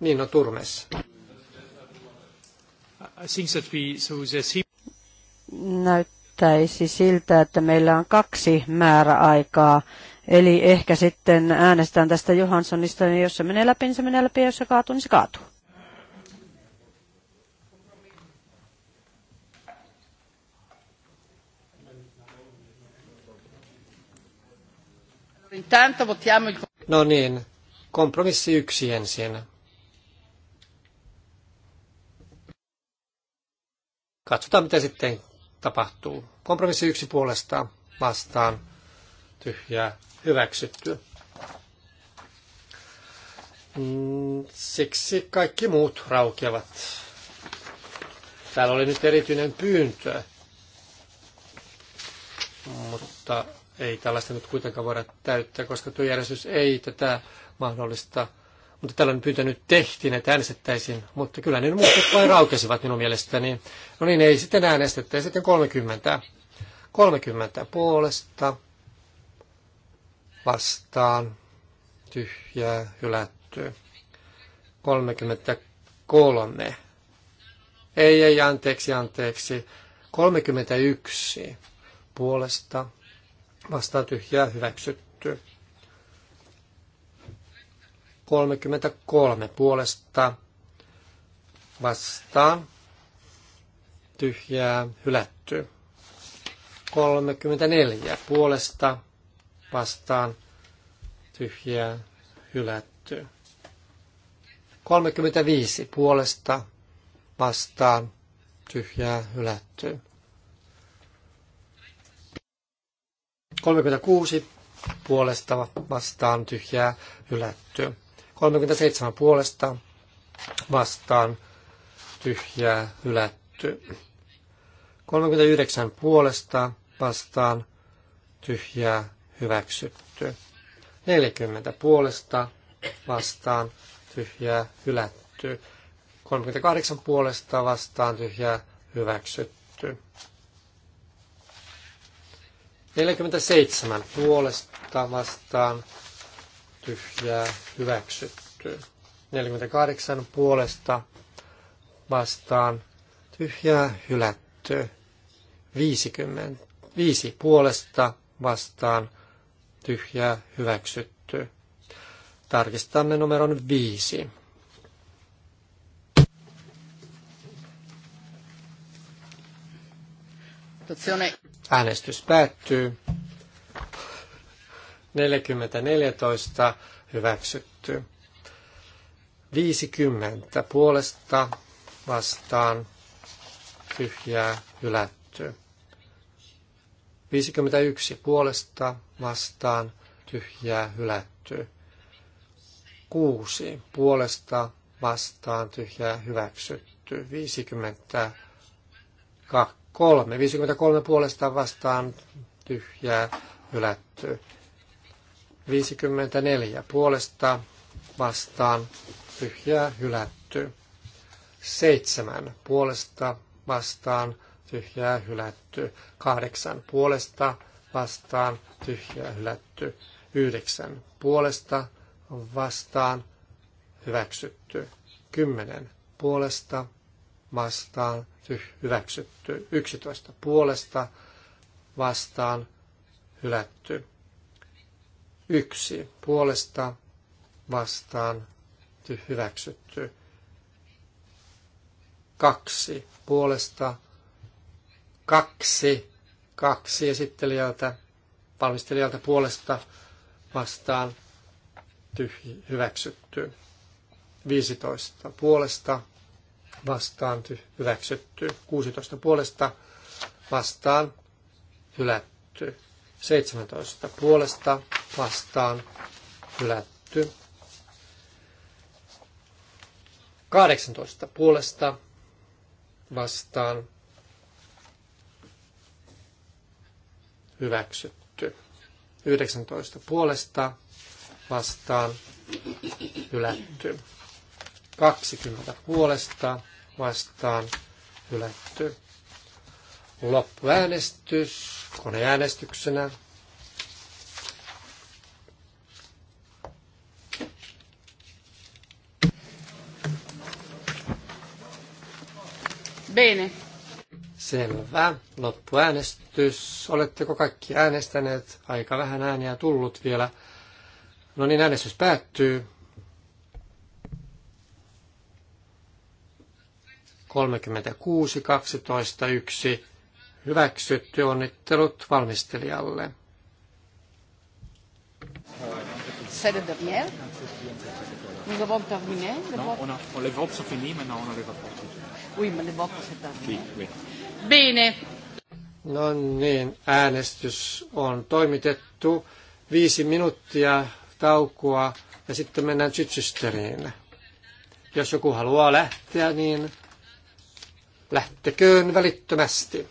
Niin, no Turmes. Näyttäisi siltä, että meillä on kaksi määräaikaa. Eli ehkä sitten äänestään tästä Johanssonista, niin jos se menee läpi, niin se menee läpi, ja jos se kaatuu, niin se kaatuu. No niin, kompromissi yksi ensin. Katsotaan, mitä sitten tapahtuu. Kompromissi yksi puolesta vastaan tyhjää hyväksytty. Mm, siksi kaikki muut raukeavat. Täällä oli nyt erityinen pyyntö, mutta ei tällaista nyt kuitenkaan voida täyttää, koska järjestys ei tätä mahdollista. Mutta tällainen pyyntö nyt tehtiin, että äänestettäisiin. Mutta kyllä ne muut vain raukesivat minun mielestäni. No niin, ei sitten äänestettäisi, sitten 30. 30 puolesta vastaan tyhjää hylättyä. 33. Ei, ei, anteeksi, anteeksi. 31 puolesta vastaa tyhjää hyväksytty. 33 puolesta vastaan tyhjää hylätty. 34 puolesta vastaan tyhjää hylätty. 35 puolesta vastaan tyhjää hylätty. 36 puolesta vastaan tyhjää hylätty. 37 puolesta vastaan tyhjää hylätty. 39 puolesta vastaan tyhjää hyväksytty. 40 puolesta vastaan tyhjää hylätty. 38 puolesta vastaan tyhjää hyväksytty. 47 puolesta vastaan tyhjää hyväksytty. 48 puolesta vastaan tyhjää hylätty. 50, 5 puolesta vastaan tyhjää hyväksytty. Tarkistamme numeron 5. Äänestys päättyy. 4014 hyväksytty. 50 puolesta vastaan tyhjää hylätty. 51 puolesta vastaan tyhjää hylätty. 6 puolesta vastaan tyhjää hyväksytty. 52 53. 53 puolestaan vastaan tyhjää hylätty. 54 puolesta vastaan tyhjää hylätty. 7 puolesta vastaan tyhjää hylätty. 8 puolesta vastaan tyhjää hylätty. 9 puolesta vastaan hyväksytty. 10 puolesta vastaan hylätty, hyväksytty. 11 puolesta vastaan hylätty. 1 puolesta vastaan hyväksytty. 2 puolesta kaksi, kaksi esittelijältä, valmistelijalta puolesta vastaan tyhj, hyväksytty. 15 puolesta vastaan hyväksytty. 16 puolesta vastaan hylätty. 17 puolesta vastaan hylätty. 18 puolesta vastaan hyväksytty. 19 puolesta vastaan hylätty. 20 puolesta vastaan hylätty. Loppuäänestys koneäänestyksenä. Bene. Selvä. Loppuäänestys. Oletteko kaikki äänestäneet? Aika vähän ääniä tullut vielä. No niin, äänestys päättyy. 36, 12, 1 hyväksytty. Onnittelut valmistelijalle. Nous avons terminé. Le non, on a, on, les votes sont finis, maintenant on a les rapports. Oui, mais les votes sont terminés. Oui, oui. Bene. No niin, äänestys on toimitettu. Viisi minuuttia taukoa ja sitten mennään Chichesteriin. Jos joku haluaa lähteä, niin lähteköön välittömästi.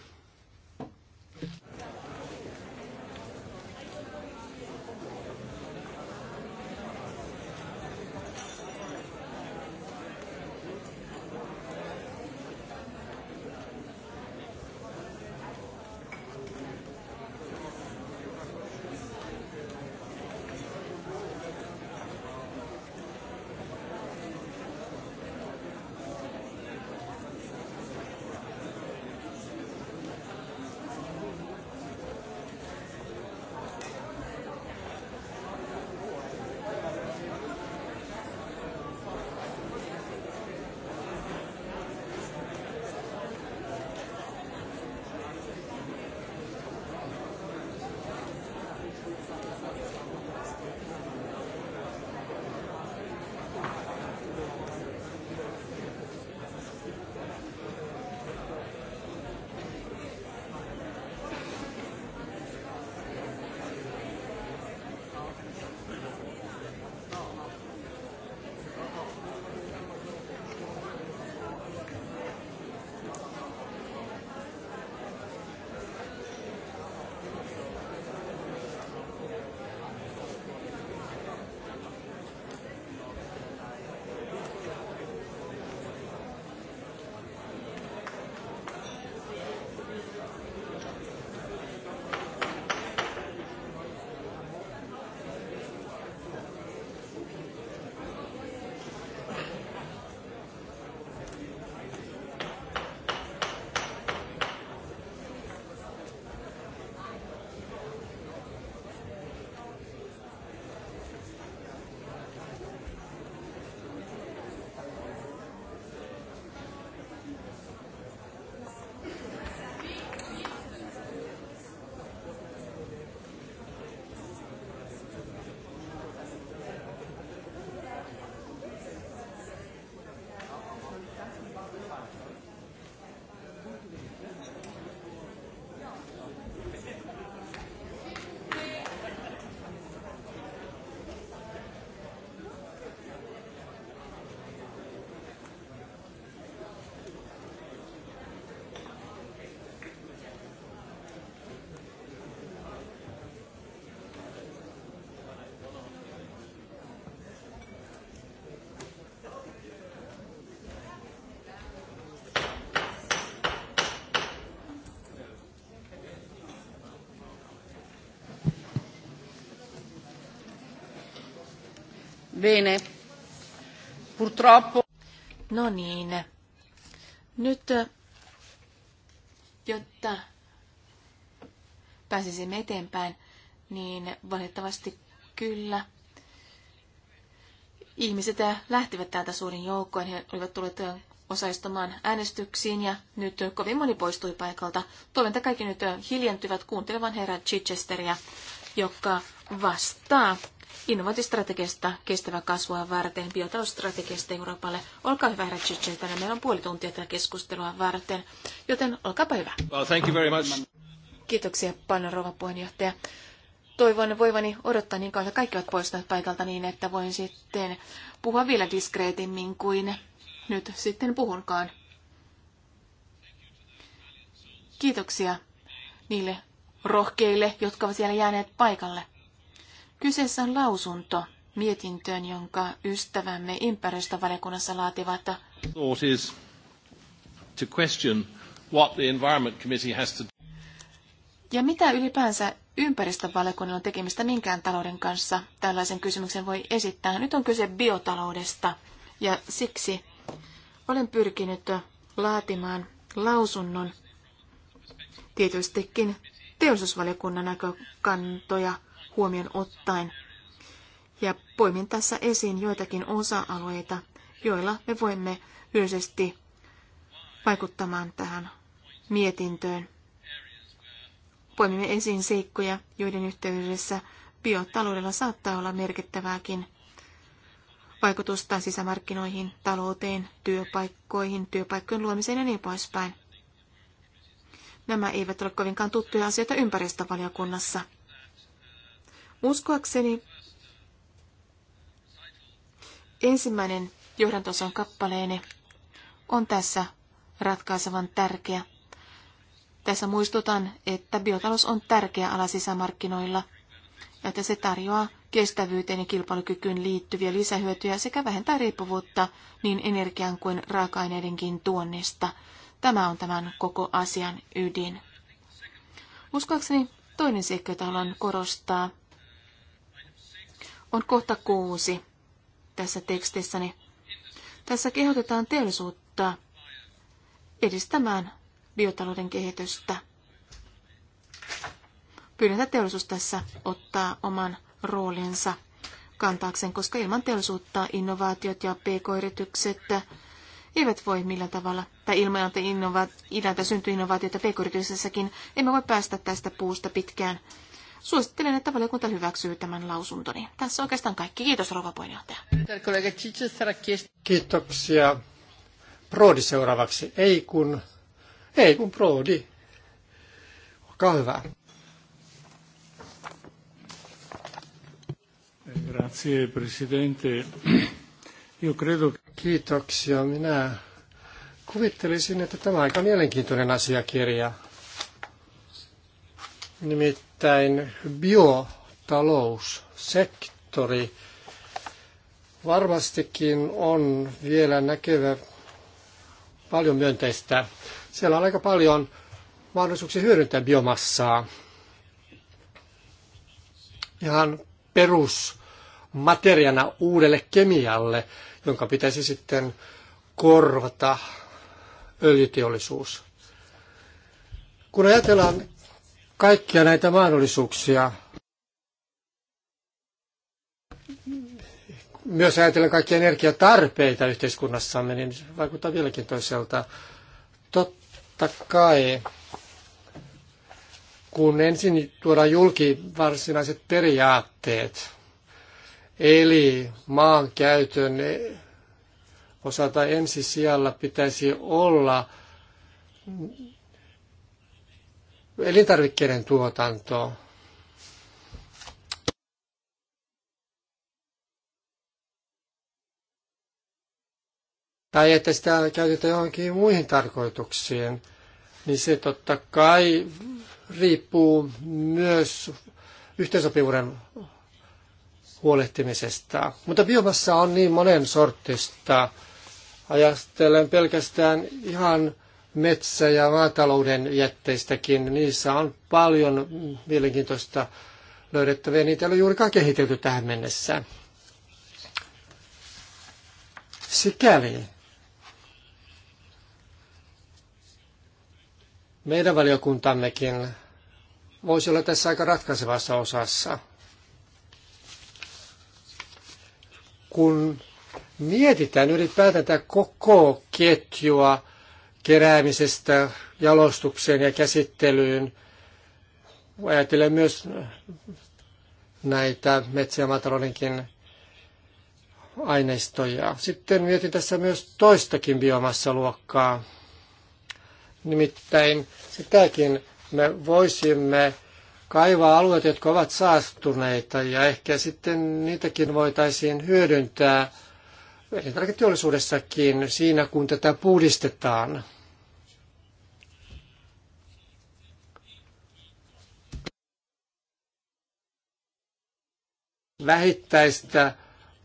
Bene. Purtroppo. No niin. Nyt, äh, jotta pääsisimme eteenpäin, niin valitettavasti kyllä. Ihmiset äh, lähtivät täältä suurin joukkoon. He olivat tulleet äh, osallistumaan äänestyksiin ja nyt kovin moni poistui paikalta. Toivon, että kaikki nyt hiljentyvät kuuntelevan herra Chichesteria, joka vastaa innovaatistrategiasta kestävää kasvua varten, biotalousstrategiasta Euroopalle. Olkaa hyvä, herra Chichel, meillä on puoli tuntia tätä keskustelua varten, joten olkaapa hyvä. Well, thank you very much. Kiitoksia Panna Rova, puheenjohtaja. Toivon voivani odottaa niin kauan, että kaikki ovat poistuneet paikalta niin, että voin sitten puhua vielä diskreetimmin kuin nyt sitten puhunkaan. Kiitoksia niille rohkeille, jotka ovat siellä jääneet paikalle. Kyseessä on lausunto mietintöön, jonka ystävämme ympäristövaliokunnassa laativat. Ja mitä ylipäänsä ympäristövaliokunnalla on tekemistä minkään talouden kanssa? Tällaisen kysymyksen voi esittää. Nyt on kyse biotaloudesta ja siksi olen pyrkinyt laatimaan lausunnon tietystikin teollisuusvaliokunnan näkökantoja – huomioon ottaen. Ja poimin tässä esiin joitakin osa-alueita, joilla me voimme yleisesti vaikuttamaan tähän mietintöön. Poimimme esiin seikkoja, joiden yhteydessä biotaloudella saattaa olla merkittävääkin vaikutusta sisämarkkinoihin, talouteen, työpaikkoihin, työpaikkojen luomiseen ja niin poispäin. Nämä eivät ole kovinkaan tuttuja asioita ympäristövaliokunnassa. Uskoakseni ensimmäinen johdantoson kappaleeni on tässä ratkaisevan tärkeä. Tässä muistutan, että biotalous on tärkeä ala sisämarkkinoilla ja että se tarjoaa kestävyyteen ja kilpailukykyyn liittyviä lisähyötyjä sekä vähentää riippuvuutta niin energian kuin raaka-aineidenkin tuonnista. Tämä on tämän koko asian ydin. Uskoakseni toinen seikka, jota haluan korostaa, on kohta kuusi tässä tekstissäni. Tässä kehotetaan teollisuutta edistämään biotalouden kehitystä. Pyydän, että teollisuus tässä ottaa oman roolinsa kantaakseen, koska ilman teollisuutta innovaatiot ja pk-yritykset eivät voi millään tavalla, tai ilman, että innovaat, idäntä syntyy innovaatioita pk emme voi päästä tästä puusta pitkään. Suosittelen, että valiokunta hyväksyy tämän lausuntoni. Tässä oikeastaan kaikki. Kiitos rouva puheenjohtaja. Kiitoksia. Proodi seuraavaksi. Ei kun, ei kun Proodi. Olkaa hyvä. Grazie Presidente. Io credo... Kiitoksia. Minä kuvittelisin, että tämä on aika mielenkiintoinen asiakirja nimittäin biotaloussektori varmastikin on vielä näkevä paljon myönteistä. Siellä on aika paljon mahdollisuuksia hyödyntää biomassaa. Ihan perusmateriaana uudelle kemialle, jonka pitäisi sitten korvata öljyteollisuus. Kun ajatellaan kaikkia näitä mahdollisuuksia. Myös ajatellen kaikkia energiatarpeita yhteiskunnassamme, niin vaikuttaa vieläkin toiselta. Totta kai, kun ensin tuodaan julki varsinaiset periaatteet, eli maankäytön osalta ensisijalla pitäisi olla elintarvikkeiden tuotantoa. Tai että sitä käytetään johonkin muihin tarkoituksiin, niin se totta kai riippuu myös yhteensopivuuden huolehtimisesta. Mutta biomassa on niin monen sortista. Ajastelen pelkästään ihan metsä- ja maatalouden jätteistäkin. Niissä on paljon mielenkiintoista löydettävää Niitä ei ole juurikaan kehitelty tähän mennessä. Sikäli meidän valiokuntammekin voisi olla tässä aika ratkaisevassa osassa. Kun mietitään ylipäätään koko ketjua, keräämisestä jalostukseen ja käsittelyyn. Ajattelen myös näitä metsä- ja maataloudenkin aineistoja. Sitten mietin tässä myös toistakin biomassaluokkaa. Nimittäin sitäkin me voisimme kaivaa alueet, jotka ovat saastuneita ja ehkä sitten niitäkin voitaisiin hyödyntää elintarviketeollisuudessakin siinä, kun tätä puhdistetaan. vähittäistä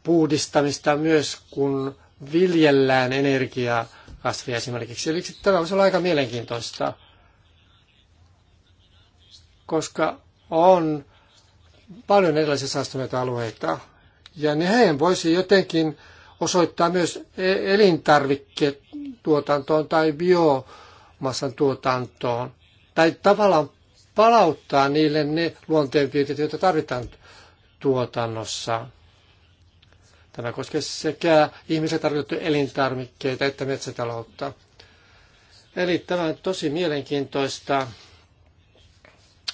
puhdistamista myös, kun viljellään energiaa kasvia esimerkiksi. Eli tämä voisi olla aika mielenkiintoista, koska on paljon erilaisia saastuneita alueita. Ja nehän voisi jotenkin osoittaa myös e- elintarviketuotantoon tai biomassan tuotantoon. Tai tavallaan palauttaa niille ne luonteenpiirteet, joita tarvitaan tuotannossa. Tämä koskee sekä ihmisille tarkoitettu elintarvikkeita että metsätaloutta. Eli tämä on tosi mielenkiintoista,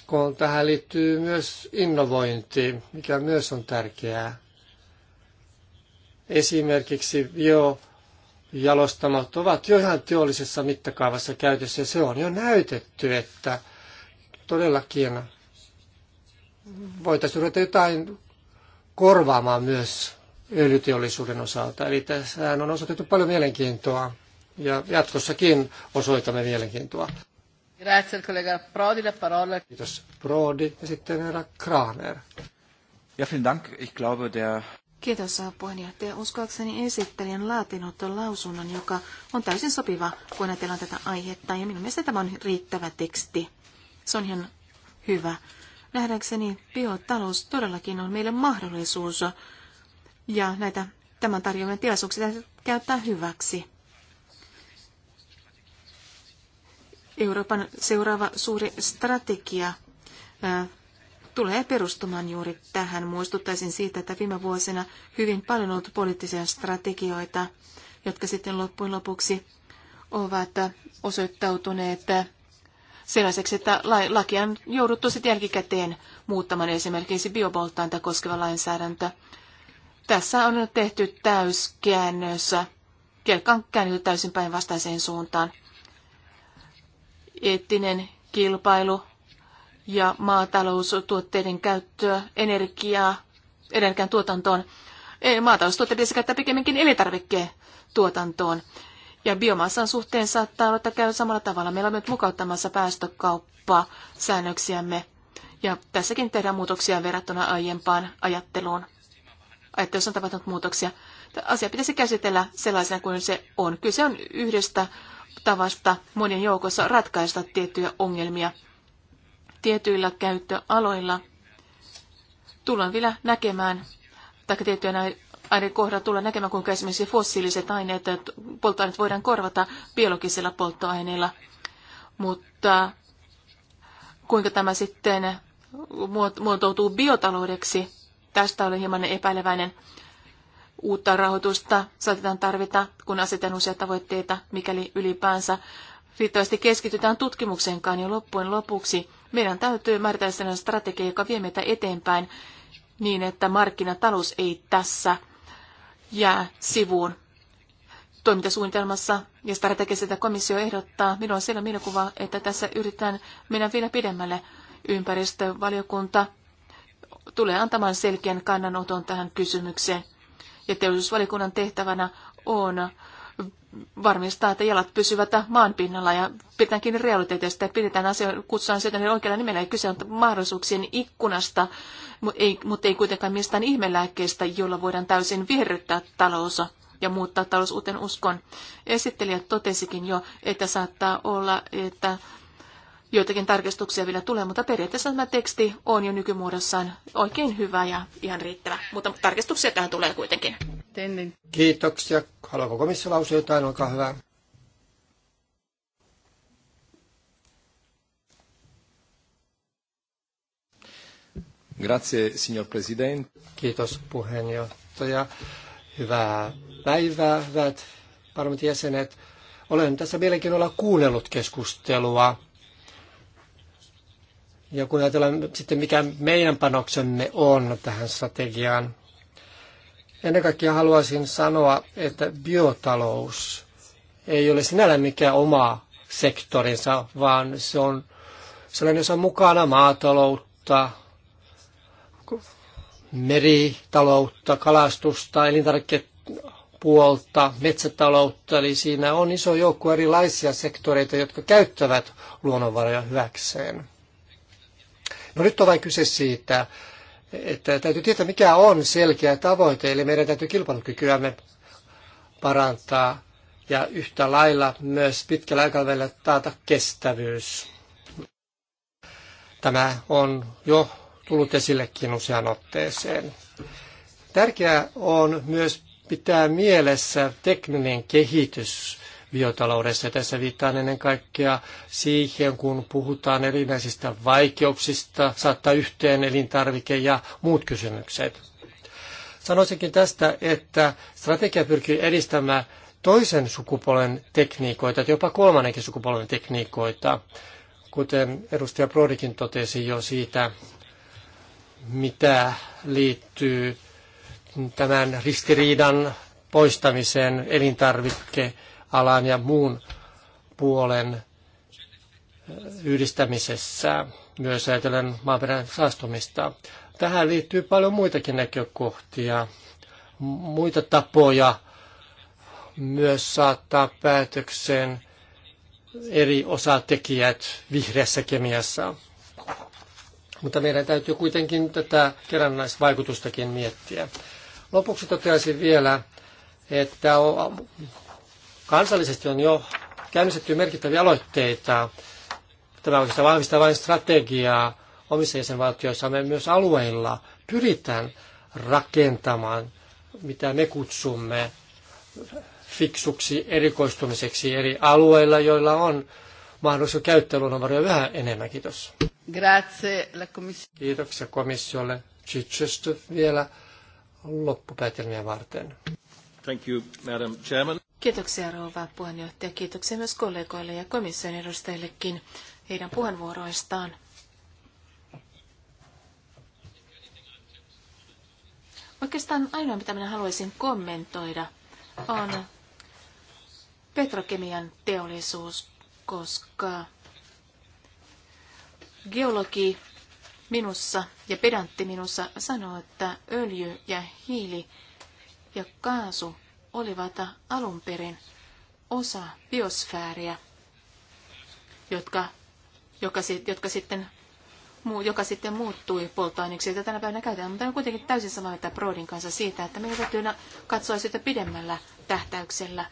kun tähän liittyy myös innovointi, mikä myös on tärkeää. Esimerkiksi bio jalostamot ovat jo ihan teollisessa mittakaavassa käytössä. Se on jo näytetty, että todellakin voitaisiin ruveta jotain korvaamaan myös öljyteollisuuden osalta. Eli tässä on osoitettu paljon mielenkiintoa ja jatkossakin osoitamme mielenkiintoa. Grazie, kollega Prodi, la parola. Kiitos Prodi ja sitten herra Kraner. Ja vielen dank. Ich glaube, der... Kiitos puheenjohtaja. Uskoakseni esittelijän laatinut on lausunnon, joka on täysin sopiva, kun ajatellaan tätä aihetta. Ja minun mielestä tämä on riittävä teksti. Se on ihan hyvä. Nähdäkseni biotalous todellakin on meille mahdollisuus ja näitä tämän tarjoamia tilaisuuksia käyttää hyväksi. Euroopan seuraava suuri strategia tulee perustumaan juuri tähän. Muistuttaisin siitä, että viime vuosina hyvin paljon ollut poliittisia strategioita, jotka sitten loppujen lopuksi ovat osoittautuneet sellaiseksi, että lakia on jouduttu sitten jälkikäteen muuttamaan esimerkiksi biopolttainta koskeva lainsäädäntö. Tässä on tehty täyskäännös, kelkka on käännetty täysin päinvastaiseen suuntaan. Eettinen kilpailu ja maataloustuotteiden käyttöä, energiaa, energian tuotantoon. Maataloustuotteiden pitäisi käyttää pikemminkin elintarvikkeen tuotantoon. Ja biomassan suhteen saattaa olla, että käy samalla tavalla. Meillä on nyt mukauttamassa päästökauppaa säännöksiämme. Ja tässäkin tehdään muutoksia verrattuna aiempaan ajatteluun. Ajattelussa on tapahtunut muutoksia. Asia pitäisi käsitellä sellaisena kuin se on. Kyse on yhdestä tavasta monien joukossa ratkaista tiettyjä ongelmia. Tietyillä käyttöaloilla tullaan vielä näkemään, tai tiettyjä kohdalla tullaan näkemään, kuinka esimerkiksi fossiiliset aineet, polttoaineet voidaan korvata biologisilla polttoaineilla, mutta kuinka tämä sitten muotoutuu biotaloudeksi, tästä olen hieman epäileväinen. Uutta rahoitusta saatetaan tarvita, kun asetetaan uusia tavoitteita, mikäli ylipäänsä riittävästi keskitytään tutkimukseenkaan jo loppujen lopuksi. Meidän täytyy määritellä sellainen strategia, joka vie meitä eteenpäin niin, että markkinatalous ei tässä jää sivuun toimintasuunnitelmassa ja strategisesta komissio ehdottaa, minulla on siellä mielikuva, että tässä yritetään mennä vielä pidemmälle. Ympäristövaliokunta tulee antamaan selkeän kannanoton tähän kysymykseen. Ja teollisuusvaliokunnan tehtävänä on varmistaa, että jalat pysyvät maan pinnalla ja pidetään kiinni realiteeteista ja pidetään asioita, kutsutaan sieltä niin oikealla nimellä. Ja kyse on mahdollisuuksien ikkunasta, mutta ei, ei kuitenkaan mistään ihmelääkkeestä, jolla voidaan täysin viherryttää talous ja muuttaa talous uuteen uskon. Esittelijät totesikin jo, että saattaa olla, että joitakin tarkistuksia vielä tulee, mutta periaatteessa tämä teksti on jo nykymuodossaan oikein hyvä ja ihan riittävä. Mutta tarkistuksia tähän tulee kuitenkin. Kiitoksia. Haluaako komissio lausua jotain? Olkaa hyvä. Grazie, signor Presidente. Kiitos puheenjohtaja. Hyvää päivää, hyvät parlamentin jäsenet. Olen tässä mielenkiinnolla kuunnellut keskustelua. Ja kun ajatellaan sitten, mikä meidän panoksemme on tähän strategiaan, Ennen kaikkea haluaisin sanoa, että biotalous ei ole sinällään mikään oma sektorinsa, vaan se on sellainen, jossa on mukana maataloutta, meritaloutta, kalastusta, elintarvikepuolta, metsätaloutta. Eli siinä on iso joukko erilaisia sektoreita, jotka käyttävät luonnonvaroja hyväkseen. No nyt on vain kyse siitä, että täytyy tietää, mikä on selkeä tavoite, eli meidän täytyy kilpailukykyämme parantaa ja yhtä lailla myös pitkällä aikavälillä taata kestävyys. Tämä on jo tullut esillekin usean otteeseen. Tärkeää on myös pitää mielessä tekninen kehitys biotaloudessa. Ja tässä viittaan ennen kaikkea siihen, kun puhutaan erinäisistä vaikeuksista, saattaa yhteen elintarvike ja muut kysymykset. Sanoisinkin tästä, että strategia pyrkii edistämään toisen sukupolven tekniikoita, jopa kolmannenkin sukupolven tekniikoita, kuten edustaja Brodikin totesi jo siitä, mitä liittyy tämän ristiriidan poistamiseen elintarvikkeen alan ja muun puolen yhdistämisessä, myös ajatellen maaperän saastumista. Tähän liittyy paljon muitakin näkökohtia, muita tapoja myös saattaa päätökseen eri osatekijät vihreässä kemiassa. Mutta meidän täytyy kuitenkin tätä kerrannaisvaikutustakin miettiä. Lopuksi toteaisin vielä, että Kansallisesti on jo käynnistetty merkittäviä aloitteita. Tämä oikeastaan vahvistaa vain strategiaa omissa jäsenvaltioissamme myös alueilla. Pyritään rakentamaan, mitä me kutsumme fiksuksi erikoistumiseksi eri alueilla, joilla on mahdollisuus käyttää luonnonvaroja vähän enemmän. Kiitos. Grazie, la Kiitoksia komissiolle. Chichester vielä loppupäätelmiä varten. Thank you, Madam Chairman. Kiitoksia rouva puheenjohtaja. Kiitoksia myös kollegoille ja komission edustajillekin heidän puheenvuoroistaan. Oikeastaan ainoa, mitä minä haluaisin kommentoida, on petrokemian teollisuus, koska geologi minussa ja pedantti minussa sanoo, että öljy ja hiili ja kaasu olivat alun perin osa biosfääriä, jotka, joka, jotka sitten joka sitten muuttui polttoaineeksi, jota tänä päivänä käytetään. Mutta on kuitenkin täysin samaa mieltä Broadin kanssa siitä, että meidän täytyy katsoa sitä pidemmällä tähtäyksellä.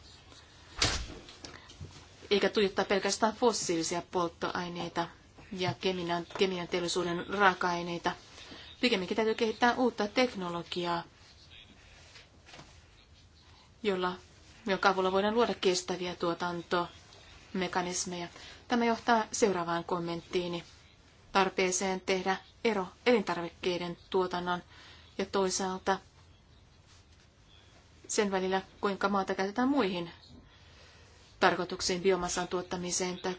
Eikä tuijottaa pelkästään fossiilisia polttoaineita ja kemian, kemian teollisuuden raaka-aineita. Pikemminkin täytyy kehittää uutta teknologiaa, jolla, jonka avulla voidaan luoda kestäviä tuotantomekanismeja. Tämä johtaa seuraavaan kommenttiini. Tarpeeseen tehdä ero elintarvikkeiden tuotannon ja toisaalta sen välillä, kuinka maata käytetään muihin tarkoituksiin, biomassan tuottamiseen tai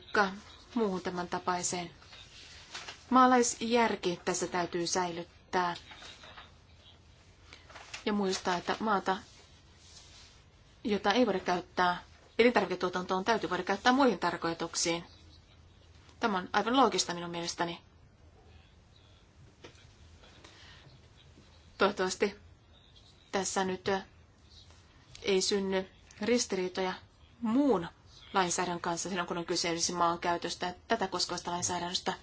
muuhun tämän tapaiseen. Maalaisjärki tässä täytyy säilyttää ja muistaa, että maata jota ei voida käyttää elintarviketuotantoon, täytyy voida käyttää muihin tarkoituksiin. Tämä on aivan loogista minun mielestäni. Toivottavasti tässä nyt ei synny ristiriitoja muun lainsäädännön kanssa silloin, kun on kyse maan käytöstä tätä koskevasta lainsäädännöstä.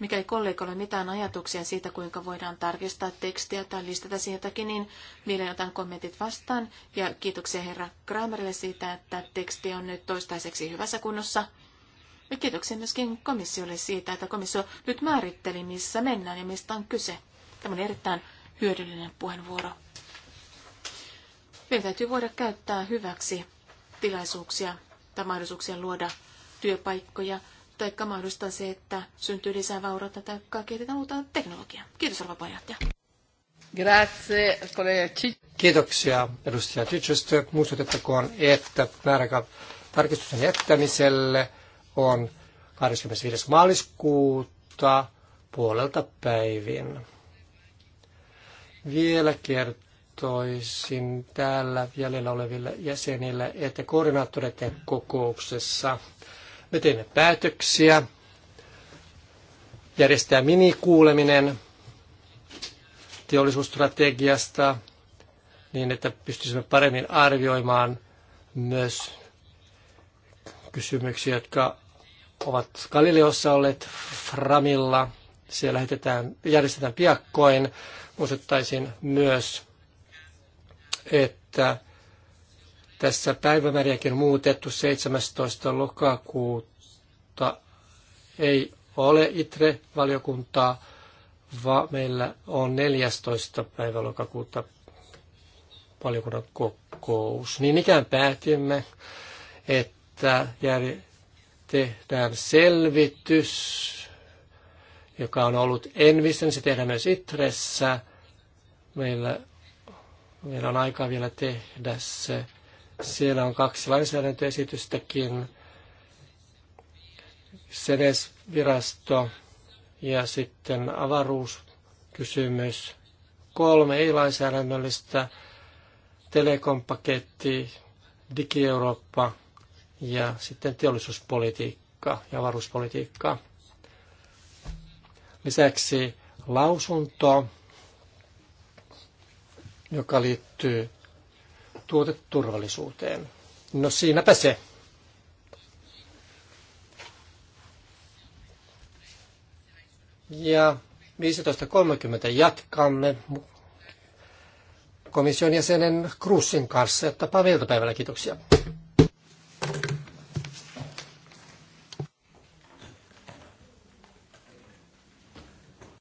Mikäli kollegoilla on mitään ajatuksia siitä, kuinka voidaan tarkistaa tekstiä tai listata siitäkin, niin mielen otan kommentit vastaan. Ja kiitoksia herra Kramerille siitä, että teksti on nyt toistaiseksi hyvässä kunnossa. Ja kiitoksia myöskin komissiolle siitä, että komissio nyt määritteli, missä mennään ja mistä on kyse. Tämä on erittäin hyödyllinen puheenvuoro. Meidän täytyy voida käyttää hyväksi tilaisuuksia tai mahdollisuuksia luoda työpaikkoja tai mahdollistaa se, että syntyy lisää vaurautta tai kehitetään uutta teknologiaa. Kiitos arvoisa puheenjohtaja. Grazie, kollega Kiitoksia edustaja Chichester. Muistutettakoon, että määräaika tarkistuksen jättämiselle on 25. maaliskuuta puolelta päivin. Vielä kertoisin täällä jäljellä oleville jäsenille, että koordinaattoreiden kokouksessa me teimme päätöksiä, järjestää minikuuleminen teollisuusstrategiasta, niin että pystyisimme paremmin arvioimaan myös kysymyksiä, jotka ovat Galileossa olleet Framilla. Siellä lähetetään, järjestetään piakkoin. Muistuttaisin myös, että tässä päivämäriäkin muutettu 17. lokakuuta. Ei ole ITRE-valiokuntaa, vaan meillä on 14. päivä lokakuuta valiokunnan kokous. Niin ikään päätimme, että tehdään selvitys, joka on ollut Envisen, niin se tehdään myös Itressä. Meillä, meillä on aikaa vielä tehdä se. Siellä on kaksi lainsäädäntöesitystäkin. senesvirasto ja sitten avaruuskysymys. Kolme ei-lainsäädännöllistä, telekompaketti, digi ja sitten teollisuuspolitiikka ja avaruuspolitiikka. Lisäksi lausunto, joka liittyy tuoteturvallisuuteen. No siinäpä se. Ja 15.30 jatkamme komission jäsenen Krussin kanssa. Tapaamme iltapäivällä. Kiitoksia.